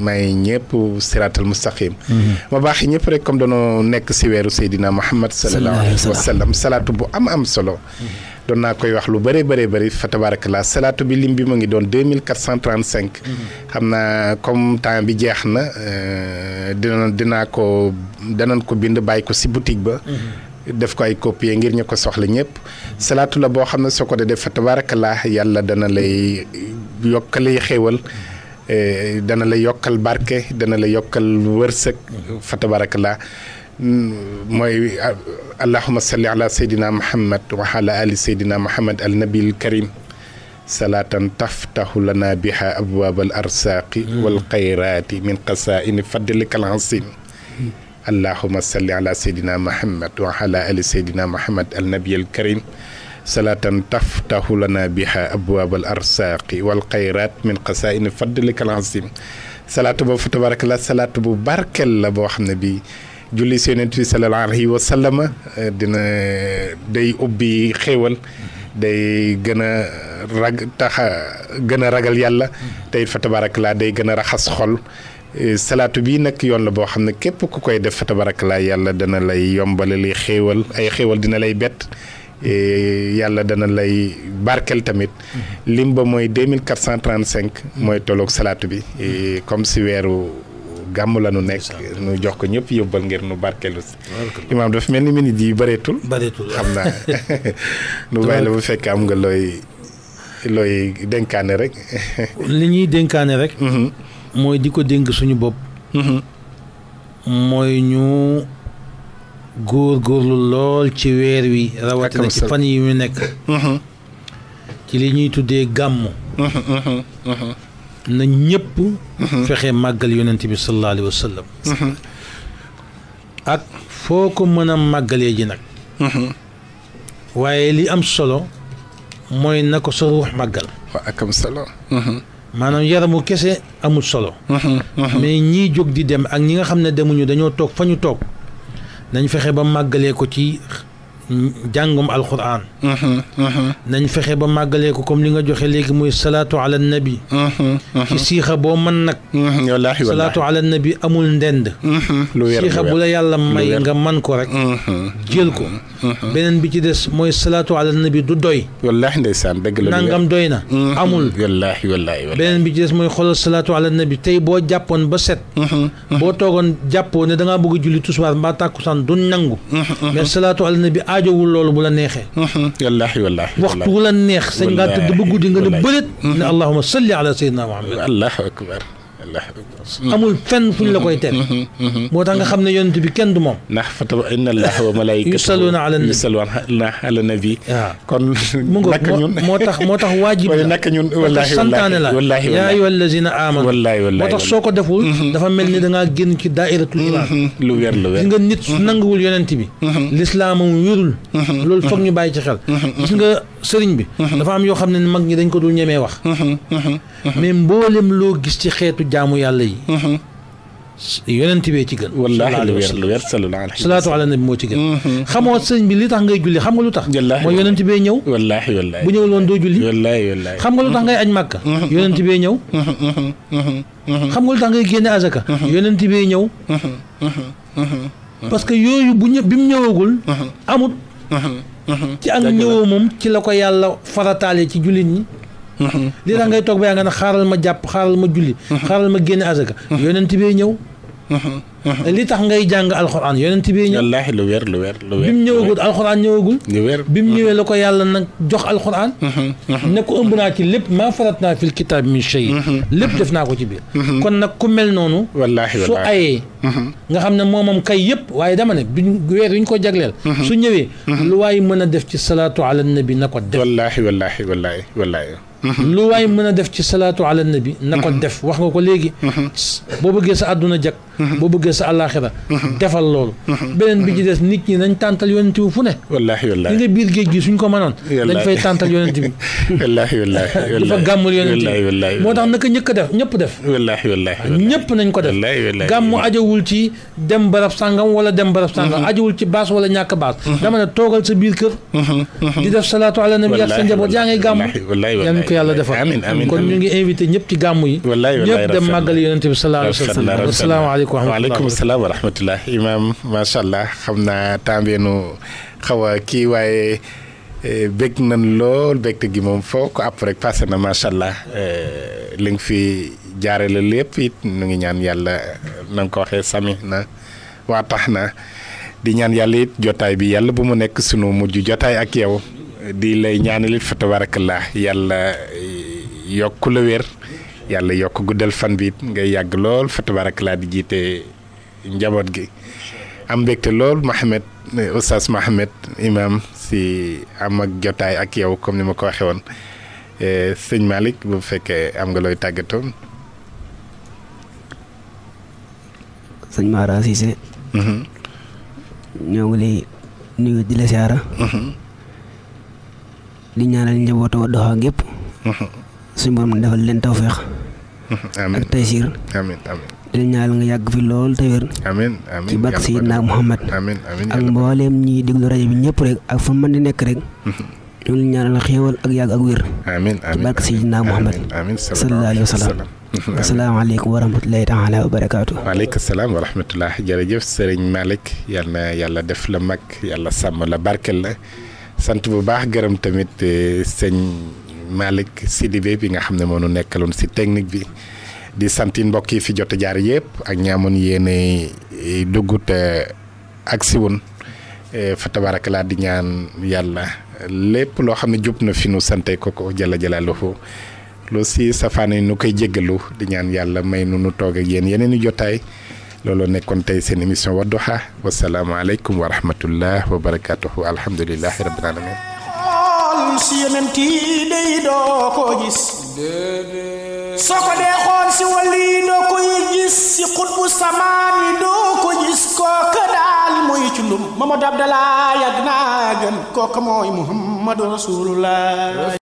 F: may ñëpp siraatal mustaqim mhm. ma baax ñëpp rek comme dañoo nekk si weeru Seydina Muhammad sallallahu alayhi wa sallam salaatu bu am am solo mhm. doon naa koy wax lu bëree bëree bëri fa tabarakallah salaatu bi lim bi mu ngi doon deux mille quatre cent trente xam naa comme temps bi jeex na euh, dina dinaa ko danañ ko bind bàyyi ko si boutique ba. def ko ay copier ngir ñu ko soxla ñëpp salaatu la boo xam ne soo ko def fa tabarakallah yàlla dana lay yokkali xéewal euh, dana la yokkal barke dana la yokkal wërsëg fa اللهم صل على سيدنا محمد وعلى ال سيدنا محمد النبي الكريم صلاة تفتح لنا بها ابواب الارزاق والخيرات من قسائم فضلك العظيم اللهم صل على سيدنا محمد وعلى ال سيدنا محمد النبي الكريم صلاة تفتح لنا بها ابواب الارزاق والخيرات من قسائم فضلك العظيم صلاة بو تبارك الله صلاة بو بارك الله بو julli seenent bi sallallahu alayhi wa sallam dina day ubbi xéewal day gën a rag tax gën a ragal yàlla tey fa tabarakalaa day gën a raxas xol e, salaatu bi nag yoon la boo xam ne képp ku koy def fa tabarakalaa yàlla dana lay yombalali xéewal ay xéewal dina lay bett e, yàlla dana lay barkel tamit mm-hmm. lim ba mooy 2435 mooy tolloog salaatu bi e, comme si weeru gàmm la nu nekk nu jox ko ñëpp yóbbal ngir nu barkelu si imaam dafa mel ni minit yi bareetul bareetul xam naa nu bàyyi la bu fekk am nga looy looy dénkaane rek
G: li ñuy dénkaane rek mhm. mooy di ko dénk suñu bopp mhm. mooy ñu góor góorlu lool ci weer wi rawatina ci fan yi ñu nekk mhm. ci li ñuy tuddee gàmm na ñëpp fexe màggal yonent bi sallallahu alayhi wa sallam ak foo ko mën a màggalee ji nag waaye li am solo mooy na ko sa ruux màggal wa ak am solo maanaam yaramu kese amul solo mais ñii jóg di dem ak ñi nga xam ne demuñu dañoo toog fa ñu toog nañ fexe ba màggalee ko ci jàngum alquran nañ fexe ba màggalee ko comme li nga joxe léegi muy salaatu ala nabi ci siixa boo mën nag salaatu ala nabi amul ndend siixa bu la yàlla may nga man ko rek jël ko beneen bi ci des mooy salaatu ala nabi du doy wallaahi ndeysaan dëgg la nangam doy na amul wallaahi wallaahi beneen bi ci des mooy xoolal salaatu ala nabi tey boo jàppoon ba set boo toogoon jàppoo da ngaa bëgg julli tusbaar mbaa tàkkusaan du nangu mais salaatu ala nabi aajowul loolu bu la neexee. wallaahi wallaahi. waxtu wu la neex sañ ngaa tëdd ba guddi nga ne bërit. ne allahuma salli ala sayyidina muhammad
F: allahu akbar
G: amul fenn fuñ la koy tere moo tax nga xam ne yonent bi kenn du moom ndax fataba inna allaha wa malaikatahu yusalluna ala nabi yusalluna ala nabi kon nak ñun moo tax moo tax waajib la nak ñun wallahi wallahi wallahi ya ayu allazina amanu wallahi wallahi moo tax soo ko deful dafa mel ni da ngaa génn ci dairatul iman lu wér lu wér nga nit su nanguwul yonent bi lislaamam wirul loolu foog ñu bàyyi ci xel gis nga sëriñ bi. dafa am yoo xam ne mag ñi dañ ko dul ñemee wax. mais mboolem loo gis ci xeetu jaamu yàlla yi. yonent bee ci gën. wallaahi weer salaatu ala nabi moo ci gën. xamoo sëñ bi li tax ngay julli xam nga lu tax. wallaahi mooy yonent bee ñëw. wallaahi wallaahi bu ñëwul woon doo julli. wallaahi wallaahi xam nga lu tax ngay aj màkka. yonent bee ñëw. xam nga lu tax ngay génne azaka. yonent bee ñëw. parce que yooyu bu ñë bi mu ñëwagul. amut. Mhm. ci ak ñëwoo moom ci la ko yàlla farataale ci jullit ñi mhm. li tax ngay toog ba yaa nga xaaral ma jàpp xaaral ma jullit mhm. xaaral ma génne asaka yonent bee ñëw li tax ngay jàng alxuraan yonent bi. wallaahi lu wér lu wér lu wér. bi mu ñëwagul alxuraan ñëwagul. lu wér bi mu ñëwee la ko yàlla nag jox alxuraan. ne ko ëmb naa ci lépp maa farat naa fil kitaab min shay. lépp def naa ko ci biir. kon nag ku mel noonu. wallaahi su ayee. nga xam ne moomam kay yëpp waaye dama ne biñ weer yu ñu ko jagleel. su ñëwee. lu waay mën a def ci salaatu ala nabi na ko def. wallaahi wallaahi wallaahi wallaahi. lu waay mën a def ci salaatu ala nabi na ko def wax nga ko léegi boo bëggee sa àdduna jag boo bëggee sa àllaaxira defal loolu beneen bi ci des nit ñi nañ tàntal yonent bi fu ne wallaahi wallaahi li nga biir géej gi suñ ko manoon dañ fay tàntal yonent bi wallaahi wallaahi di fa gàmmul tax naka ñëkk def ñëpp def wallaahi wallaahi ñëpp nañ ko def gàmmu ajawul ci dem barab sàngam wala dem barab sàngam mm-hmm. ajawul ci baas wala ñàkk baas mm-hmm. dama ne toogal sa biir kër mm-hmm. di def salaatu ala nabi ak sa njaboot yaa ngay gàmmu ko yàlla defal amiin amiin kon ñu ngi invité ñëpp ci gàmm yi ñëpp dem màggal yonent bi sallallahu alayhi wa sallam asalaamaaleykum waaleykum
F: salaam wa rahmatullah imaam macha allah xam naa tàmbeenu xaw a kii waaye eh, bég nañ lool bégte gi moom foo ko àpp rek passé na macha allah eh, li nga fi jaare la lépp it nu ngi ñaan yàlla na nga ko waxee sami na waa tax na di ñaan yàlla it jotaay bi yàlla bu mu nekk sunu mujj jotaay ak yow di lay ñaanalit fa tabarakallah yàlla eh, yokk la wér yàlla yokk guddal fan bi nga yàgg lool fa laa di jiite njaboot gi am mbégte lool Mohamed eh, Oustaz Mohamed imam si am ak jotaay ak yow comme ni ma ko waxee woon eh, sëñ Malick bu fekkee am nga looy
H: tàggatoo. sëñ di ñaanal njabootu Wadduha gépp mhm. suñu borom defal leen tawféex
F: mhm. ak taysiir
H: di ñaanal nga yàgg fi lool te wér amiin amiin ci bàkk Muhammad ak mbooleem ñiy déglu rajo bi ñëpp rek ak fu mën di nekk rek ñu mhm. ngi ñaanal xéewal ak yàgg ak wér amiin amiin ci bàkk Seydina Muhammad sallallahu alayhi wa sallam asalaamaaleykum wa rahmatulahi
F: salaam wa rahmatulah jërëjëf sëriñ Malick yal yàlla def la mag yàlla sàmm la la. sant bu baax gërëm tamit eh, sëñ di Sidibé bi nga xam ne moom moonu nekkaloon si technique bi di santi mbokk yi fi jot jaar yëpp ak ñaamoon yéene eh, dugg te ak siwun eh, fa tabarakalaa di ñaan yàlla lépp loo xam ne jub na fi nu sante ko ko jala jalaaluhu lu si yi nu koy jéggalu di ñaan yàlla may nu nu toog ak yéen yeneen i jotaay looloo nekkoon tey seen émission Wadduha wasalaamaaleykum wa rahmatullah wa barakaatuhu alhamdulilahi rabbil alamin
E: xool si yonent yi doo ko gis soo ko dee xool si wàlli doo koy gis si xutbu samaan yi doo ko gis kooka daal mooy cundum Mamadou Abdallah yàgg naa gën kooka mooy Muhammadu Rasulullah